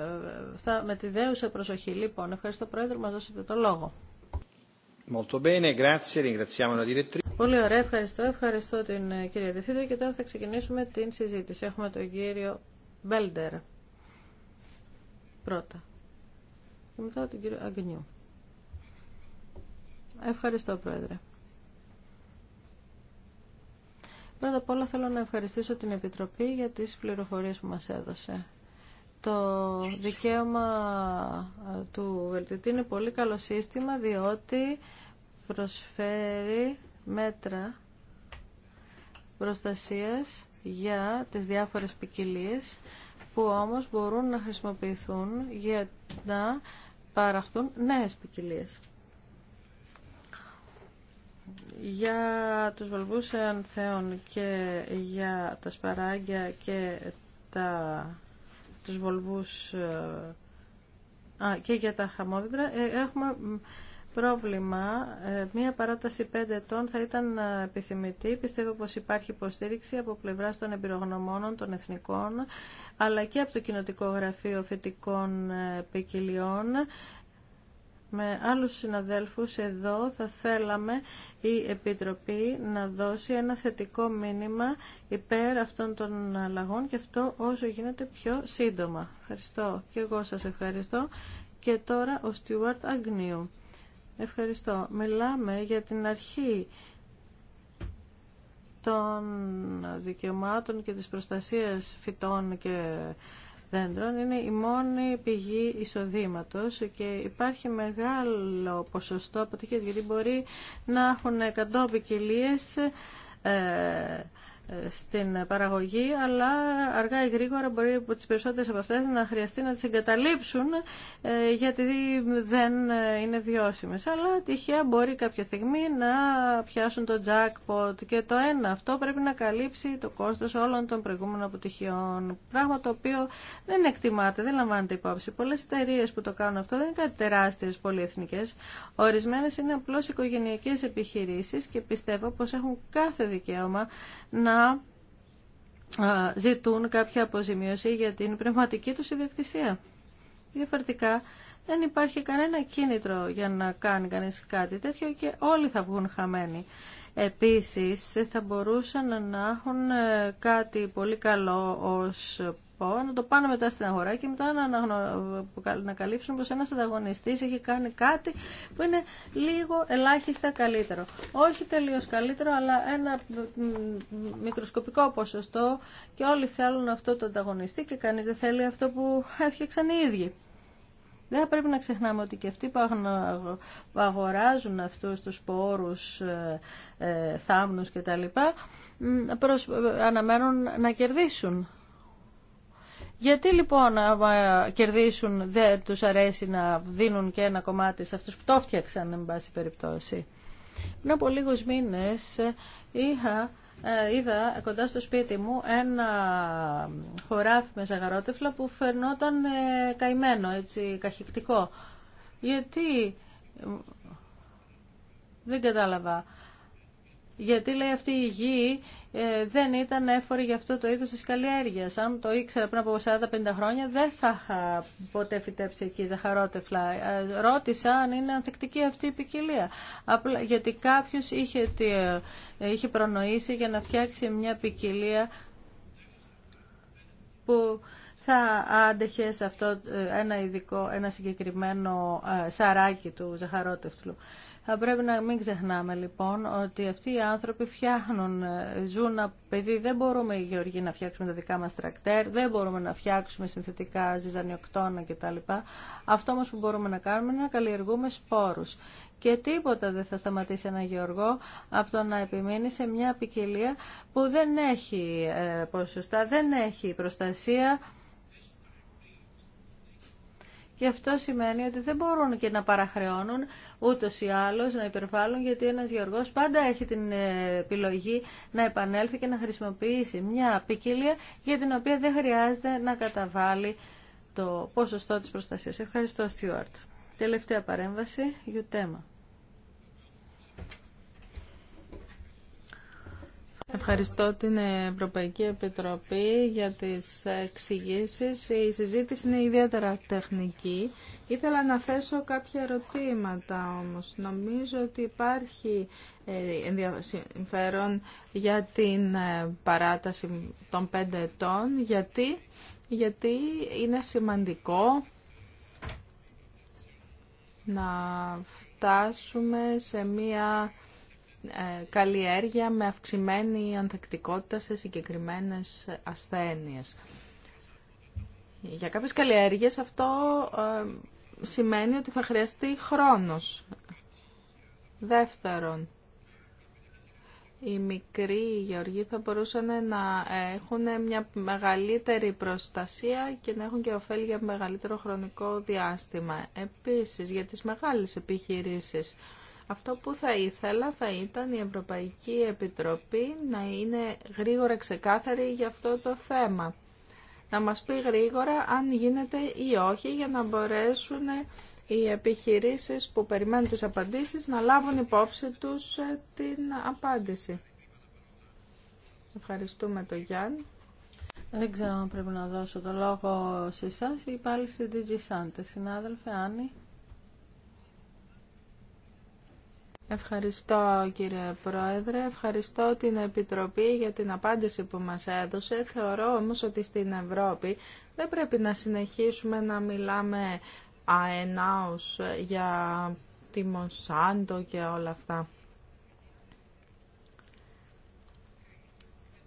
θα, με τη δέουσα προσοχή. Λοιπόν, ευχαριστώ Πρόεδρε, μας δώσετε το λόγο. Πολύ ωραία, ευχαριστώ. Ευχαριστώ την ε, κυρία Διευθύντρια και τώρα θα ξεκινήσουμε την συζήτηση. Έχουμε τον κύριο Μπέλντερ πρώτα και μετά τον κύριο Αγγνιού. Ευχαριστώ, Πρόεδρε. Πρώτα απ' όλα θέλω να ευχαριστήσω την Επιτροπή για τις πληροφορίες που μας έδωσε το δικαίωμα ε, του βελτιωτή είναι πολύ καλό σύστημα διότι προσφέρει μέτρα προστασίας για τις διάφορες ποικιλίε που όμως μπορούν να χρησιμοποιηθούν για να παραχθούν νέες ποικιλίε. Για τους βαλβούς ανθέων και για τα σπαράγγια και τα τους βολβούς ε, α, και για τα χαμόδεντρα. Ε, έχουμε πρόβλημα. Ε, μία παράταση 5 ετών θα ήταν επιθυμητή. Πιστεύω πως υπάρχει υποστήριξη από πλευρά των εμπειρογνωμόνων των εθνικών αλλά και από το Κοινοτικό Γραφείο φοιτικών Ποικιλιών με άλλους συναδέλφους εδώ θα θέλαμε η Επιτροπή να δώσει ένα θετικό μήνυμα υπέρ αυτών των αλλαγών και αυτό όσο γίνεται πιο σύντομα. Ευχαριστώ και εγώ σας ευχαριστώ. Και τώρα ο Στιούαρτ Αγνίου. Ευχαριστώ. Μιλάμε για την αρχή των δικαιωμάτων και της προστασίας φυτών και δέντρων είναι η μόνη πηγή εισοδήματος και υπάρχει μεγάλο ποσοστό αποτυχίας γιατί μπορεί να έχουν 100 ποικιλίε ε, στην παραγωγή, αλλά αργά ή γρήγορα μπορεί από τις περισσότερες από αυτές να χρειαστεί να τις εγκαταλείψουν ε, γιατί δεν ε, είναι βιώσιμες. Αλλά τυχαία μπορεί κάποια στιγμή να πιάσουν το jackpot και το ένα. Αυτό πρέπει να καλύψει το κόστος όλων των προηγούμενων αποτυχιών. Πράγμα το οποίο δεν εκτιμάται, δεν λαμβάνεται υπόψη. Πολλές εταιρείε που το κάνουν αυτό δεν είναι κάτι τεράστιες πολυεθνικές. Ορισμένες είναι απλώς οικογενειακές επιχειρήσεις και πιστεύω πως έχουν κάθε δικαίωμα να να ζητούν κάποια αποζημίωση για την πνευματική τους ιδιοκτησία. Διαφορετικά δεν υπάρχει κανένα κίνητρο για να κάνει κανείς κάτι τέτοιο και όλοι θα βγουν χαμένοι. Επίσης θα μπορούσαν να έχουν ε, κάτι πολύ καλό ως να το πάνε μετά στην αγορά και μετά να, αναγνω... να καλύψουν πως ένας ανταγωνιστής έχει κάνει κάτι που είναι λίγο ελάχιστα καλύτερο. Όχι τελείως καλύτερο, αλλά ένα μικροσκοπικό ποσοστό και όλοι θέλουν αυτό το ανταγωνιστή και κανείς δεν θέλει αυτό που έφτιαξαν οι ίδιοι. Δεν πρέπει να ξεχνάμε ότι και αυτοί που αγοράζουν αυτούς τους πόρους, ε, ε, θάμνους και τα κτλ. αναμένουν να κερδίσουν. Γιατί λοιπόν να κερδίσουν δεν τους αρέσει να δίνουν και ένα κομμάτι σε αυτούς που το φτιάξαν, εν πάση περιπτώσει. Πριν από λίγους μήνες ε, είχα ε, είδα κοντά στο σπίτι μου ένα χωράφι με ζαγαρότεφλα που φαινόταν ε, καημένο, έτσι, καχυκτικό. Γιατί δεν κατάλαβα γιατί λέει αυτή η γη ε, δεν ήταν έφορη για αυτό το είδος της καλλιέργειας. Αν το ήξερα πριν από 40-50 χρόνια δεν θα είχα ποτέ φυτέψει εκεί ζαχαρότεφλα. Ε, ρώτησα αν είναι ανθεκτική αυτή η ποικιλία. Απλά, γιατί κάποιος είχε, ε, είχε προνοήσει για να φτιάξει μια ποικιλία που θα άντεχε σε αυτό ένα, ειδικό, ένα συγκεκριμένο σαράκι του ζαχαρότεφλου. Θα πρέπει να μην ξεχνάμε λοιπόν ότι αυτοί οι άνθρωποι φτιάχνουν, ε, ζουν παιδί. Δεν μπορούμε οι Γεωργοί να φτιάξουμε τα δικά μας τρακτέρ, δεν μπορούμε να φτιάξουμε συνθετικά ζυζανιοκτώνα κτλ. Αυτό όμως που μπορούμε να κάνουμε είναι να καλλιεργούμε σπόρους. Και τίποτα δεν θα σταματήσει ένα Γεωργό από το να επιμείνει σε μια ποικιλία που δεν έχει ε, ποσοστά, δεν έχει προστασία, και αυτό σημαίνει ότι δεν μπορούν και να παραχρεώνουν ούτω ή άλλω να υπερβάλλουν, γιατί ένα γεωργό πάντα έχει την ε, επιλογή να επανέλθει και να χρησιμοποιήσει μια ποικιλία για την οποία δεν χρειάζεται να καταβάλει το ποσοστό της προστασίας. Ευχαριστώ, Στιουαρτ. Τελευταία παρέμβαση, Γιουτέμα. Ευχαριστώ την Ευρωπαϊκή Επιτροπή για τις εξηγήσει. Η συζήτηση είναι ιδιαίτερα τεχνική. Ήθελα να θέσω κάποια ερωτήματα όμως. Νομίζω ότι υπάρχει ε, ενδιαφέρον για την ε, παράταση των πέντε ετών. Γιατί, Γιατί είναι σημαντικό να φτάσουμε σε μία ε, καλλιέργεια με αυξημένη ανθεκτικότητα σε συγκεκριμένες ασθένειες. Για κάποιες καλλιέργειες αυτό ε, σημαίνει ότι θα χρειαστεί χρόνος. Δεύτερον, οι μικροί γεωργοί θα μπορούσαν να έχουν μια μεγαλύτερη προστασία και να έχουν και ωφέλη για μεγαλύτερο χρονικό διάστημα. Επίσης, για τις μεγάλες επιχειρήσεις αυτό που θα ήθελα θα ήταν η Ευρωπαϊκή Επιτροπή να είναι γρήγορα ξεκάθαρη για αυτό το θέμα. Να μας πει γρήγορα αν γίνεται ή όχι για να μπορέσουν οι επιχειρήσεις που περιμένουν τις απαντήσεις να λάβουν υπόψη τους ε, την απάντηση. Ευχαριστούμε τον Γιάννη. Δεν ξέρω αν πρέπει να δώσω το λόγο σε εσά ή πάλι στην DG Sante. Συνάδελφε Άννη. Ευχαριστώ κύριε Πρόεδρε, ευχαριστώ την Επιτροπή για την απάντηση που μας έδωσε. Θεωρώ όμως ότι στην Ευρώπη δεν πρέπει να συνεχίσουμε να μιλάμε αενάως για τη Μονσάντο και όλα αυτά.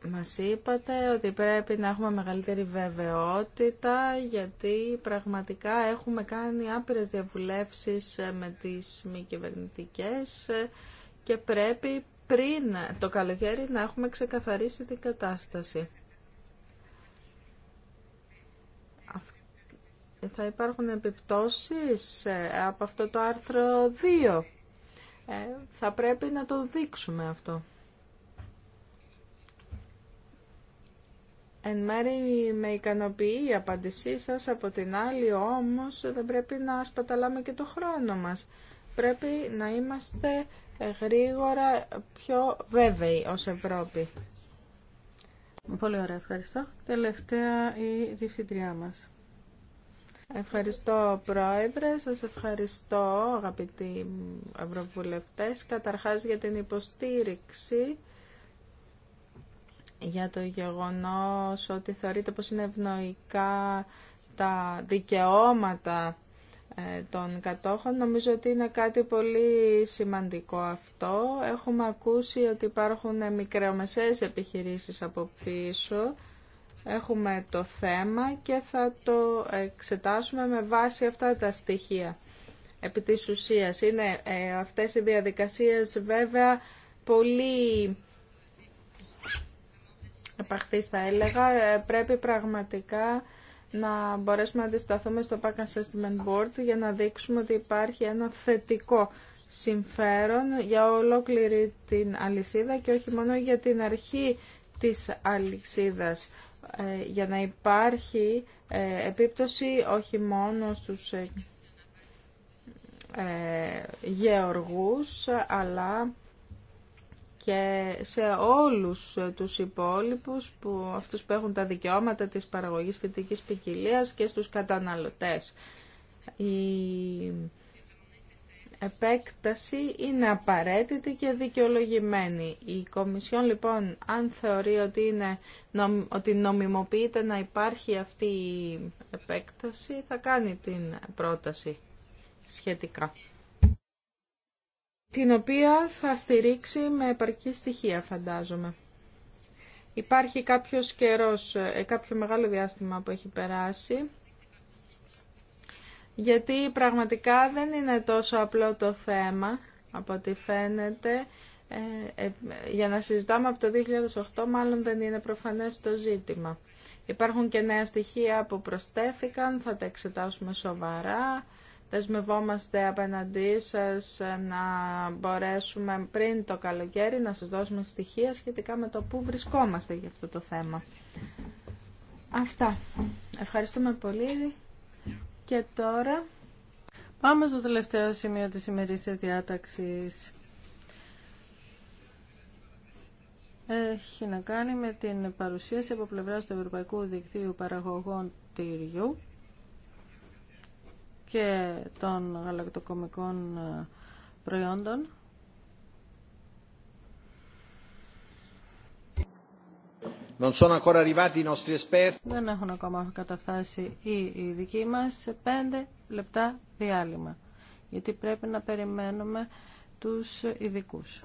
Μας είπατε ότι πρέπει να έχουμε μεγαλύτερη βεβαιότητα γιατί πραγματικά έχουμε κάνει άπειρες διαβουλεύσεις ε, με τις μη κυβερνητικέ ε, και πρέπει πριν το καλοκαίρι να έχουμε ξεκαθαρίσει την κατάσταση. Θα υπάρχουν επιπτώσεις ε, από αυτό το άρθρο 2. θα πρέπει να το δείξουμε αυτό. Εν μέρη με ικανοποιεί η απάντησή σας, από την άλλη όμως δεν πρέπει να σπαταλάμε και το χρόνο μας. Πρέπει να είμαστε γρήγορα πιο βέβαιοι ως Ευρώπη. Πολύ ωραία, ευχαριστώ. Τελευταία η διευθυντριά μας. Ευχαριστώ Πρόεδρε, σας ευχαριστώ αγαπητοί Ευρωβουλευτές, καταρχάς για την υποστήριξη για το γεγονός ότι θεωρείται πως είναι ευνοϊκά τα δικαιώματα ε, των κατόχων. Νομίζω ότι είναι κάτι πολύ σημαντικό αυτό. Έχουμε ακούσει ότι υπάρχουν μικρομεσαίες επιχειρήσεις από πίσω. Έχουμε το θέμα και θα το εξετάσουμε με βάση αυτά τα στοιχεία. Επί της ουσίας είναι ε, αυτές οι διαδικασίες βέβαια πολύ επαχθείς θα έλεγα, ε, πρέπει πραγματικά να μπορέσουμε να αντισταθούμε στο Pack Assessment Board για να δείξουμε ότι υπάρχει ένα θετικό συμφέρον για ολόκληρη την αλυσίδα και όχι μόνο για την αρχή της αλυσίδας ε, για να υπάρχει ε, επίπτωση όχι μόνο στους γεωργούς αλλά και σε όλους τους υπόλοιπους, που, αυτούς που έχουν τα δικαιώματα της παραγωγής φυτικής ποικιλία και στους καταναλωτές. Η επέκταση είναι απαραίτητη και δικαιολογημένη. Η Κομισιόν λοιπόν αν θεωρεί ότι, είναι, ότι νομιμοποιείται να υπάρχει αυτή η επέκταση θα κάνει την πρόταση σχετικά την οποία θα στηρίξει με επαρκή στοιχεία, φαντάζομαι. Υπάρχει κάποιος καιρός, ε, κάποιο μεγάλο διάστημα που έχει περάσει, γιατί πραγματικά δεν είναι τόσο απλό το θέμα, από ό,τι φαίνεται. Ε, ε για να συζητάμε από το 2008 μάλλον δεν είναι προφανές το ζήτημα. Υπάρχουν και νέα στοιχεία που προστέθηκαν, θα τα εξετάσουμε σοβαρά. Δεσμευόμαστε απέναντί σας να μπορέσουμε πριν το καλοκαίρι να σας δώσουμε στοιχεία σχετικά με το πού βρισκόμαστε για αυτό το θέμα. Αυτά. Ευχαριστούμε πολύ. Και τώρα... Πάμε στο τελευταίο σημείο της ημερήσιας διάταξης. Έχει να κάνει με την παρουσίαση από πλευράς του Ευρωπαϊκού Δικτύου Παραγωγών Τυριού και των γαλακτοκομικών ε, προϊόντων. Δεν έχουν ακόμα καταφτάσει οι ειδικοί μα σε πέντε λεπτά διάλειμμα, γιατί πρέπει να περιμένουμε τους ειδικούς.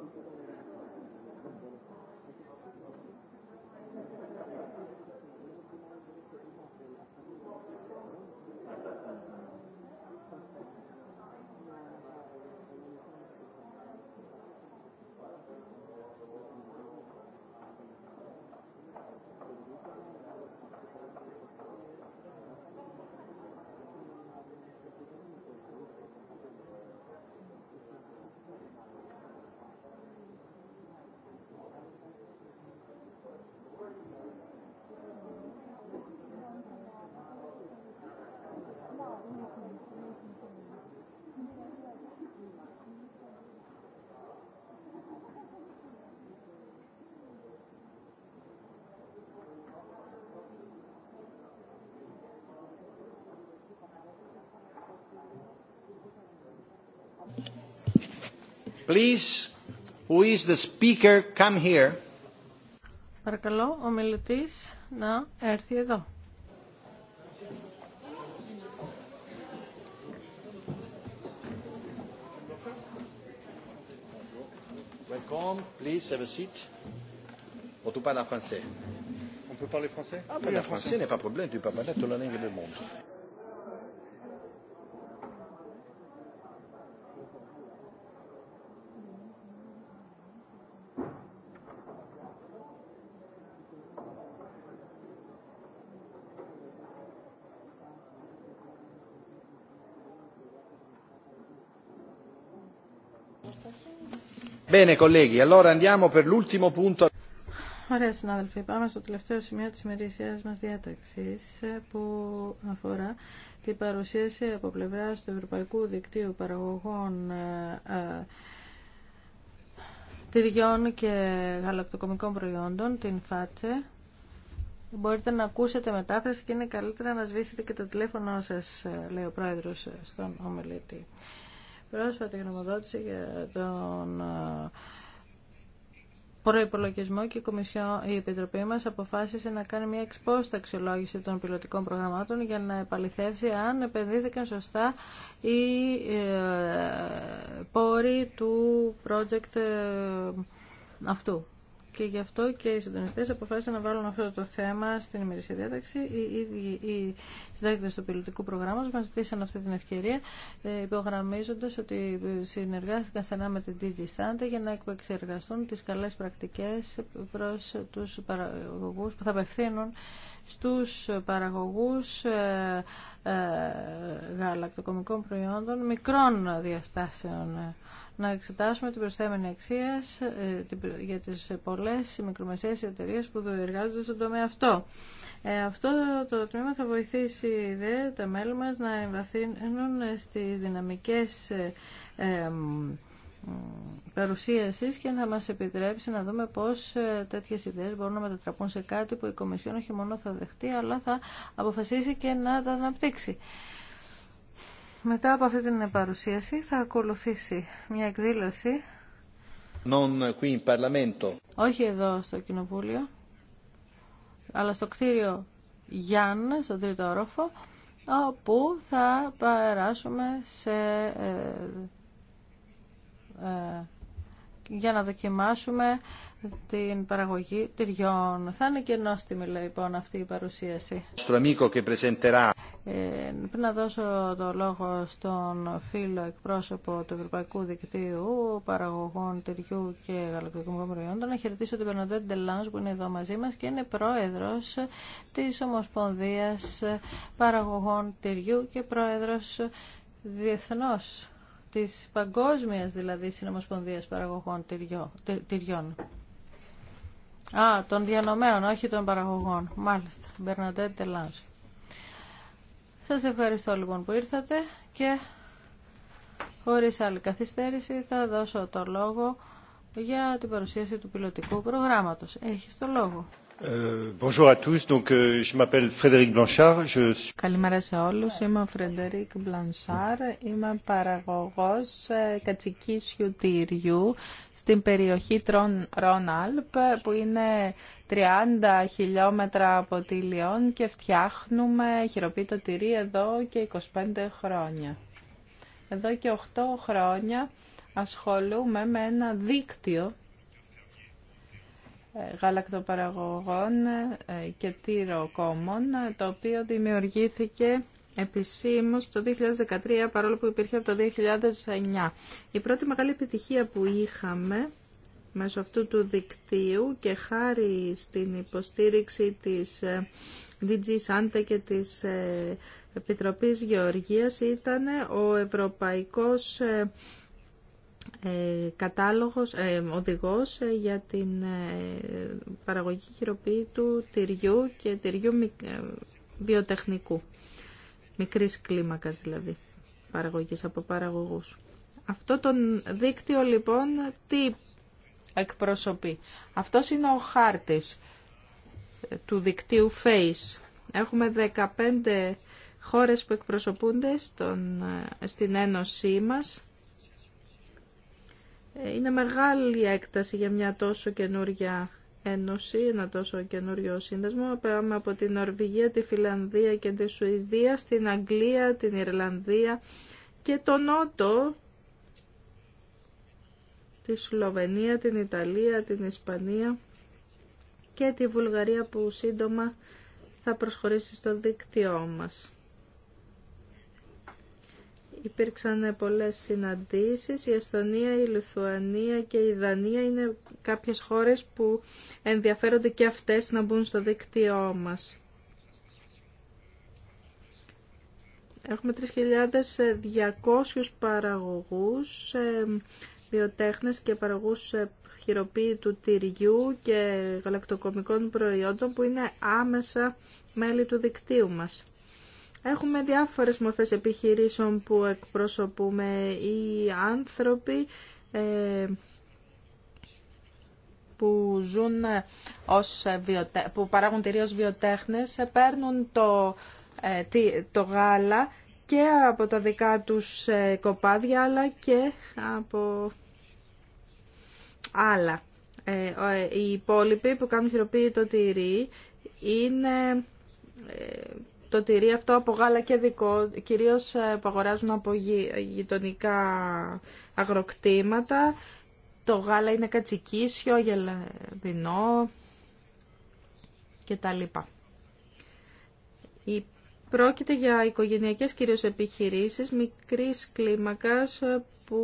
Thank you. Please, who is the speaker, come here. Παρακαλώ ο μιλητής να έρθει εδώ. Welcome, please have a seat. On tu parles français. On peut parler français Ah, le français n'est pas problème, tu parles la langue du monde. Bene, colleghi, allora andiamo per l'ultimo punto. Ωραία συνάδελφοι, πάμε στο τελευταίο σημείο της ημερησία μας διάταξης που αφορά την παρουσίαση από πλευρά του Ευρωπαϊκού Δικτύου Παραγωγών ε, ε, Τυριών και Γαλακτοκομικών Προϊόντων, την ΦΑΤΣΕ. Μπορείτε να ακούσετε μετάφραση και είναι καλύτερα να σβήσετε και το τηλέφωνο σας, ε, λέει ο Πρόεδρος στον ομιλητή πρόσφατη γνωμοδότηση για τον ε, προπολογισμό και η, Κομισιό, η Επιτροπή μας αποφάσισε να κάνει μια εξπόστα αξιολόγηση των πιλωτικών προγραμμάτων για να επαληθεύσει αν επενδύθηκαν σωστά οι ε, πόροι του project ε, αυτού και γι' αυτό και οι συντονιστέ αποφάσισαν να βάλουν αυτό το θέμα στην ημερήσια διάταξη. Οι ίδιοι οι του πιλωτικού προγράμματο μας ζητήσαν αυτή την ευκαιρία ε, υπογραμμίζοντα ότι ε, συνεργάστηκαν στενά με την DG Santa για να επεξεργαστούν τι καλέ πρακτικέ προς τους παραγωγούς που θα απευθύνουν στους παραγωγούς ε, γαλακτοκομικών προϊόντων μικρών διαστάσεων να εξετάσουμε την προσθέμενη αξία ε, για τις πολλέ μικρομεσαίες εταιρείε που εργάζονται στον τομέα αυτό. Ε, αυτό το τμήμα θα βοηθήσει δε, τα μέλη μας να εμβαθύνουν στις δυναμικές ε, παρουσίασης και να μας επιτρέψει να δούμε πώς τέτοιες ιδέες μπορούν να μετατραπούν σε κάτι που η Κομισιόν όχι μόνο θα δεχτεί αλλά θα αποφασίσει και να τα αναπτύξει. Μετά από αυτή την παρουσίαση θα ακολουθήσει μια εκδήλωση. Non qui in Parlamento. Όχι εδώ στο Κοινοβούλιο, αλλά στο κτίριο Γιάννη, στον τρίτο όροφο, όπου θα περάσουμε σε, ε, ε, ε, για να δοκιμάσουμε την παραγωγή τυριών. Θα είναι και νόστιμη λοιπόν αυτή η παρουσίαση. Ε, πριν να δώσω το λόγο στον φίλο εκπρόσωπο του Ευρωπαϊκού Δικτύου Παραγωγών Τυριού και Γαλακτοκομικών Προϊόντων, να χαιρετήσω την Περνοντέ Τελάνς που είναι εδώ μαζί μας και είναι πρόεδρος της Ομοσπονδίας Παραγωγών Τυριού και πρόεδρος διεθνώ, της παγκόσμιας δηλαδή Συνομοσπονδίας Παραγωγών Τυριών. Α, των διανομέων, όχι των παραγωγών. Μάλιστα. Μπερνατέ, Τελάνζ. Σας ευχαριστώ λοιπόν που ήρθατε και χωρίς άλλη καθυστέρηση θα δώσω το λόγο για την παρουσίαση του πιλωτικού προγράμματος. Έχεις το λόγο. Καλημέρα σε όλους. Είμαι ο Φρεντερίκ Μπλανσάρ. Είμαι παραγωγός ε, κατσικίσιου τυριού στην περιοχή Αλπ που είναι 30 χιλιόμετρα από τη Λιόν και φτιάχνουμε χειροποίητο τυρί εδώ και 25 χρόνια. Εδώ και 8 χρόνια ασχολούμαι με ένα δίκτυο ε, γαλακτοπαραγωγών ε, και τυροκόμων, το οποίο δημιουργήθηκε επισήμως το 2013 παρόλο που υπήρχε από το 2009. Η πρώτη μεγάλη επιτυχία που είχαμε μέσω αυτού του δικτύου και χάρη στην υποστήριξη της DG ε, Santa και της Επιτροπής Γεωργίας ήταν ο Ευρωπαϊκός ε, κατάλογος, ε, οδηγός ε, για την ε, παραγωγή του τυριού και τυριού βιοτεχνικού. Μικρής κλίμακας δηλαδή, παραγωγής από παραγωγούς. Αυτό το δίκτυο λοιπόν τι εκπροσωπεί. Αυτός είναι ο χάρτης του δικτύου FACE. Έχουμε 15 χώρες που εκπροσωπούνται στην Ένωσή μας είναι μεγάλη έκταση για μια τόσο καινούρια ένωση, ένα τόσο καινούριο σύνδεσμο. Πάμε από την Νορβηγία, τη Φιλανδία και τη Σουηδία, στην Αγγλία, την Ιρλανδία και τον Νότο, τη Σλοβενία, την Ιταλία, την Ισπανία και τη Βουλγαρία που σύντομα θα προσχωρήσει στο δίκτυό μας υπήρξαν πολλές συναντήσεις. Η Εσθονία, η Λουθουανία και η Δανία είναι κάποιες χώρες που ενδιαφέρονται και αυτές να μπουν στο δίκτυό μας. Έχουμε 3.200 παραγωγούς, ε, βιοτέχνες και παραγωγούς ε, χειροποίητου τυριού και γαλακτοκομικών προϊόντων που είναι άμεσα μέλη του δικτύου μας. Έχουμε διάφορες μορφές επιχειρήσεων που εκπροσωπούμε. Οι άνθρωποι ε, που ζουν ε, ως ε, που παράγουν τυρί ως βιοτέχνες παίρνουν το, το γάλα και από τα δικά τους κοπάδια αλλά και από άλλα. οι υπόλοιποι που κάνουν χειροποίητο τυρί είναι το τυρί αυτό από γάλα και δικό, κυρίως ε, που αγοράζουν από γειτονικά αγροκτήματα. Το γάλα είναι κατσικίσιο, γελαδινό και τα λοιπά. Πρόκειται για οικογενειακές κυρίως επιχειρήσεις μικρής κλίμακας ε, που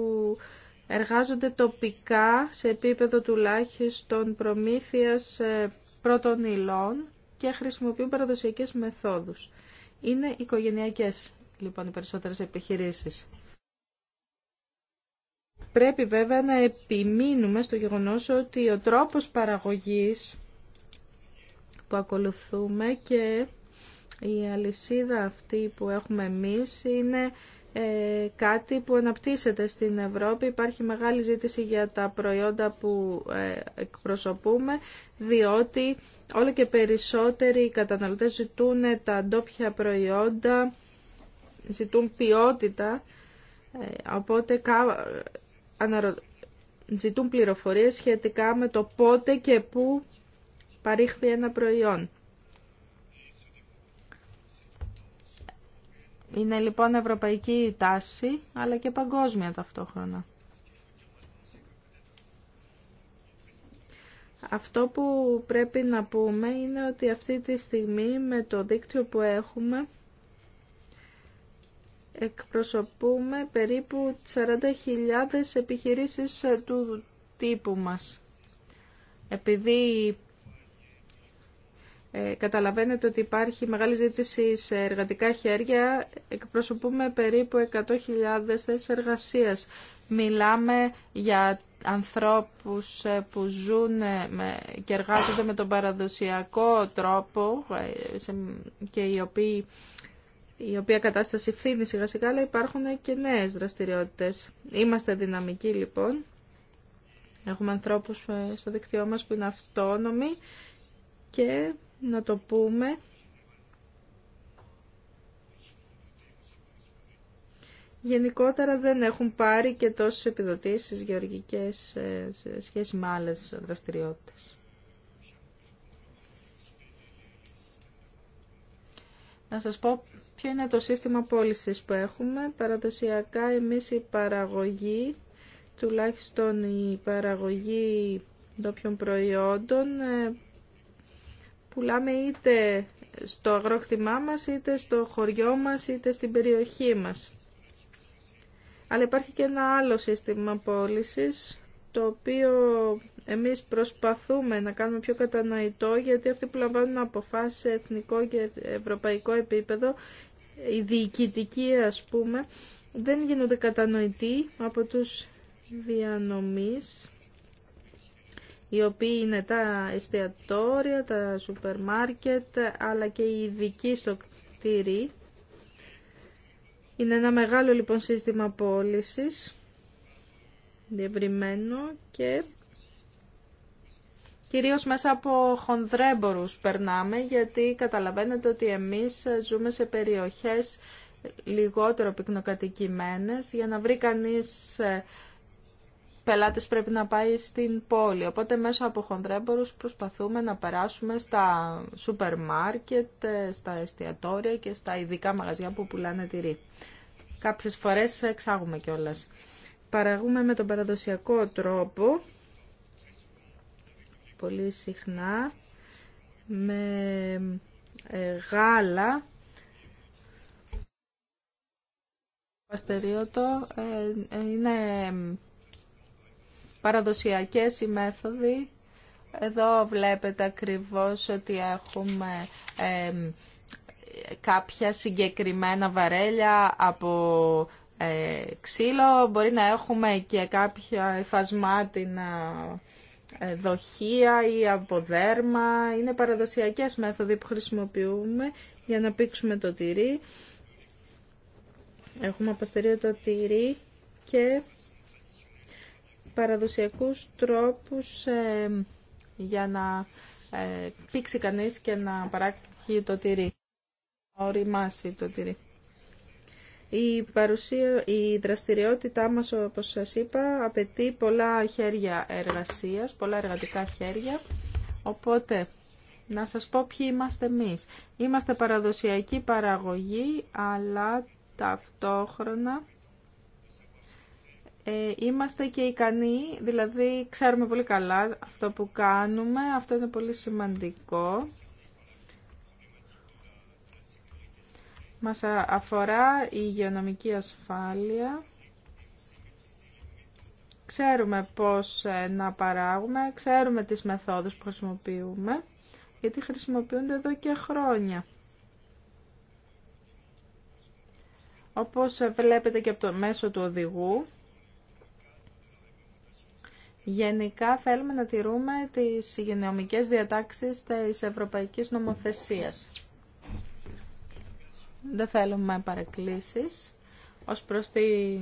εργάζονται τοπικά σε επίπεδο τουλάχιστον προμήθειας ε, πρώτων υλών και χρησιμοποιούν παραδοσιακές μεθόδους. Είναι οικογενειακές λοιπόν οι περισσότερες επιχειρήσεις. Πρέπει βέβαια να επιμείνουμε στο γεγονός ότι ο τρόπος παραγωγής που ακολουθούμε και η αλυσίδα αυτή που έχουμε εμείς είναι ε, κάτι που αναπτύσσεται στην Ευρώπη. Υπάρχει μεγάλη ζήτηση για τα προϊόντα που ε, εκπροσωπούμε, διότι όλο και περισσότεροι οι καταναλωτές ζητούν τα ντόπια προϊόντα, ζητούν ποιότητα, ε, οπότε ζητούν πληροφορίες σχετικά με το πότε και πού παρήχθη ένα προϊόν. Είναι λοιπόν ευρωπαϊκή τάση, αλλά και παγκόσμια ταυτόχρονα. Αυτό που πρέπει να πούμε είναι ότι αυτή τη στιγμή με το δίκτυο που έχουμε εκπροσωπούμε περίπου 40.000 επιχειρήσεις ε, του τύπου μας. Επειδή ε, καταλαβαίνετε ότι υπάρχει μεγάλη ζήτηση σε εργατικά χέρια. Εκπροσωπούμε περίπου 100.000 θέσει εργασία. Μιλάμε για ανθρώπους ε, που ζουν ε, και εργάζονται με τον παραδοσιακό τρόπο και οι οποίοι η οποία κατάσταση φθήνει σιγά σιγά, αλλά υπάρχουν και νέες δραστηριότητες. Είμαστε δυναμικοί λοιπόν. Έχουμε ανθρώπους στο δίκτυό μας που είναι αυτόνομοι και να το πούμε Γενικότερα δεν έχουν πάρει και τόσες επιδοτήσεις γεωργικές σε σχέση με άλλες δραστηριότητες. Να σας πω ποιο είναι το σύστημα πώλησης που έχουμε. Παραδοσιακά εμείς η παραγωγή, τουλάχιστον η παραγωγή ντόπιων προϊόντων, ε, πουλάμε είτε στο αγρόκτημά μας, είτε στο χωριό μας, είτε στην περιοχή μας. Αλλά υπάρχει και ένα άλλο σύστημα πώληση το οποίο εμείς προσπαθούμε να κάνουμε πιο κατανοητό γιατί αυτοί που λαμβάνουν αποφάσεις σε εθνικό και ευρωπαϊκό επίπεδο οι διοικητικοί ας πούμε δεν γίνονται κατανοητοί από τους διανομής οι οποίοι είναι τα εστιατόρια, τα σούπερ μάρκετ, αλλά και οι ειδικοί στο κτίρι. Είναι ένα μεγάλο λοιπόν σύστημα πώλησης, διευρυμένο και κυρίως μέσα από χονδρέμπορους περνάμε, γιατί καταλαβαίνετε ότι εμείς ζούμε σε περιοχές λιγότερο πυκνοκατοικημένες για να βρει κανείς ε, πελάτες πρέπει να πάει στην πόλη. Οπότε μέσω από χονδρέμπορου προσπαθούμε να περάσουμε στα σούπερ μάρκετ, στα εστιατόρια και στα ειδικά μαγαζιά που πουλάνε τυρί. Κάποιε φορές εξάγουμε κιόλα. Παραγούμε με τον παραδοσιακό τρόπο, πολύ συχνά, με ε, γάλα, ε, ε, είναι παραδοσιακές οι μέθοδοι. Εδώ βλέπετε ακριβώς ότι έχουμε κάποια συγκεκριμένα βαρέλια από ε, ξύλο. Μπορεί να έχουμε και κάποια εφασμάτινα ε, δοχεία ή από δέρμα. Είναι παραδοσιακές μέθοδοι που χρησιμοποιούμε για να πήξουμε το τυρί. Έχουμε αποστερεί το τυρί και παραδοσιακούς τρόπους ε, για να ε, πήξει κανείς και να παράγει το τυρί, να οριμάσει το τυρί. Η, παρουσία, η δραστηριότητά μας, όπως σας είπα, απαιτεί πολλά χέρια εργασίας, πολλά εργατικά χέρια. Οπότε, να σας πω ποιοι είμαστε εμείς. Είμαστε παραδοσιακή παραγωγή, αλλά ταυτόχρονα ε, είμαστε και ικανοί, δηλαδή ξέρουμε πολύ καλά αυτό που κάνουμε, αυτό είναι πολύ σημαντικό. Μας αφορά η υγειονομική ασφάλεια. Ξέρουμε πώς ε, να παράγουμε, ξέρουμε τις μεθόδους που χρησιμοποιούμε, γιατί χρησιμοποιούνται εδώ και χρόνια. Όπως ε, βλέπετε και από το μέσο του οδηγού, Γενικά θέλουμε να τηρούμε τις υγειονομικές διατάξεις της Ευρωπαϊκής Νομοθεσίας. Δεν θέλουμε παρακλήσεις ως προς τη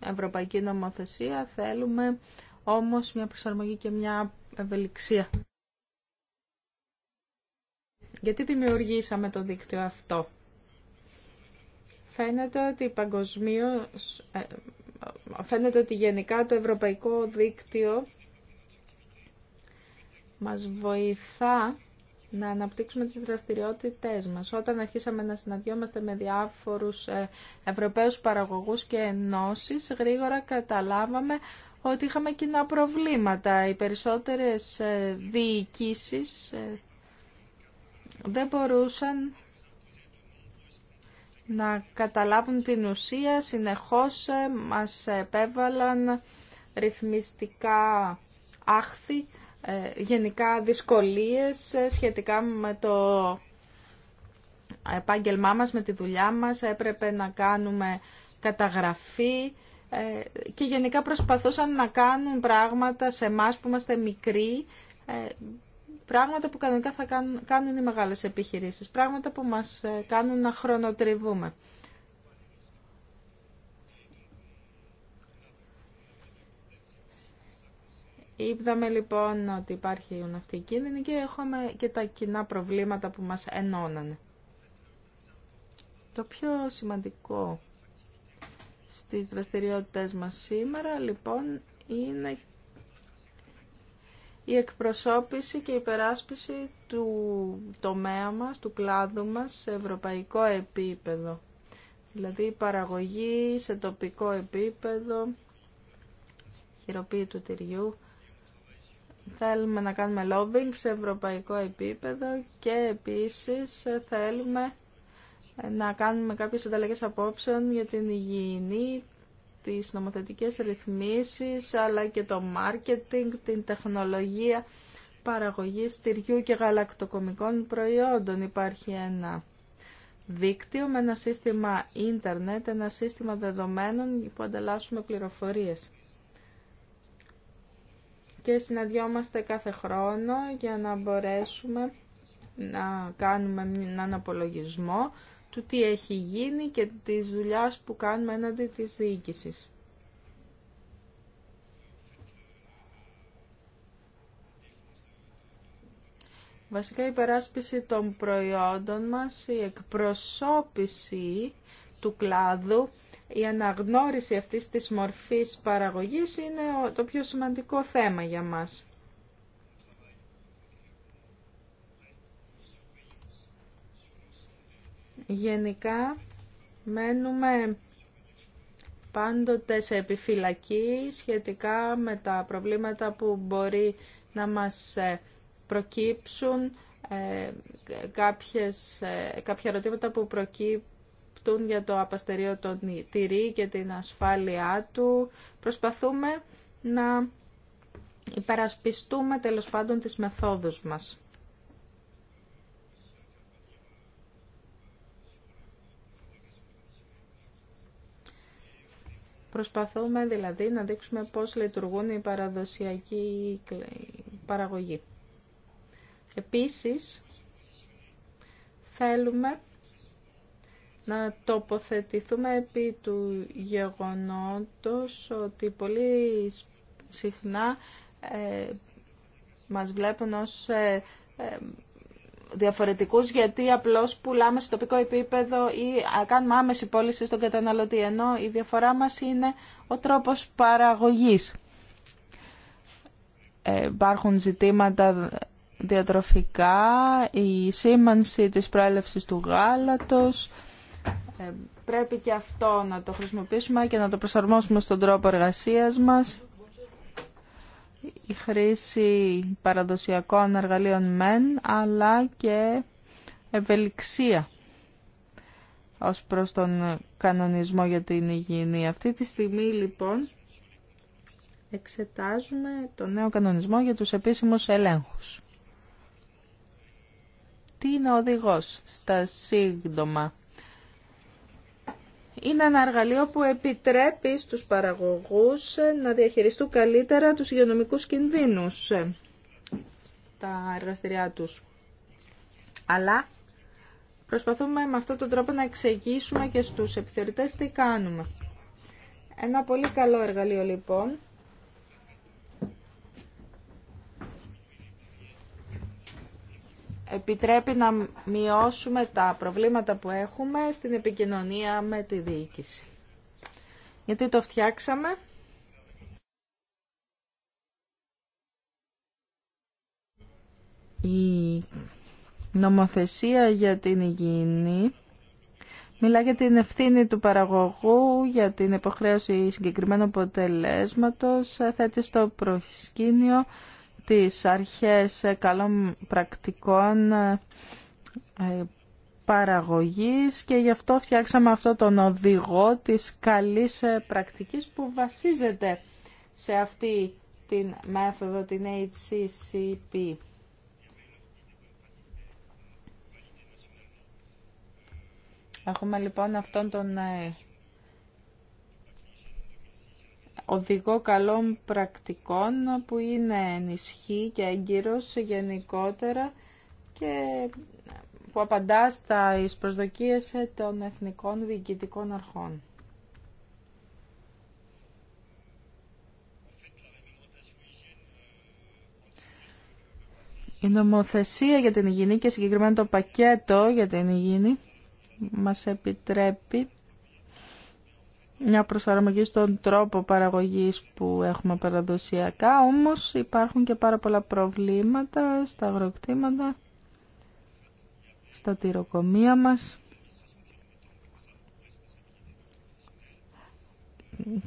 Ευρωπαϊκή Νομοθεσία. Θέλουμε όμως μια προσαρμογή και μια ευελιξία. Γιατί δημιουργήσαμε το δίκτυο αυτό. Φαίνεται ότι παγκοσμίω ε, φαίνεται ότι γενικά το ευρωπαϊκό δίκτυο μας βοηθά να αναπτύξουμε τις δραστηριότητές μας. Όταν αρχίσαμε να συναντιόμαστε με διάφορους ε, ευρωπαίους παραγωγούς και ενώσεις, γρήγορα καταλάβαμε ότι είχαμε κοινά προβλήματα. Οι περισσότερες ε, διοικήσεις ε, δεν μπορούσαν να καταλάβουν την ουσία. Συνεχώς ε, μας επέβαλαν ρυθμιστικά άχθη, ε, γενικά δυσκολίες ε, σχετικά με το επάγγελμά μας, με τη δουλειά μας. Έπρεπε να κάνουμε καταγραφή και γενικά προσπαθούσαν να κάνουν πράγματα σε εμά που είμαστε μικροί Πράγματα που κανονικά θα κάνουν, οι μεγάλες επιχειρήσεις. Πράγματα που μας ε, κάνουν να χρονοτριβούμε. Είδαμε λοιπόν ότι υπάρχουν αυτοί οι κίνδυνοι και έχουμε και τα κοινά προβλήματα που μας ενώνανε. Το πιο σημαντικό στις δραστηριότητες μας σήμερα λοιπόν είναι η εκπροσώπηση και η υπεράσπιση του τομέα μας, του κλάδου μας σε ευρωπαϊκό επίπεδο. Δηλαδή η παραγωγή σε τοπικό επίπεδο, χειροποίητου του τυριού. Θέλουμε να κάνουμε lobbying σε ευρωπαϊκό επίπεδο και επίσης θέλουμε να κάνουμε κάποιες ανταλλαγές απόψεων για την υγιεινή τις νομοθετικές ρυθμίσεις, αλλά και το μάρκετινγκ, την τεχνολογία παραγωγής τυριού και γαλακτοκομικών προϊόντων. Υπάρχει ένα δίκτυο με ένα σύστημα ίντερνετ, ένα σύστημα δεδομένων που ανταλλάσσουμε πληροφορίες. Και συναντιόμαστε κάθε χρόνο για να μπορέσουμε να κάνουμε έναν απολογισμό του τι έχει γίνει και της δουλειάς που κάνουμε έναντι της διοίκησης. Βασικά η περάσπιση των προϊόντων μας, η εκπροσώπηση του κλάδου, η αναγνώριση αυτής της μορφής παραγωγής είναι το πιο σημαντικό θέμα για μας. Γενικά μένουμε πάντοτε σε επιφυλακή σχετικά με τα προβλήματα που μπορεί να μας ε, προκύψουν ε, κάποιες, ε, κάποια ερωτήματα που προκύπτουν για το απαστερίο των τυρί και την ασφάλειά του. Προσπαθούμε να υπερασπιστούμε τέλος πάντων τις μεθόδους μας. Προσπαθούμε δηλαδή να δείξουμε πώς λειτουργούν οι παραδοσιακοί παραγωγοί. Επίσης, θέλουμε να τοποθετηθούμε επί του γεγονότος ότι πολύ συχνά ε, μας βλέπουν ως ε, ε, διαφορετικούς γιατί απλώς πουλάμε σε τοπικό επίπεδο ή κάνουμε άμεση πώληση στον καταναλωτή ενώ η διαφορά μας είναι ο τρόπος παραγωγής. Ε, υπάρχουν ζητήματα διατροφικά, η σήμανση της προέλευσης του γάλατος. υπαρχουν ε, ζητηματα διατροφικα η σημανση της προελευσης του γαλατος πρεπει και αυτό να το χρησιμοποιήσουμε και να το προσαρμόσουμε στον τρόπο εργασίας μας η χρήση παραδοσιακών εργαλείων μεν, αλλά και ευελιξία ως προς τον κανονισμό για την υγιεινή. Αυτή τη στιγμή λοιπόν εξετάζουμε το νέο κανονισμό για τους επίσημους ελέγχους. Τι είναι ο οδηγός στα σύντομα είναι ένα εργαλείο που επιτρέπει στους παραγωγούς ε, να διαχειριστούν καλύτερα τους υγειονομικούς κινδύνους ε, στα εργαστηριά τους. Αλλά προσπαθούμε με αυτόν τον τρόπο να εξηγήσουμε και στους επιθεωρητές τι κάνουμε. Ένα πολύ καλό εργαλείο λοιπόν επιτρέπει να μειώσουμε τα προβλήματα που έχουμε στην επικοινωνία με τη διοίκηση. Γιατί το φτιάξαμε. Η νομοθεσία για την υγιεινή μιλά για την ευθύνη του παραγωγού, για την υποχρέωση συγκεκριμένου αποτελέσματος, θέτει στο προσκήνιο τις αρχές καλών πρακτικών ε, παραγωγής και γι' αυτό φτιάξαμε αυτό τον οδηγό της καλής ε, πρακτικής που βασίζεται σε αυτή την μέθοδο, την HCCP. Έχουμε λοιπόν αυτόν τον ε, οδηγό καλών πρακτικών που είναι ενισχύ και έγκυρος γενικότερα και που απαντά στα προσδοκίες των εθνικών διοικητικών αρχών. Η νομοθεσία για την υγιεινή και συγκεκριμένα το πακέτο για την υγιεινή μας επιτρέπει μια προσαρμογή στον τρόπο παραγωγής που έχουμε παραδοσιακά, όμως υπάρχουν και πάρα πολλά προβλήματα στα αγροκτήματα, στα τυροκομεία μας.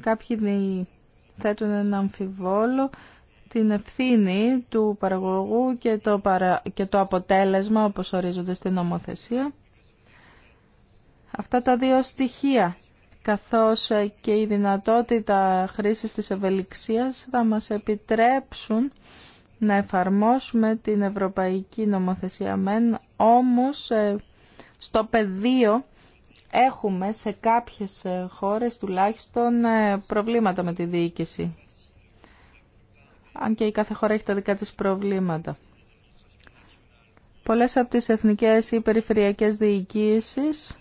Κάποιοι θέτουν ένα αμφιβόλο την ευθύνη του παραγωγού και το, το αποτέλεσμα όπως ορίζονται στην νομοθεσία. Αυτά τα δύο στοιχεία καθώς ε, και η δυνατότητα χρήσης της ευελιξίας θα μας επιτρέψουν να εφαρμόσουμε την ευρωπαϊκή νομοθεσία μεν, όμως ε, στο πεδίο έχουμε σε κάποιες ε, χώρες τουλάχιστον προβλήματα με τη διοίκηση. Αν και η κάθε χώρα έχει τα δικά της προβλήματα. Πολλές από τις εθνικές ή περιφερειακές διοικήσεις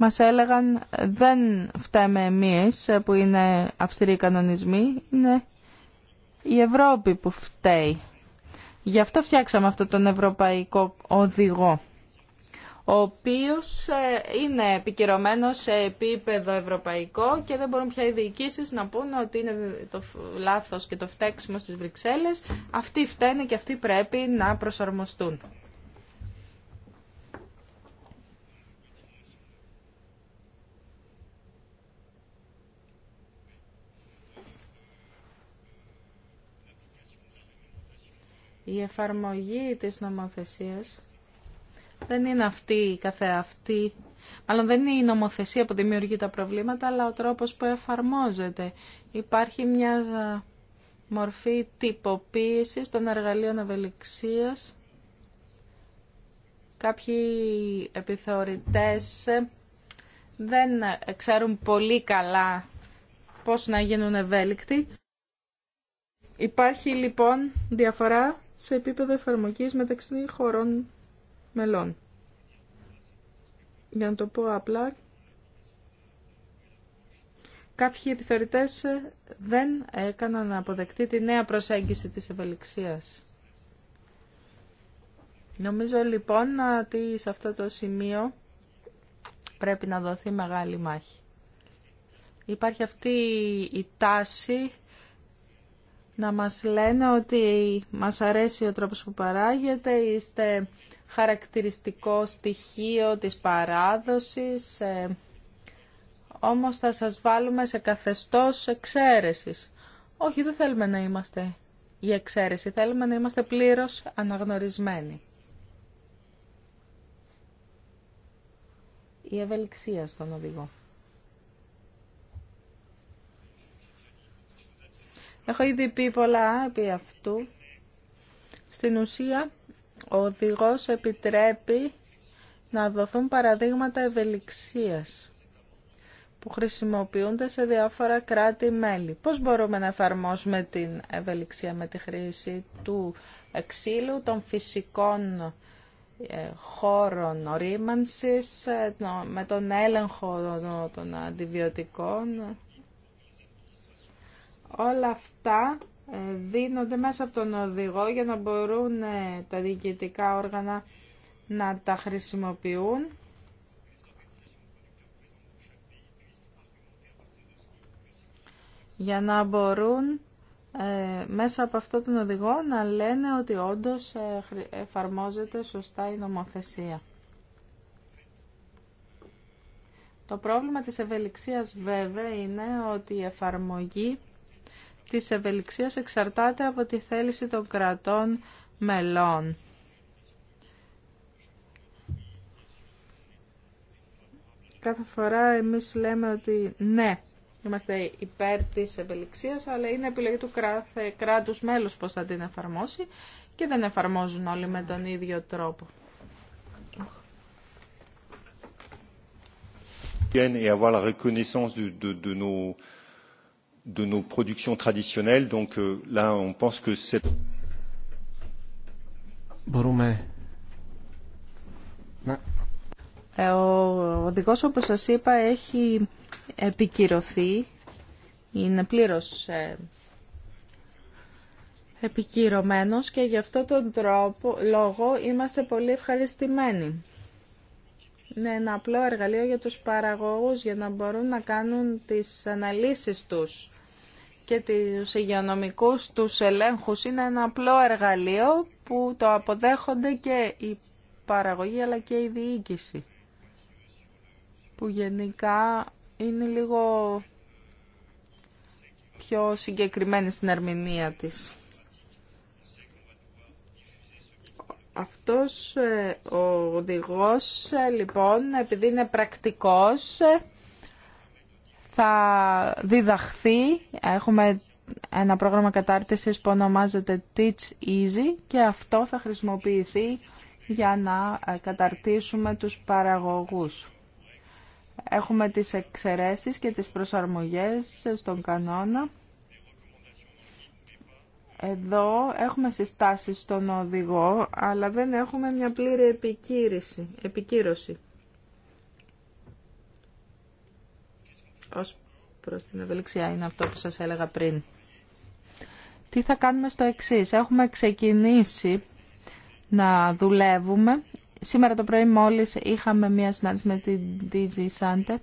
μας έλεγαν δεν φταίμε εμείς που είναι αυστηροί κανονισμοί, είναι η Ευρώπη που φταίει. Γι' αυτό φτιάξαμε αυτό τον Ευρωπαϊκό Οδηγό, ο οποίος ε, είναι επικυρωμένο σε επίπεδο ευρωπαϊκό και δεν μπορούν πια οι διοικήσεις να πούν ότι είναι το λάθος και το φταίξιμο στις Βρυξέλλες. Αυτοί φταίνε και αυτοί πρέπει να προσαρμοστούν. Η εφαρμογή της νομοθεσίας δεν είναι αυτή η καθεαυτή, μάλλον δεν είναι η νομοθεσία που δημιουργεί τα προβλήματα, αλλά ο τρόπος που εφαρμόζεται. Υπάρχει μια μορφή τυποποίησης των εργαλείων ευελιξίας. Κάποιοι επιθεωρητές δεν ξέρουν πολύ καλά πώς να γίνουν ευέλικτοι. Υπάρχει λοιπόν διαφορά σε επίπεδο εφαρμογής μεταξύ χωρών μελών. Για να το πω απλά, κάποιοι επιθεωρητές δεν έκαναν αποδεκτή τη νέα προσέγγιση της ευελιξίας. Νομίζω λοιπόν ότι σε αυτό το σημείο πρέπει να δοθεί μεγάλη μάχη. Υπάρχει αυτή η τάση να μας λένε ότι μας αρέσει ο τρόπος που παράγεται, είστε χαρακτηριστικό στοιχείο της παράδοσης, ε, όμως θα σας βάλουμε σε καθεστώς εξαίρεσης. Όχι, δεν θέλουμε να είμαστε η εξαίρεση, θέλουμε να είμαστε πλήρως αναγνωρισμένοι. Η ευελιξία στον οδηγό. Έχω ήδη πει πολλά επί αυτού. Στην ουσία, ο οδηγός επιτρέπει να δοθούν παραδείγματα ευελιξίας που χρησιμοποιούνται σε διάφορα κράτη-μέλη. Πώς μπορούμε να εφαρμόσουμε την ευελιξία με τη χρήση του εξήλου, των φυσικών ε, χώρων ορίμανσης, ε, με τον έλεγχο των αντιβιωτικών. Όλα αυτά ε, δίνονται μέσα από τον οδηγό για να μπορούν ε, τα διοικητικά όργανα να τα χρησιμοποιούν. για να μπορούν ε, μέσα από αυτό τον οδηγό να λένε ότι όντως εφαρμόζεται σωστά η νομοθεσία. Το πρόβλημα της ευελιξίας βέβαια είναι ότι η εφαρμογή της ευελιξίας εξαρτάται από τη θέληση των κρατών μελών. Κάθε φορά εμείς λέμε ότι ναι, είμαστε υπέρ της ευελιξίας, αλλά είναι επιλογή του κράθε, κράτους μέλους πώς θα την εφαρμόσει και δεν εφαρμόζουν όλοι με τον ίδιο τρόπο. reconnaissance de, de, de de nos productions traditionnelles. Donc euh, ε, Ο οδηγός, όπως σας είπα, έχει επικυρωθεί. Είναι πλήρως ε, επικυρωμένος και γι' αυτό τον τρόπο, λόγο είμαστε πολύ ευχαριστημένοι. Είναι ένα απλό εργαλείο για τους παραγωγούς για να μπορούν να κάνουν τις αναλύσεις τους και τους υγειονομικούς τους ελέγχους είναι ένα απλό εργαλείο που το αποδέχονται και η παραγωγή αλλά και η διοίκηση που γενικά είναι λίγο πιο συγκεκριμένη στην ερμηνεία της. Αυτός ε, ο οδηγός, ε, λοιπόν, επειδή είναι πρακτικός, ε, θα διδαχθεί. Έχουμε ένα πρόγραμμα κατάρτισης που ονομάζεται Teach Easy και αυτό θα χρησιμοποιηθεί για να ε, καταρτήσουμε τους παραγωγούς. Έχουμε τις εξαιρέσεις και τις προσαρμογές στον κανόνα. Εδώ έχουμε συστάσεις στον οδηγό, αλλά δεν έχουμε μια πλήρη επικύρωση. Ως προς την ευελιξία είναι αυτό που σας έλεγα πριν. Τι θα κάνουμε στο εξής. Έχουμε ξεκινήσει να δουλεύουμε. Σήμερα το πρωί μόλις είχαμε μία συνάντηση με την DG Sante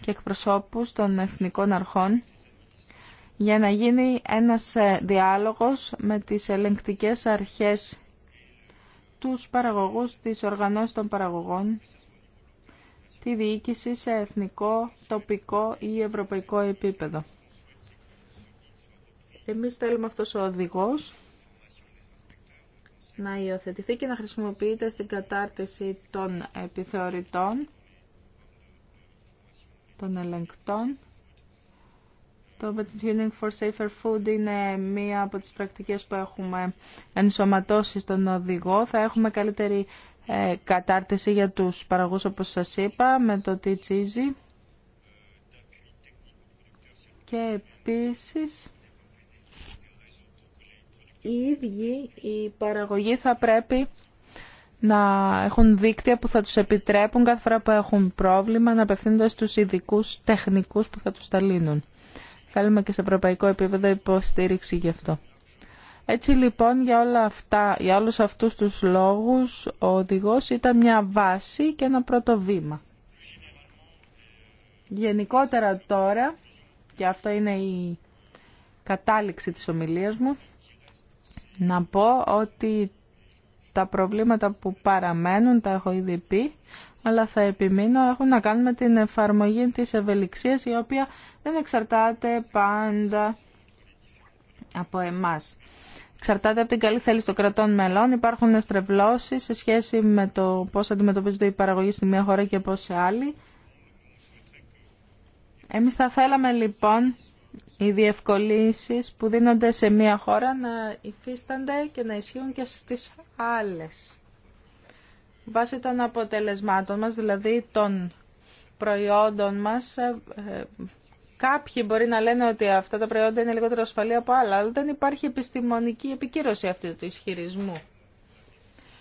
και εκπροσώπους των εθνικών αρχών για να γίνει ένας ε, διάλογος με τις ελεγκτικές αρχές τους παραγωγούς τις οργανώσεις των παραγωγών η διοίκηση σε εθνικό, τοπικό ή ευρωπαϊκό επίπεδο. Εμείς θέλουμε αυτός ο οδηγός να υιοθετηθεί και να χρησιμοποιείται στην κατάρτιση των επιθεωρητών, των ελεγκτών. Το Tuning for Safer Food είναι μία από τις πρακτικές που έχουμε ενσωματώσει στον οδηγό. Θα έχουμε καλύτερη ε, κατάρτιση για τους παραγωγούς όπως σας είπα με το τι τσίζει και επίσης οι ίδιοι οι παραγωγοί θα πρέπει να έχουν δίκτυα που θα τους επιτρέπουν κάθε φορά που έχουν πρόβλημα να απευθύνονται στους ειδικού τεχνικούς που θα τους ταλύνουν. Θέλουμε και σε ευρωπαϊκό επίπεδο υποστήριξη γι' αυτό. Έτσι λοιπόν για, όλα αυτά, για όλους αυτούς τους λόγους ο οδηγός ήταν μια βάση και ένα πρώτο βήμα. Γενικότερα τώρα, και αυτό είναι η κατάληξη της ομιλίας μου, να πω ότι τα προβλήματα που παραμένουν τα έχω ήδη πει, αλλά θα επιμείνω έχουν να κάνουν με την εφαρμογή της ευελιξίας η οποία δεν εξαρτάται πάντα από εμάς εξαρτάται από την καλή θέληση των κρατών μελών. Υπάρχουν στρεβλώσεις σε σχέση με το πώς αντιμετωπίζονται οι παραγωγή στη μία χώρα και πώς σε άλλη. Εμείς θα θέλαμε λοιπόν οι διευκολύνσεις που δίνονται σε μία χώρα να υφίστανται και να ισχύουν και στις άλλες. Βάσει των αποτελεσμάτων μας, δηλαδή των προϊόντων μας, ε, ε, Κάποιοι μπορεί να λένε ότι αυτά τα προϊόντα είναι λιγότερο ασφαλή από άλλα, αλλά δεν υπάρχει επιστημονική επικύρωση αυτού του ισχυρισμού.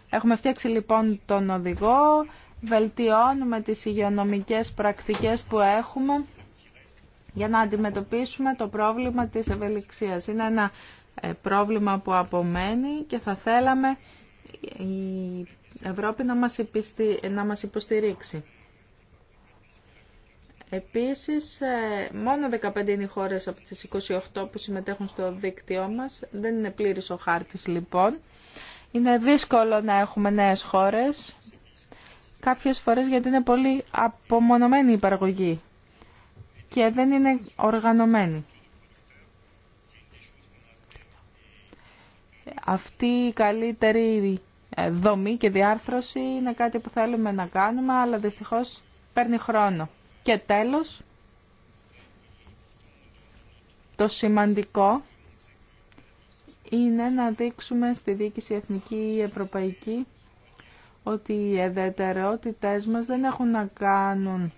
Έχουμε φτιάξει λοιπόν τον οδηγό, βελτιώνουμε τις υγειονομικές πρακτικές που έχουμε για να αντιμετωπίσουμε το πρόβλημα της ευελιξίας. Είναι ένα ε, πρόβλημα που απομένει και θα θέλαμε η Ευρώπη να μας υποστηρίξει. Επίσης, ε, μόνο 15 είναι οι χώρες από τις 28 που συμμετέχουν στο δίκτυό μας. Δεν είναι πλήρης ο χάρτης, λοιπόν. Είναι δύσκολο να έχουμε νέες χώρες. Κάποιες φορές γιατί είναι πολύ απομονωμένη η παραγωγή και δεν είναι οργανωμένη. Αυτή η καλύτερη ε, δομή και διάρθρωση είναι κάτι που θέλουμε να κάνουμε, αλλά δυστυχώς παίρνει χρόνο. Και τέλος, το σημαντικό είναι να δείξουμε στη διοίκηση εθνική ή ευρωπαϊκή ότι οι εδετεραιότητές μας δεν έχουν να κάνουν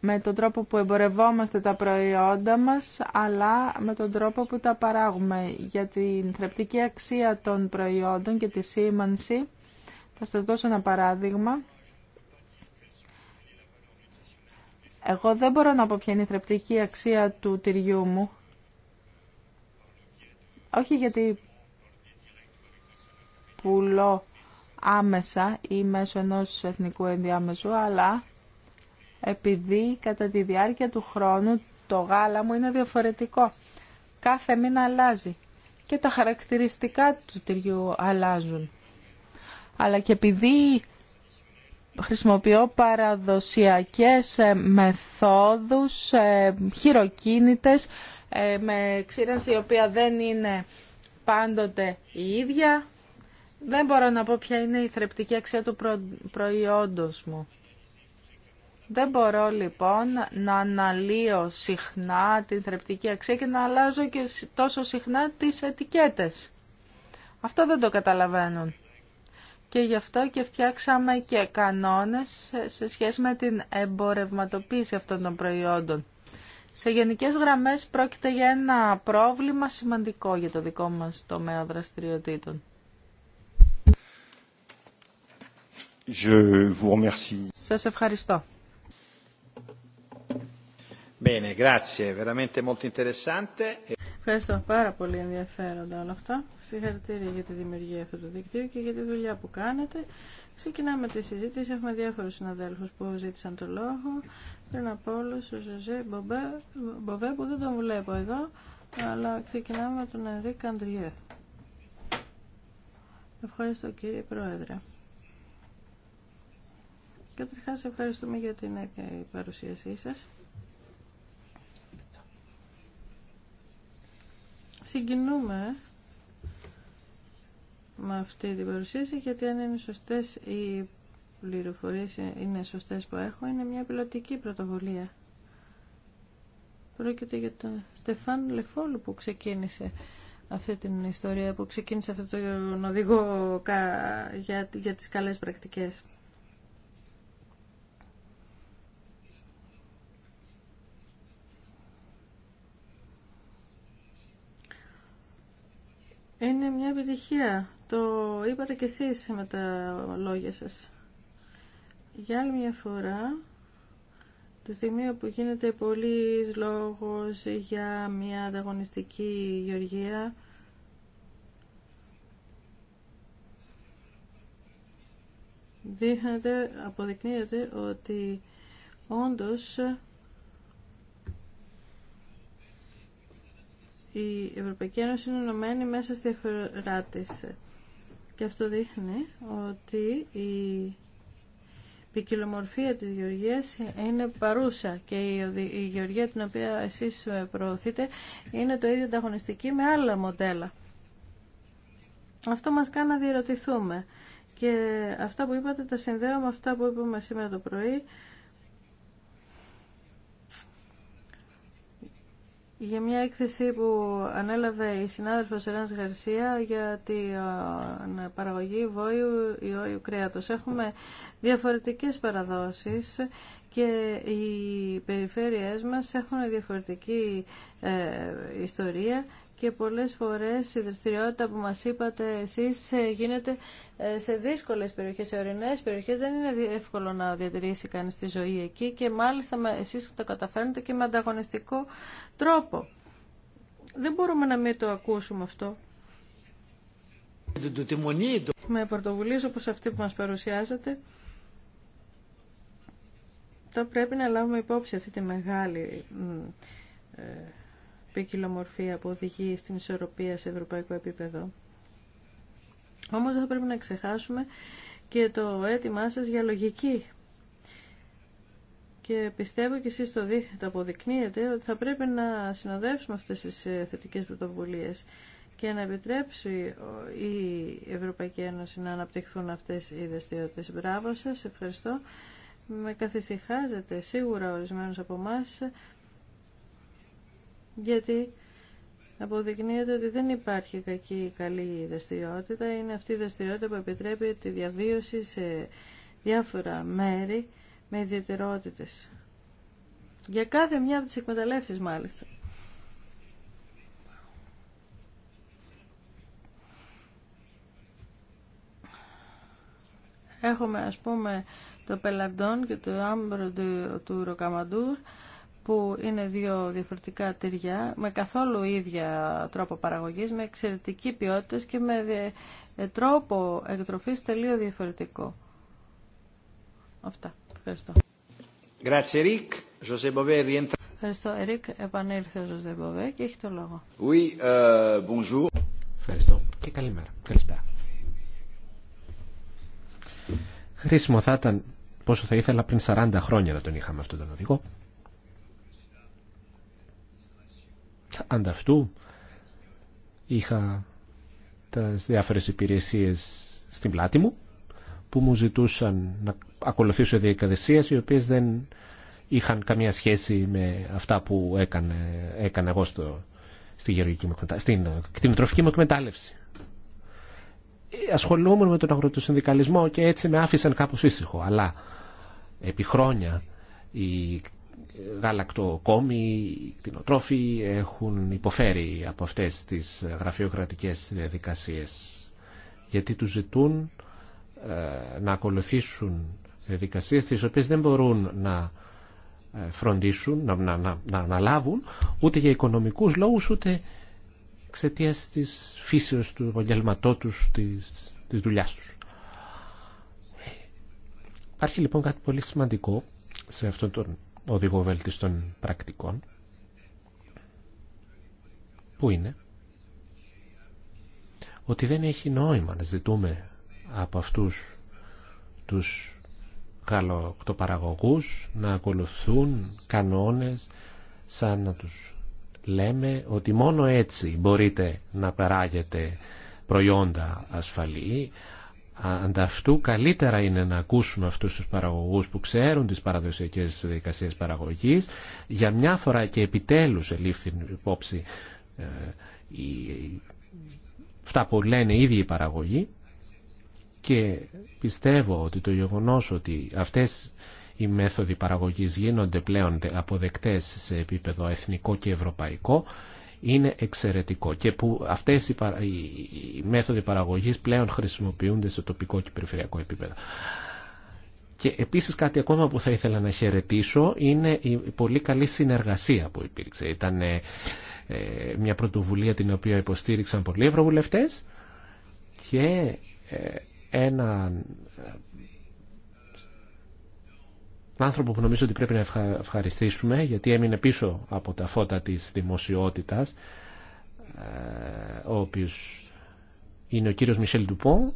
με τον τρόπο που εμπορευόμαστε τα προϊόντα μας, αλλά με τον τρόπο που τα παράγουμε. Για την θρεπτική αξία των προϊόντων και τη σήμανση, θα σας δώσω ένα παράδειγμα. Εγώ δεν μπορώ να πω ποια είναι η θρεπτική αξία του τυριού μου. Όχι γιατί πουλώ άμεσα ή μέσω ενός εθνικού ενδιάμεσου, αλλά επειδή κατά τη διάρκεια του χρόνου το γάλα μου είναι διαφορετικό. Κάθε μήνα αλλάζει και τα χαρακτηριστικά του τυριού αλλάζουν. Αλλά και επειδή χρησιμοποιώ παραδοσιακές ε, μεθόδους ε, χειροκίνητες ε, με ξύρανση η οποία δεν είναι πάντοτε η ίδια. Δεν μπορώ να πω ποια είναι η θρεπτική αξία του προϊόντος μου. Δεν μπορώ λοιπόν να αναλύω συχνά την θρεπτική αξία και να αλλάζω και τόσο συχνά τις ετικέτες. Αυτό δεν το καταλαβαίνουν και γι' αυτό και φτιάξαμε και κανόνες σε σχέση με την εμπορευματοποίηση αυτών των προϊόντων. Σε γενικές γραμμές πρόκειται για ένα πρόβλημα σημαντικό για το δικό μας τομέα δραστηριοτήτων. Σας ευχαριστώ. Bene, grazie, veramente molto interessante. Ευχαριστώ πάρα πολύ ενδιαφέροντα όλα αυτά. Συγχαρητήρια για τη δημιουργία αυτού του δικτύου και για τη δουλειά που κάνετε. Ξεκινάμε τη συζήτηση. Έχουμε διάφορου συναδέλφου που ζήτησαν το λόγο. Πριν από όλου, ο Ζωζέ Μποβέ που δεν τον βλέπω εδώ, αλλά ξεκινάμε με τον Ενρή Καντριέ. Ευχαριστώ κύριε Πρόεδρε. Καταρχά, ευχαριστούμε για την παρουσίασή σας. συγκινούμε με αυτή την παρουσίαση γιατί αν είναι σωστές οι πληροφορίες είναι σωστές που έχω είναι μια πιλωτική πρωτοβουλία πρόκειται για τον Στεφάν Λεφόλου που ξεκίνησε αυτή την ιστορία που ξεκίνησε αυτό τον οδηγό για, για τις καλές πρακτικές Είναι μια επιτυχία. Το είπατε κι εσείς με τα λόγια σας. Για άλλη μια φορά, τη στιγμή που γίνεται πολύ λόγος για μια ανταγωνιστική γεωργία, δείχνεται, αποδεικνύεται ότι όντως η Ευρωπαϊκή Ένωση είναι ενωμένη μέσα στη διαφορά τη. Και αυτό δείχνει ότι η ποικιλομορφία της γεωργίας είναι παρούσα και η γεωργία την οποία εσείς ε, προωθείτε είναι το ίδιο ανταγωνιστική με άλλα μοντέλα. Αυτό μας κάνει να διερωτηθούμε. Και αυτά που είπατε τα συνδέω με αυτά που είπαμε σήμερα το πρωί για μια έκθεση που ανέλαβε η συνάδελφος Ερένας Γαρσία για την παραγωγή βόηου όλου κρέατος. Έχουμε διαφορετικές παραδόσεις και οι περιφέρειές μας έχουν διαφορετική ε, ιστορία και πολλές φορές η δραστηριότητα που μας είπατε εσείς ε, γίνεται ε, σε δύσκολες περιοχές, σε ορεινές περιοχές. Δεν είναι εύκολο να διατηρήσει κανείς τη ζωή εκεί και μάλιστα εσείς το καταφέρνετε και με ανταγωνιστικό τρόπο. Δεν μπορούμε να μην το ακούσουμε αυτό. Με πρωτοβουλίες όπως αυτή που μας παρουσιάζετε, θα πρέπει να λάβουμε υπόψη αυτή τη μεγάλη ε, ποικιλομορφία που οδηγεί στην ισορροπία σε ευρωπαϊκό επίπεδο. Όμως δεν θα πρέπει να ξεχάσουμε και το αίτημά σας για λογική. Και πιστεύω και εσείς το, το αποδεικνύετε ότι θα πρέπει να συνοδεύσουμε αυτές τις ε, θετικές πρωτοβουλίες και να επιτρέψει η Ευρωπαϊκή Ένωση να αναπτυχθούν αυτές οι δεστιότητες. Μπράβο σας, ευχαριστώ. Με καθησυχάζετε σίγουρα ορισμένους από εμά γιατί αποδεικνύεται ότι δεν υπάρχει κακή ή καλή δραστηριότητα. Είναι αυτή η δραστηριότητα που επιτρέπει τη διαβίωση σε διάφορα μέρη με ιδιαιτερότητες. Για κάθε μια από τις εκμεταλλεύσεις μάλιστα. Έχουμε ας πούμε το πελαντών και το άμπρο του ροκαμαντούρ που είναι δύο διαφορετικά τυριά με καθόλου ίδια τρόπο παραγωγής, με εξαιρετική ποιότητα και με ε, τρόπο εκτροφής τελείως διαφορετικό. Αυτά. Ευχαριστώ. Ευχαριστώ, Ερικ. Επανήλθε ο Ζωζέ Μποβέ και έχει το λόγο. Oui, uh, bonjour. Ευχαριστώ και καλημέρα. Καλησπέρα. Χρήσιμο θα ήταν πόσο θα ήθελα πριν 40 χρόνια να τον είχαμε αυτόν τον οδηγό. Ανταυτού είχα τις διάφορες υπηρεσίες στην πλάτη μου που μου ζητούσαν να ακολουθήσω διαδικασίες οι οποίες δεν είχαν καμία σχέση με αυτά που έκανε, έκανε εγώ στη γεωργική μου στην κτηνοτροφική μου εκμετάλλευση. Ε, ασχολούμουν με τον αγροτοσυνδικαλισμό και έτσι με άφησαν κάπως ήσυχο. Αλλά επί χρόνια η γαλακτοκόμοι, κτηνοτρόφοι έχουν υποφέρει από αυτές τις γραφειοκρατικές διαδικασίες γιατί τους ζητούν ε, να ακολουθήσουν διαδικασίες τις οποίες δεν μπορούν να ε, φροντίσουν, να, να, να, να αναλάβουν ούτε για οικονομικούς λόγους ούτε εξαιτία της φύσεως του επαγγελματό τους, της, της δουλειάς τους. Υπάρχει λοιπόν κάτι πολύ σημαντικό σε αυτόν τον οδηγό βέλτιστων πρακτικών που είναι ότι δεν έχει νόημα να ζητούμε από αυτούς τους γαλακτοπαραγωγούς να ακολουθούν κανόνες σαν να τους λέμε ότι μόνο έτσι μπορείτε να περάγετε προϊόντα ασφαλή Ανταυτού καλύτερα είναι να ακούσουμε αυτούς τους παραγωγούς που ξέρουν τις παραδοσιακές δικασίες παραγωγής. Για μια φορά και επιτέλους ελήφθη υπόψη ε, η, αυτά που λένε οι ίδιοι οι και πιστεύω ότι το γεγονός ότι αυτές οι μέθοδοι παραγωγής γίνονται πλέον αποδεκτές σε επίπεδο εθνικό και ευρωπαϊκό είναι εξαιρετικό και που αυτές οι, παρα... οι μέθοδοι παραγωγής πλέον χρησιμοποιούνται σε τοπικό και περιφερειακό επίπεδο. Και επίσης κάτι ακόμα που θα ήθελα να χαιρετήσω είναι η πολύ καλή συνεργασία που υπήρξε. Ήταν ε, ε, μια πρωτοβουλία την οποία υποστήριξαν πολλοί ευρωβουλευτές και ε, ένα άνθρωπο που νομίζω ότι πρέπει να ευχαριστήσουμε γιατί έμεινε πίσω από τα φώτα της δημοσιότητας ε, ο οποίος είναι ο κύριος Μισελ Ντουπό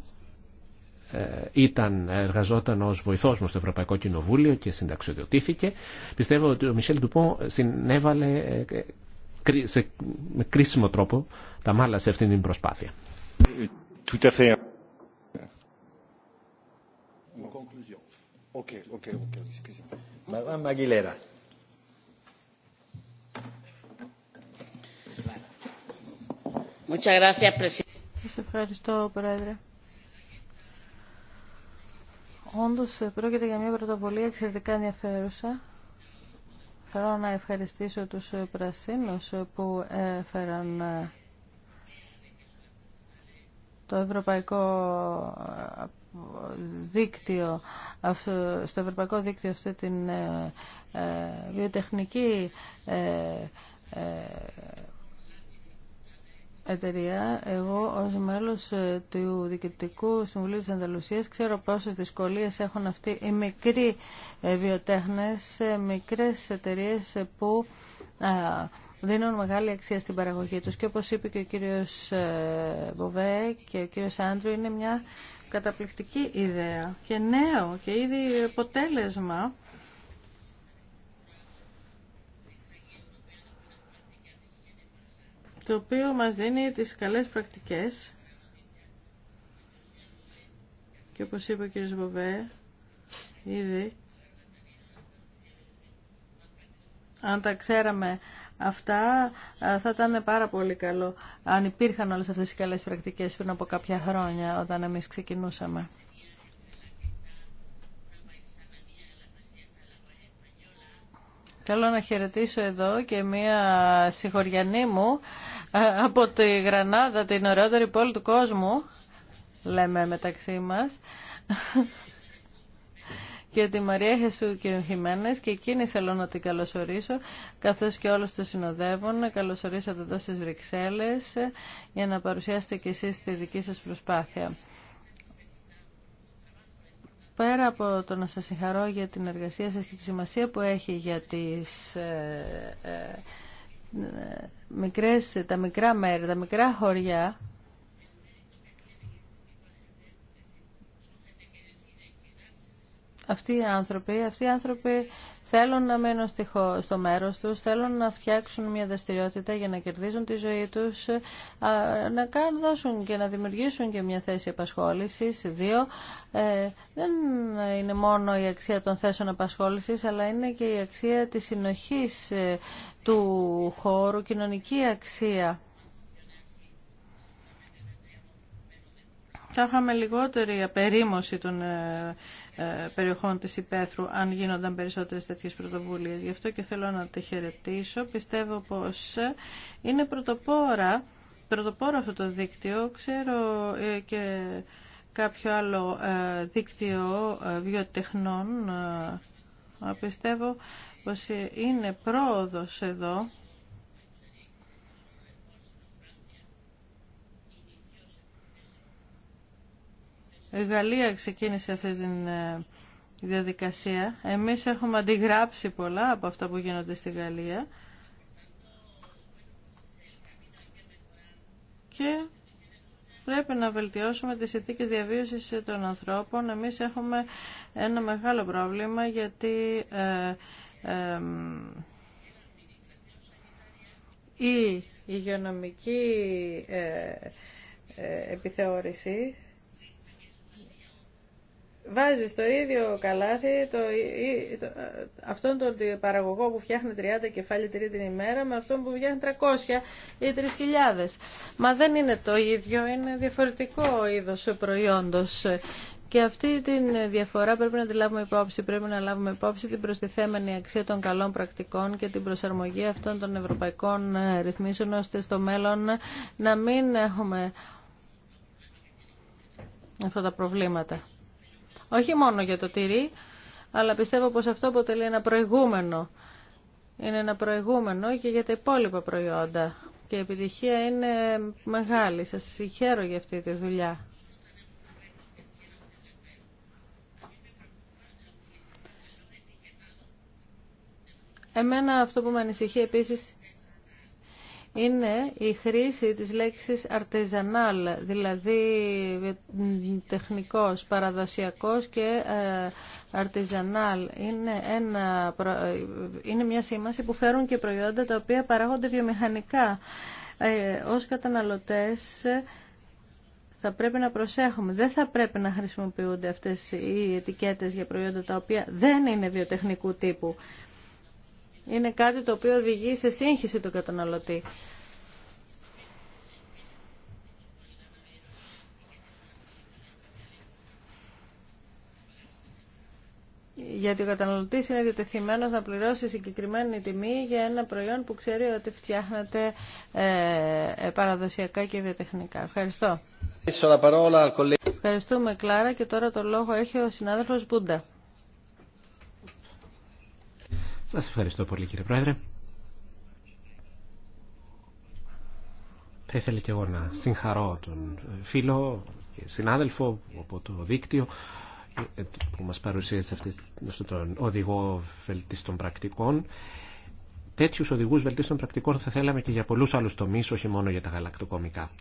ε, ήταν, εργαζόταν ως βοηθός μου στο Ευρωπαϊκό Κοινοβούλιο και συνταξιοδοτήθηκε. Πιστεύω ότι ο Μισελ Ντουπό συνέβαλε ε, σε, με κρίσιμο τρόπο τα μάλα σε αυτή την προσπάθεια. Tout à fait. Σα Ευχαριστώ, Πρόεδρε. Όντως, πρόκειται για μια πρωτοβουλία εξαιρετικά ενδιαφέρουσα. Θέλω να ευχαριστήσω τους πρασίνους που έφεραν ε, το ευρωπαϊκό δίκτυο, στο ευρωπαϊκό δίκτυο αυτή την ε, ε, βιοτεχνική ε, εταιρεία, εγώ ως μέλος του Διοικητικού Συμβουλίου της Ανταλουσίας ξέρω πόσες δυσκολίες έχουν αυτοί οι μικροί βιοτέχνες, μικρές εταιρείες που δίνουν μεγάλη αξία στην παραγωγή τους. Και όπως είπε και ο κύριος Μποβέ και ο κύριος Άντρου, είναι μια καταπληκτική ιδέα και νέο και ήδη αποτέλεσμα το οποίο μας δίνει τις καλές πρακτικές και όπως είπε ο κ. Βοβέ ήδη αν τα ξέραμε Αυτά θα ήταν πάρα πολύ καλό αν υπήρχαν όλες αυτές οι καλές πρακτικές πριν από κάποια χρόνια όταν εμείς ξεκινούσαμε. Θέλω να χαιρετήσω εδώ και μία συγχωριανή μου από τη Γρανάδα, την ωραιότερη πόλη του κόσμου, λέμε μεταξύ μας και τη Μαρία Χεσού και Χιμένες και εκείνη θέλω να την καλωσορίσω καθώς και όλους τους συνοδεύουν. Καλωσορίσατε εδώ στις Βρυξέλλες ε, για να παρουσιάσετε και εσείς τη δική σας προσπάθεια. Πέρα από το να σας συγχαρώ για την εργασία σας και τη σημασία που έχει για τις ε, ε, μικρές, τα μικρά μέρη, τα μικρά χωριά Αυτοί οι άνθρωποι, αυτοί οι άνθρωποι θέλουν να μένουν στο μέρος τους, θέλουν να φτιάξουν μια δραστηριότητα για να κερδίζουν τη ζωή τους, να κάνουν, δώσουν και να δημιουργήσουν και μια θέση απασχόλησης. Δύο, ε, δεν είναι μόνο η αξία των θέσεων απασχόλησης, αλλά είναι και η αξία της συνοχής ε, του χώρου, κοινωνική αξία. θα είχαμε λιγότερη απερίμωση των ε, ε, περιοχών της υπαίθρου αν γίνονταν περισσότερες τέτοιες πρωτοβουλίες. Γι' αυτό και θέλω να τη χαιρετήσω. Πιστεύω πως είναι πρωτοπόρα, πρωτοπόρο αυτό το δίκτυο. Ξέρω ε, και κάποιο άλλο δίκτυο βιοτεχνών. Πιστεύω πως είναι πρόοδος εδώ Η Γαλλία ξεκίνησε αυτή τη ε, διαδικασία. Εμείς έχουμε αντιγράψει πολλά από αυτά που γίνονται στη Γαλλία. Και πρέπει να βελτιώσουμε τις ηθίκες διαβίωσης των ανθρώπων. Εμείς έχουμε ένα μεγάλο πρόβλημα γιατί ε, η υγειονομική ε, ε, επιθεώρηση βάζει το ίδιο καλάθι το, ε, αυτόν τον παραγωγό που φτιάχνει 30 κεφάλι τρίτη την ημέρα με αυτόν που φτιάχνει 300 ή 3.000. Μα δεν είναι το ίδιο, είναι διαφορετικό είδος προϊόντος. Και αυτή τη διαφορά πρέπει να τη λάβουμε υπόψη. Πρέπει να λάβουμε υπόψη την προστιθέμενη αξία των καλών πρακτικών και την προσαρμογή αυτών των ευρωπαϊκών ε, ρυθμίσεων, ώστε στο μέλλον να μην έχουμε αυτά τα προβλήματα. Όχι μόνο για το τυρί, αλλά πιστεύω πως αυτό αποτελεί ένα προηγούμενο. Είναι ένα προηγούμενο και για τα υπόλοιπα προϊόντα. Και η επιτυχία είναι μεγάλη. Σας συγχαίρω για αυτή τη δουλειά. Εμένα αυτό που με ανησυχεί επίσης είναι η χρήση της λέξης artisanal, δηλαδή τεχνικός, παραδοσιακός και ε, artisanal. Είναι, ένα, είναι μια σήμαση που φέρουν και προϊόντα τα οποία παράγονται βιομηχανικά. Ε, ως καταναλωτές ε, θα πρέπει να προσέχουμε. Δεν θα πρέπει να χρησιμοποιούνται αυτές οι ετικέτες για προϊόντα τα οποία δεν είναι βιοτεχνικού τύπου είναι κάτι το οποίο οδηγεί σε σύγχυση του καταναλωτή. γιατί ο καταναλωτής είναι διατεθειμένος να πληρώσει συγκεκριμένη τιμή για ένα προϊόν που ξέρει ότι φτιάχνεται ε, ε, παραδοσιακά και βιοτεχνικά. Ευχαριστώ. Ευχαριστούμε Κλάρα και τώρα το λόγο έχει ο συνάδελφος Μπούντα. Σας ευχαριστώ πολύ κύριε Πρόεδρε. Θα ήθελα και εγώ να συγχαρώ τον φίλο και συνάδελφο από το δίκτυο ε, που μας παρουσίασε αυτή, τον οδηγό βελτίστων πρακτικών. Τέτοιου οδηγούς βελτίστων πρακτικών θα θέλαμε και για πολλούς άλλους τομείς, όχι μόνο για τα γαλακτοκομικά.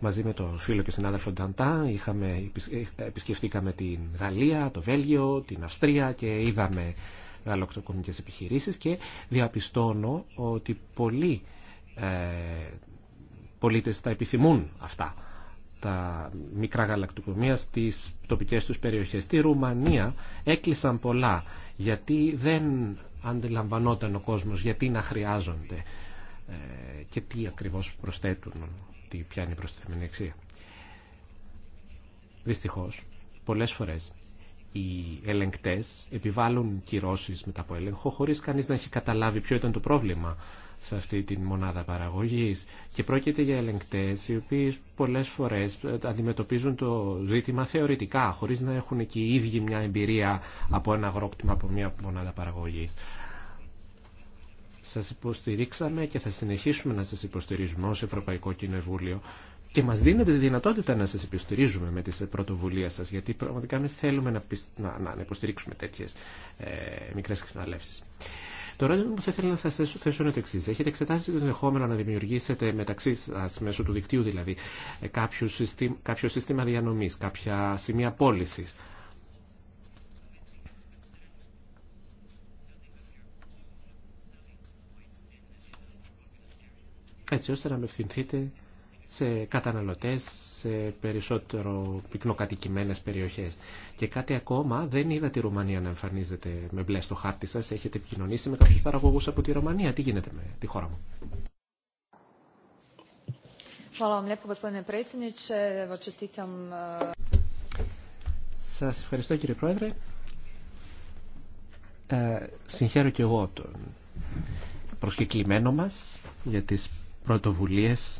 Μαζί με τον φίλο και συνάδελφο Νταντά ε, επισκεφτήκαμε την Γαλλία, το Βέλγιο, την Αυστρία και είδαμε γαλακτοκομικές επιχειρήσεις και διαπιστώνω ότι πολλοί ε, πολίτες τα επιθυμούν αυτά τα μικρά γαλακτοκομεία στις τοπικές τους περιοχές. Στη Ρουμανία έκλεισαν πολλά γιατί δεν αντιλαμβανόταν ο κόσμος γιατί να χρειάζονται ε, και τι ακριβώς προσθέτουν, τι πιάνει προσθέμενη αξία. Δυστυχώς, πολλές φορές οι ελεγκτέ επιβάλλουν κυρώσει μετά από έλεγχο χωρί κανείς να έχει καταλάβει ποιο ήταν το πρόβλημα σε αυτή την μονάδα παραγωγής και πρόκειται για ελεγκτές οι οποίοι πολλέ φορέ ε, αντιμετωπίζουν το ζήτημα θεωρητικά χωρίς να έχουν και οι ίδιοι μια εμπειρία από ένα αγρόκτημα από μια μονάδα παραγωγής. Σα υποστηρίξαμε και θα συνεχίσουμε να σα υποστηρίζουμε ω Ευρωπαϊκό Κοινοβούλιο και μας δίνετε τη δυνατότητα να σας υποστηρίζουμε με τις πρωτοβουλίες σας, γιατί πραγματικά εμεί θέλουμε να, να, να υποστηρίξουμε τέτοιες ε, μικρές εκμεταλλεύσεις. Το ερώτημα που θα ήθελα να σα θέσω, είναι το εξή. Έχετε εξετάσει το ενδεχόμενο να δημιουργήσετε μεταξύ σα, μέσω του δικτύου δηλαδή, ε, κάποιο, κάποιο σύστημα διανομή, κάποια σημεία πώληση. Έτσι ώστε να απευθυνθείτε σε καταναλωτές σε περισσότερο πυκνοκατοικημένες περιοχές. Και κάτι ακόμα, δεν είδα τη Ρουμανία να εμφανίζεται με μπλε στο χάρτη σας. Έχετε επικοινωνήσει με κάποιους παραγωγούς από τη Ρουμανία. Τι γίνεται με τη χώρα μου. E, σας ευχαριστώ κύριε Πρόεδρε. Ε, συγχαίρω και εγώ τον προσκεκλημένο μας για τις πρωτοβουλίες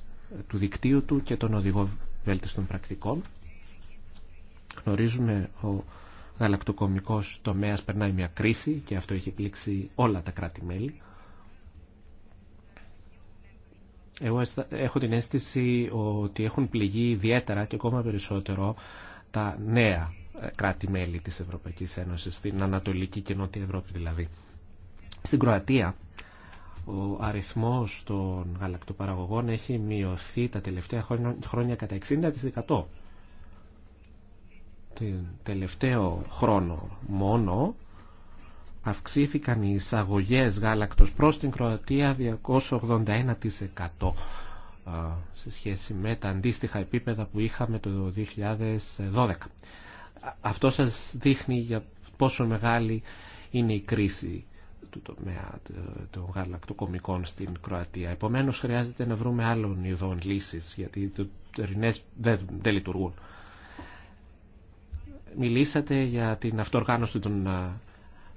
του δικτύου του και τον οδηγό βέλτιστων πρακτικών. Γνωρίζουμε ο γαλακτοκομικός τομέας περνάει μια κρίση και αυτό έχει πλήξει όλα τα κράτη-μέλη. Εγώ έχω την αίσθηση ότι έχουν πληγεί ιδιαίτερα και ακόμα περισσότερο τα νέα ε, κράτη-μέλη της Ευρωπαϊκής Ένωσης, στην Ανατολική και Νότια Ευρώπη δηλαδή. Στην Κροατία ο αριθμός των γαλακτοπαραγωγών έχει μειωθεί τα τελευταία χρόνια κατά 60%. Την τελευταίο χρόνο μόνο αυξήθηκαν οι εισαγωγές γάλακτος προς την Κροατία 281% σε σχέση με τα αντίστοιχα επίπεδα που είχαμε το 2012. Αυτό σας δείχνει για πόσο μεγάλη είναι η κρίση του τομέα ε, των γαλακτοκομικών στην Κροατία. Επομένω, χρειάζεται να βρούμε άλλων ειδών λύσει γιατί οι τωρινέ δεν, δεν λειτουργούν. Μιλήσατε για την αυτοργάνωση των ε,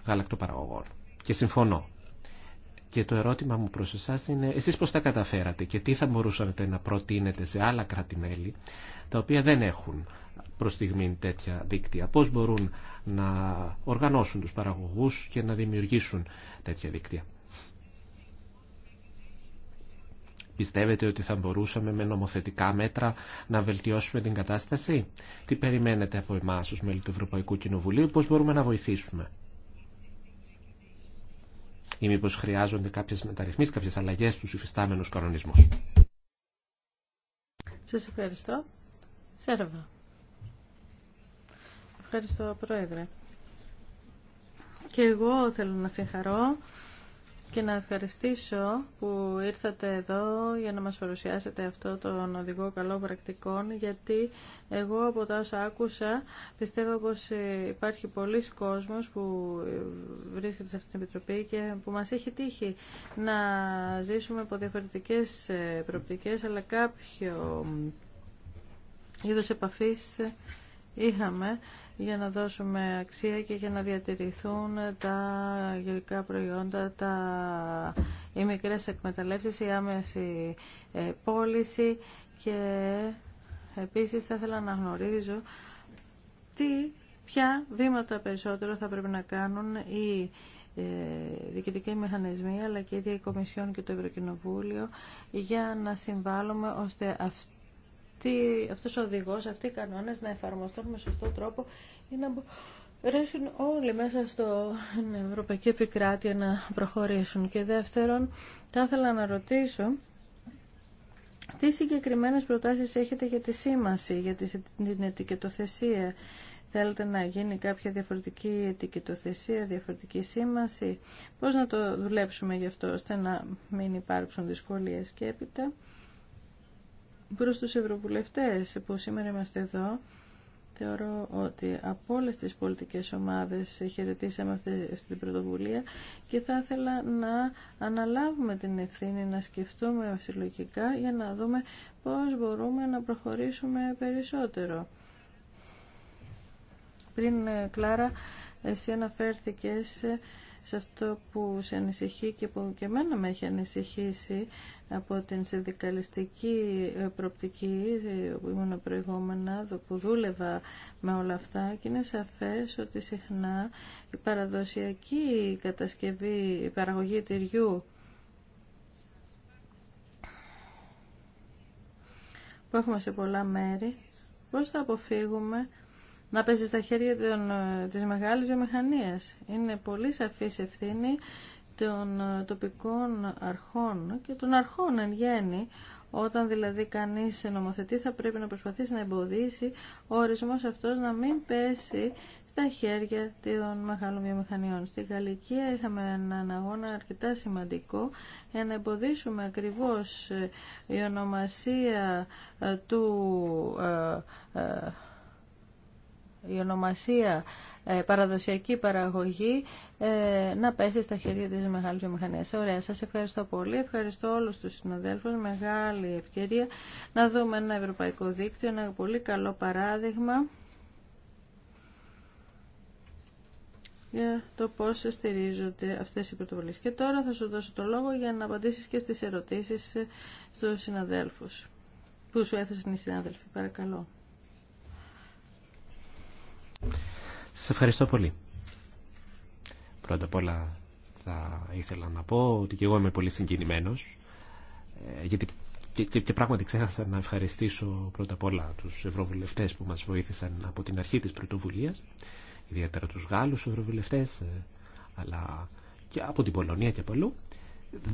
γαλακτοπαραγωγών και συμφωνώ. Και το ερώτημα μου προς εσάς είναι εσείς πώς τα καταφέρατε και τι θα μπορούσατε να προτείνετε σε άλλα κράτη-μέλη τα οποία δεν έχουν προς στιγμή τέτοια δίκτυα. Πώς μπορούν να οργανώσουν τους παραγωγούς και να δημιουργήσουν τέτοια δίκτυα. Πιστεύετε ότι θα μπορούσαμε με νομοθετικά μέτρα να βελτιώσουμε την κατάσταση. Τι περιμένετε από εμάς ως μέλη του Ευρωπαϊκού Κοινοβουλίου, πώς μπορούμε να βοηθήσουμε. Ή μήπως χρειάζονται κάποιες μεταρρυθμίσεις, κάποιες αλλαγές στους υφιστάμενους κανονισμούς. Σας ευχαριστώ. Σέρβα. Ευχαριστώ, Πρόεδρε. Και εγώ θέλω να συγχαρώ και να ευχαριστήσω που ήρθατε εδώ για να μας παρουσιάσετε αυτό τον οδηγό καλό πρακτικών γιατί εγώ από τα όσα άκουσα πιστεύω πως υπάρχει πολλοί κόσμος που βρίσκεται σε αυτή την Επιτροπή και που μας έχει τύχει να ζήσουμε από διαφορετικές προοπτικές αλλά κάποιο είδος επαφής είχαμε για να δώσουμε αξία και για να διατηρηθούν τα γεωργικά προϊόντα, τα... οι μικρές εκμεταλλεύσεις, η άμεση ε, πώληση και επίσης θα ήθελα να γνωρίζω τι, ποια βήματα περισσότερο θα πρέπει να κάνουν οι ε, διοικητικοί μηχανισμοί αλλά και η και το Ευρωκοινοβούλιο για να συμβάλλουμε ώστε αυτή αυτή, αυτός ο οδηγός, αυτοί οι κανόνες να εφαρμοστούν με σωστό τρόπο ή να μπορέσουν όλοι μέσα στο Ευρωπαϊκή Επικράτεια να προχωρήσουν. Και δεύτερον, θα ήθελα να ρωτήσω τι συγκεκριμένες προτάσεις έχετε για τη σήμανση, για την ετικετοθεσία. Θέλετε να γίνει κάποια διαφορετική ετικετοθεσία, διαφορετική σήμανση. Πώς να το δουλέψουμε γι' αυτό ώστε να μην υπάρξουν δυσκολίες και έπειτα προς τους ευρωβουλευτές που σήμερα είμαστε εδώ. Θεωρώ ότι από όλε τις πολιτικές ομάδες χαιρετήσαμε αυτή, αυτή την πρωτοβουλία και θα ήθελα να αναλάβουμε την ευθύνη να σκεφτούμε συλλογικά για να δούμε πώς μπορούμε να προχωρήσουμε περισσότερο. Πριν, ε, Κλάρα, εσύ αναφέρθηκες ε, σε αυτό που σε ανησυχεί και που και εμένα με έχει ανησυχήσει από την συνδικαλιστική ε, προπτική ε, που ήμουν προηγούμενα, που δούλευα με όλα αυτά και είναι σαφές ότι συχνά η παραδοσιακή κατασκευή, η παραγωγή τυριού που έχουμε σε πολλά μέρη, πώς θα αποφύγουμε να πέσει στα χέρια των, ε, της μεγάλης βιομηχανίας. Είναι πολύ σαφής ευθύνη των ε, τοπικών αρχών και των αρχών εν γέννη, όταν δηλαδή κανείς νομοθετεί θα πρέπει να προσπαθήσει να εμποδίσει ο ορισμός αυτός να μην πέσει στα χέρια των μεγάλων βιομηχανιών. Στη Γαλλικία είχαμε έναν αγώνα αρκετά σημαντικό για να εμποδίσουμε ακριβώς ε, η ονομασία του η ονομασία ε, παραδοσιακή παραγωγή ε, να πέσει στα χέρια της μεγάλης βιομηχανίας. Ωραία, σας ευχαριστώ πολύ. Ευχαριστώ όλους τους συναδέλφους. Μεγάλη ευκαιρία να δούμε ένα ευρωπαϊκό δίκτυο, ένα πολύ καλό παράδειγμα για το πώς στηρίζονται αυτές οι πρωτοβουλίες. Και τώρα θα σου δώσω το λόγο για να απαντήσεις και στις ερωτήσεις στους συναδέλφους που σου έθεσαν οι συνάδελφοι. Παρακαλώ. Σα ευχαριστώ πολύ. Πρώτα απ' όλα θα ήθελα να πω ότι και εγώ είμαι πολύ συγκινημένος ε, γιατί και, πράγματι ξέχασα να ευχαριστήσω πρώτα απ' όλα τους ευρωβουλευτέ που μας βοήθησαν από την αρχή της πρωτοβουλία, ιδιαίτερα τους Γάλλους ευρωβουλευτέ, ε, αλλά και από την Πολωνία και από αλλού.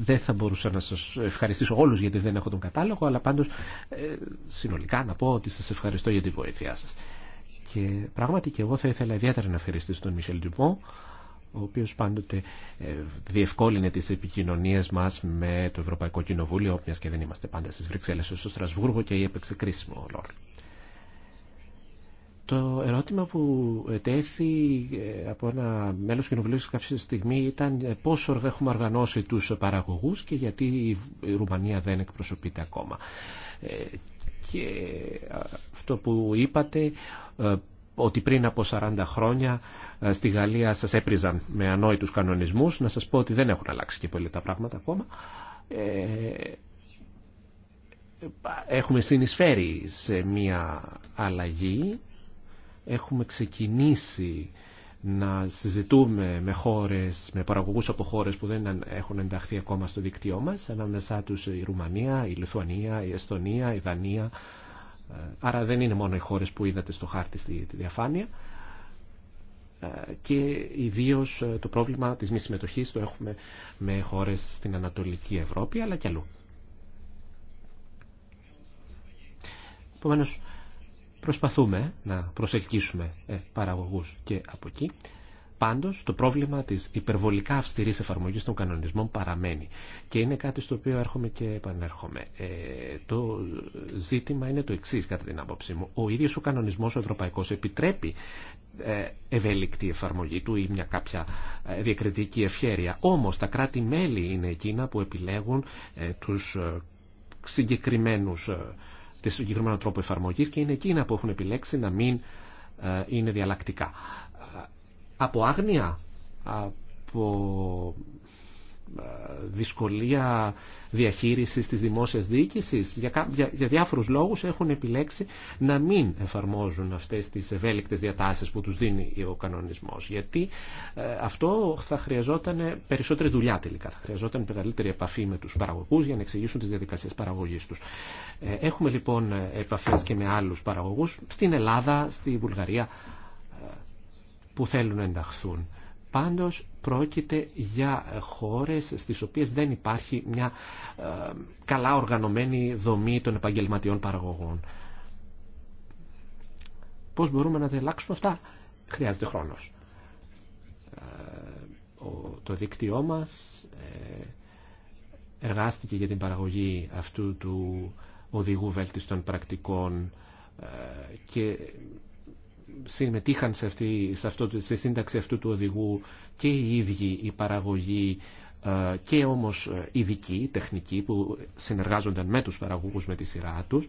Δεν θα μπορούσα να σας ευχαριστήσω όλους γιατί δεν έχω τον κατάλογο, αλλά πάντως ε, συνολικά να πω ότι σας ευχαριστώ για τη βοήθειά σας. Και πράγματι και εγώ θα ήθελα ιδιαίτερα να ευχαριστήσω τον Μισελ Τζουπό, ο οποίο πάντοτε ε, διευκόλυνε τι επικοινωνίε μα με το Ευρωπαϊκό Κοινοβούλιο, μια και δεν είμαστε πάντα στι Βρυξέλλες, στο Στρασβούργο και η έπαιξε κρίσιμο ρόλο. Το ερώτημα που ετέθη ε, από ένα μέλος κοινοβουλίου κάποια στιγμή ήταν ε, πόσο έχουμε οργανώσει τους παραγωγούς και γιατί η Ρουμανία δεν εκπροσωπείται ακόμα και αυτό που είπατε ε, ότι πριν από 40 χρόνια ε, στη Γαλλία σας έπριζαν με ανόητους κανονισμούς. Να σας πω ότι δεν έχουν αλλάξει και πολύ τα πράγματα ακόμα. Ε, έχουμε συνεισφέρει σε μία αλλαγή. Έχουμε ξεκινήσει να συζητούμε με χώρες, με παραγωγούς από χώρες που δεν έχουν ενταχθεί ακόμα στο δίκτυό μας, ανάμεσά τους η Ρουμανία, η Λιθουανία, η Εστονία, η Δανία. Ε, άρα δεν είναι μόνο οι χώρες που είδατε στο χάρτη στη διαφάνεια. Ε, και ιδίω ε, το πρόβλημα της μη συμμετοχή το έχουμε με χώρες στην Ανατολική Ευρώπη αλλά και αλλού. Επομένως, Προσπαθούμε να προσελκύσουμε ε, παραγωγούς και από εκεί. Πάντως το πρόβλημα της υπερβολικά αυστηρής εφαρμογής των κανονισμών παραμένει και είναι κάτι στο οποίο έρχομαι και επανέρχομαι. Ε, το ζήτημα είναι το εξής κατά την άποψή μου. Ο ίδιος ο κανονισμός ο ευρωπαϊκός επιτρέπει ε, ευέλικτη εφαρμογή του ή μια κάποια διακριτική ευχέρεια. Όμως τα κράτη-μέλη είναι εκείνα που επιλέγουν τους συγκεκριμένους τη συγκεκριμένο τρόπο εφαρμογής και είναι εκείνα που έχουν επιλέξει να μην ε, είναι διαλλακτικά. Ε, από άγνοια, από ε, δυσκολία διαχείρισης της δημόσιας διοίκησης. Για, για, για διάφορους λόγους έχουν επιλέξει να μην εφαρμόζουν αυτές τις ευέλικτες διατάσεις που τους δίνει ο κανονισμός. Γιατί ε, αυτό θα χρειαζόταν περισσότερη δουλειά τελικά. Θα χρειαζόταν μεγαλύτερη επαφή με τους παραγωγούς για να εξηγήσουν τις διαδικασίες παραγωγής τους. Ε, έχουμε λοιπόν επαφές και με άλλους παραγωγούς στην Ελλάδα, στη Βουλγαρία που θέλουν να ενταχθούν. Πάντως πρόκειται για χώρες στις οποίες δεν υπάρχει μια ε, καλά οργανωμένη δομή των επαγγελματιών παραγωγών. Πώς μπορούμε να τα αλλάξουμε αυτά. Χρειάζεται χρόνος. Ε, το δίκτυό μας ε, εργάστηκε για την παραγωγή αυτού του οδηγού βέλτιστων πρακτικών και συμμετείχαν σε, αυτή, σε αυτό, στη σύνταξη αυτού του οδηγού και οι ίδιοι οι παραγωγοί ε, και όμως ε, ειδικοί, τεχνικοί που συνεργάζονταν με τους παραγωγούς με τη σειρά τους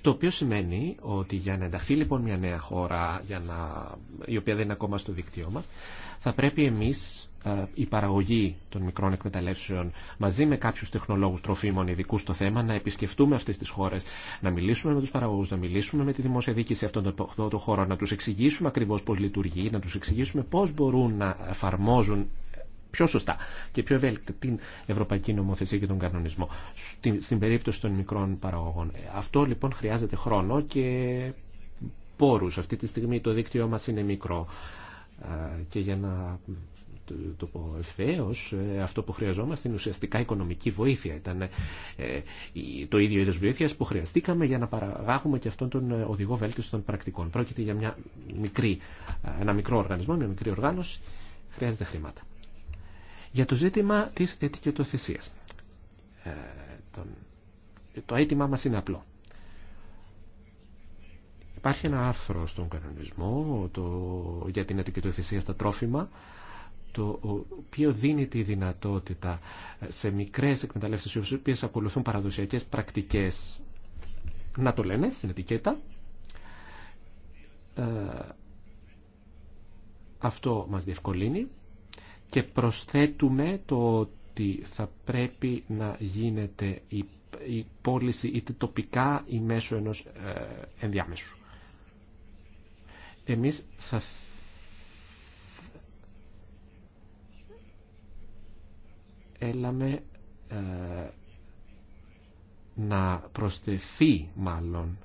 Το οποίο σημαίνει ότι για να ενταχθεί λοιπόν μια νέα χώρα για να... η οποία δεν είναι ακόμα στο δίκτυό μας θα πρέπει εμείς ε, η παραγωγή των μικρών εκμεταλλεύσεων μαζί με κάποιους τεχνολόγους τροφίμων ειδικού στο θέμα να επισκεφτούμε αυτές τις χώρες, να μιλήσουμε με τους παραγωγούς, να μιλήσουμε με τη δημόσια διοίκηση αυτών των χώρων, να τους εξηγήσουμε ακριβώς πώς λειτουργεί, να τους εξηγήσουμε πώς μπορούν να εφαρμόζουν πιο σωστά και πιο ευέλικτα την ευρωπαϊκή νομοθεσία και τον κανονισμό στην, στην περίπτωση των μικρών παραγωγών. Αυτό λοιπόν χρειάζεται χρόνο και πόρους. Αυτή τη στιγμή το δίκτυό μας είναι μικρό ε, και για να το πω ευθέω, ε, αυτό που χρειαζόμαστε είναι ουσιαστικά οικονομική βοήθεια. Ήταν ε, το ίδιο είδος βοήθεια που χρειαστήκαμε για να παραγάγουμε και αυτόν τον ε, οδηγό βέλτιση των πρακτικών. Πρόκειται για μια μικρή, ένα μικρό οργανισμό, μια μικρή οργάνωση. Χρειάζεται χρήματα. Για το ζήτημα τη τον, Το αίτημά μας είναι απλό. Υπάρχει ένα άρθρο στον κανονισμό το, για την ετικετοθεσία στα τρόφιμα το οποίο δίνει τη δυνατότητα σε μικρές εκμεταλλεύσεις οι οποίες ακολουθούν παραδοσιακές πρακτικές να το λένε στην ετικέτα ε, αυτό μας διευκολύνει και προσθέτουμε το ότι θα πρέπει να γίνεται η, η πώληση είτε τοπικά ή μέσω ενός ε, ενδιάμεσου. Εμείς θα Έλαμε ε, να προσθεθεί μάλλον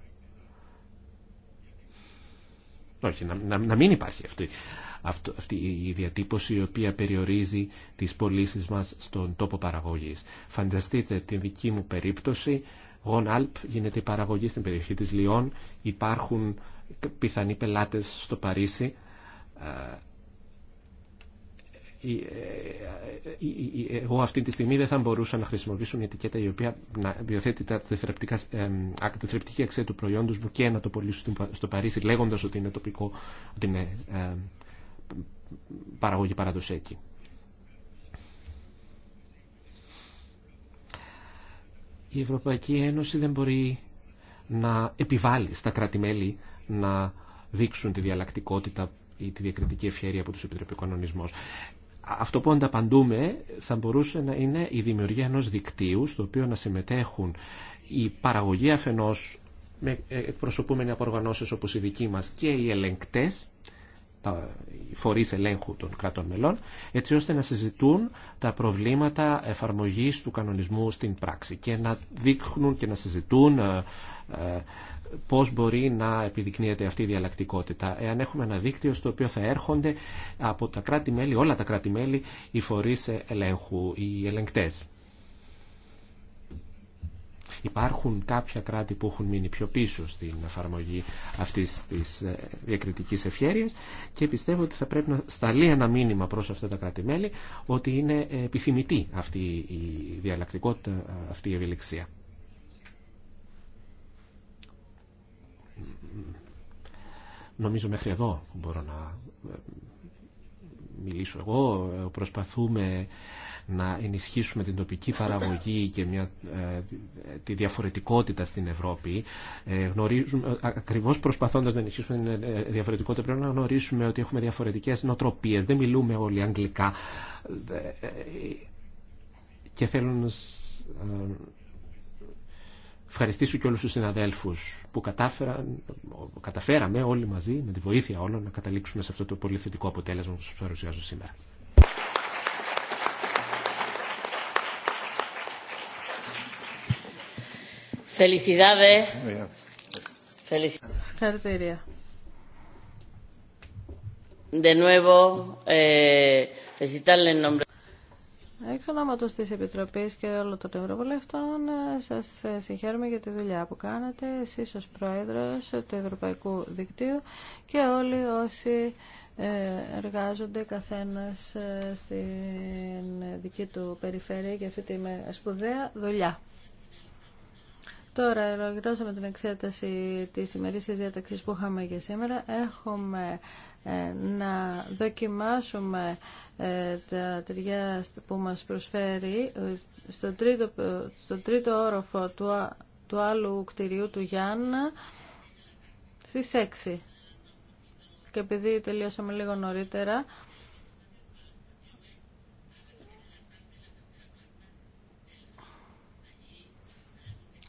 όχι, να, να, να μην υπάρχει αυτή, η διατύπωση η οποία περιορίζει τις πωλήσει μας στον τόπο παραγωγής. Φανταστείτε την δική μου περίπτωση, Γον Αλπ γίνεται η παραγωγή στην περιοχή της Λιών, υπάρχουν πιθανοί πελάτες στο Παρίσι, ε, ε, ε, ε, εγώ αυτή τη στιγμή δεν θα μπορούσα να χρησιμοποιήσω μια ετικέτα η οποία να βιοθέτει τα θρεπτική αξία του προϊόντος μου και να το πωλήσω στο Παρίσι λέγοντας ότι είναι τοπικό, ότι είναι παραγωγή παραδοσιακή. Η Ευρωπαϊκή Ένωση δεν μπορεί να επιβάλλει στα κράτη-μέλη να δείξουν τη διαλλακτικότητα ή τη διακριτική ευχαίρεια από τους επιτρέπει ο αυτό που ανταπαντούμε θα μπορούσε να είναι η δημιουργία ενός δικτύου στο οποίο να συμμετέχουν η παραγωγή αφενός με εκπροσωπούμενοι από οργανώσεις όπως η δική μας και οι ελεγκτές, τα φορείς ελέγχου των κρατών μελών, έτσι ώστε να συζητούν τα προβλήματα εφαρμογής του κανονισμού στην πράξη και να δείχνουν και να συζητούν ε, ε, πώς μπορεί να επιδεικνύεται αυτή η διαλλακτικότητα. Εάν έχουμε ένα δίκτυο στο οποίο θα έρχονται από τα κράτη-μέλη, όλα τα κράτη-μέλη, οι φορείς ελέγχου, οι ελεγκτές. Υπάρχουν κάποια κράτη που έχουν μείνει πιο πίσω στην εφαρμογή αυτής της ε, διακριτικής ευχέρειας και πιστεύω ότι θα πρέπει να σταλεί ένα μήνυμα προς αυτά τα κράτη-μέλη ότι είναι επιθυμητή αυτή η διαλλακτικότητα, αυτή η ευελιξία. Νομίζω μέχρι εδώ μπορώ να ε, μιλήσω εγώ. Ε, προσπαθούμε να ενισχύσουμε την τοπική παραγωγή και μια, ε, τη διαφορετικότητα στην Ευρώπη. Ε, γνωρίζουμε, ακριβώς προσπαθώντας να ενισχύσουμε την διαφορετικότητα πρέπει να γνωρίσουμε ότι έχουμε διαφορετικές νοτροπίες. Δεν μιλούμε όλοι αγγλικά και θέλω να ευχαριστήσω και όλους τους συναδέλφους που κατάφεραν, καταφέραμε όλοι μαζί με τη βοήθεια όλων να καταλήξουμε σε αυτό το πολύ θετικό αποτέλεσμα που σας παρουσιάζω σήμερα. Felicidades. Felicidades. De nuevo, eh, Εξ ονόματος της Επιτροπής και όλων των Ευρωβουλευτών Σα συγχαίρουμε για τη δουλειά που κάνετε εσείς ως Πρόεδρος του Ευρωπαϊκού Δικτύου και όλοι όσοι ε, εργάζονται καθένας ε, στην δική του περιφέρεια για αυτή τη σπουδαία δουλειά. Τώρα, ολοκληρώσαμε την εξέταση της ημερήσιας διάταξης που είχαμε για σήμερα. Έχουμε ε, να δοκιμάσουμε ε, τα τυριά που μας προσφέρει ε, στο τρίτο, στο τρίτο όροφο του, του άλλου κτηρίου του Γιάννα στις 6. Και επειδή τελειώσαμε λίγο νωρίτερα,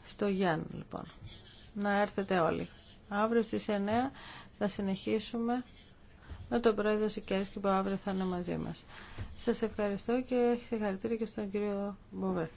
στο Γιάννα λοιπόν. Να έρθετε όλοι. Αύριο στις 9 θα συνεχίσουμε με τον πρόεδρο και που αύριο θα είναι μαζί μας. Σας ευχαριστώ και συγχαρητήρια και στον κύριο Μποβέφ.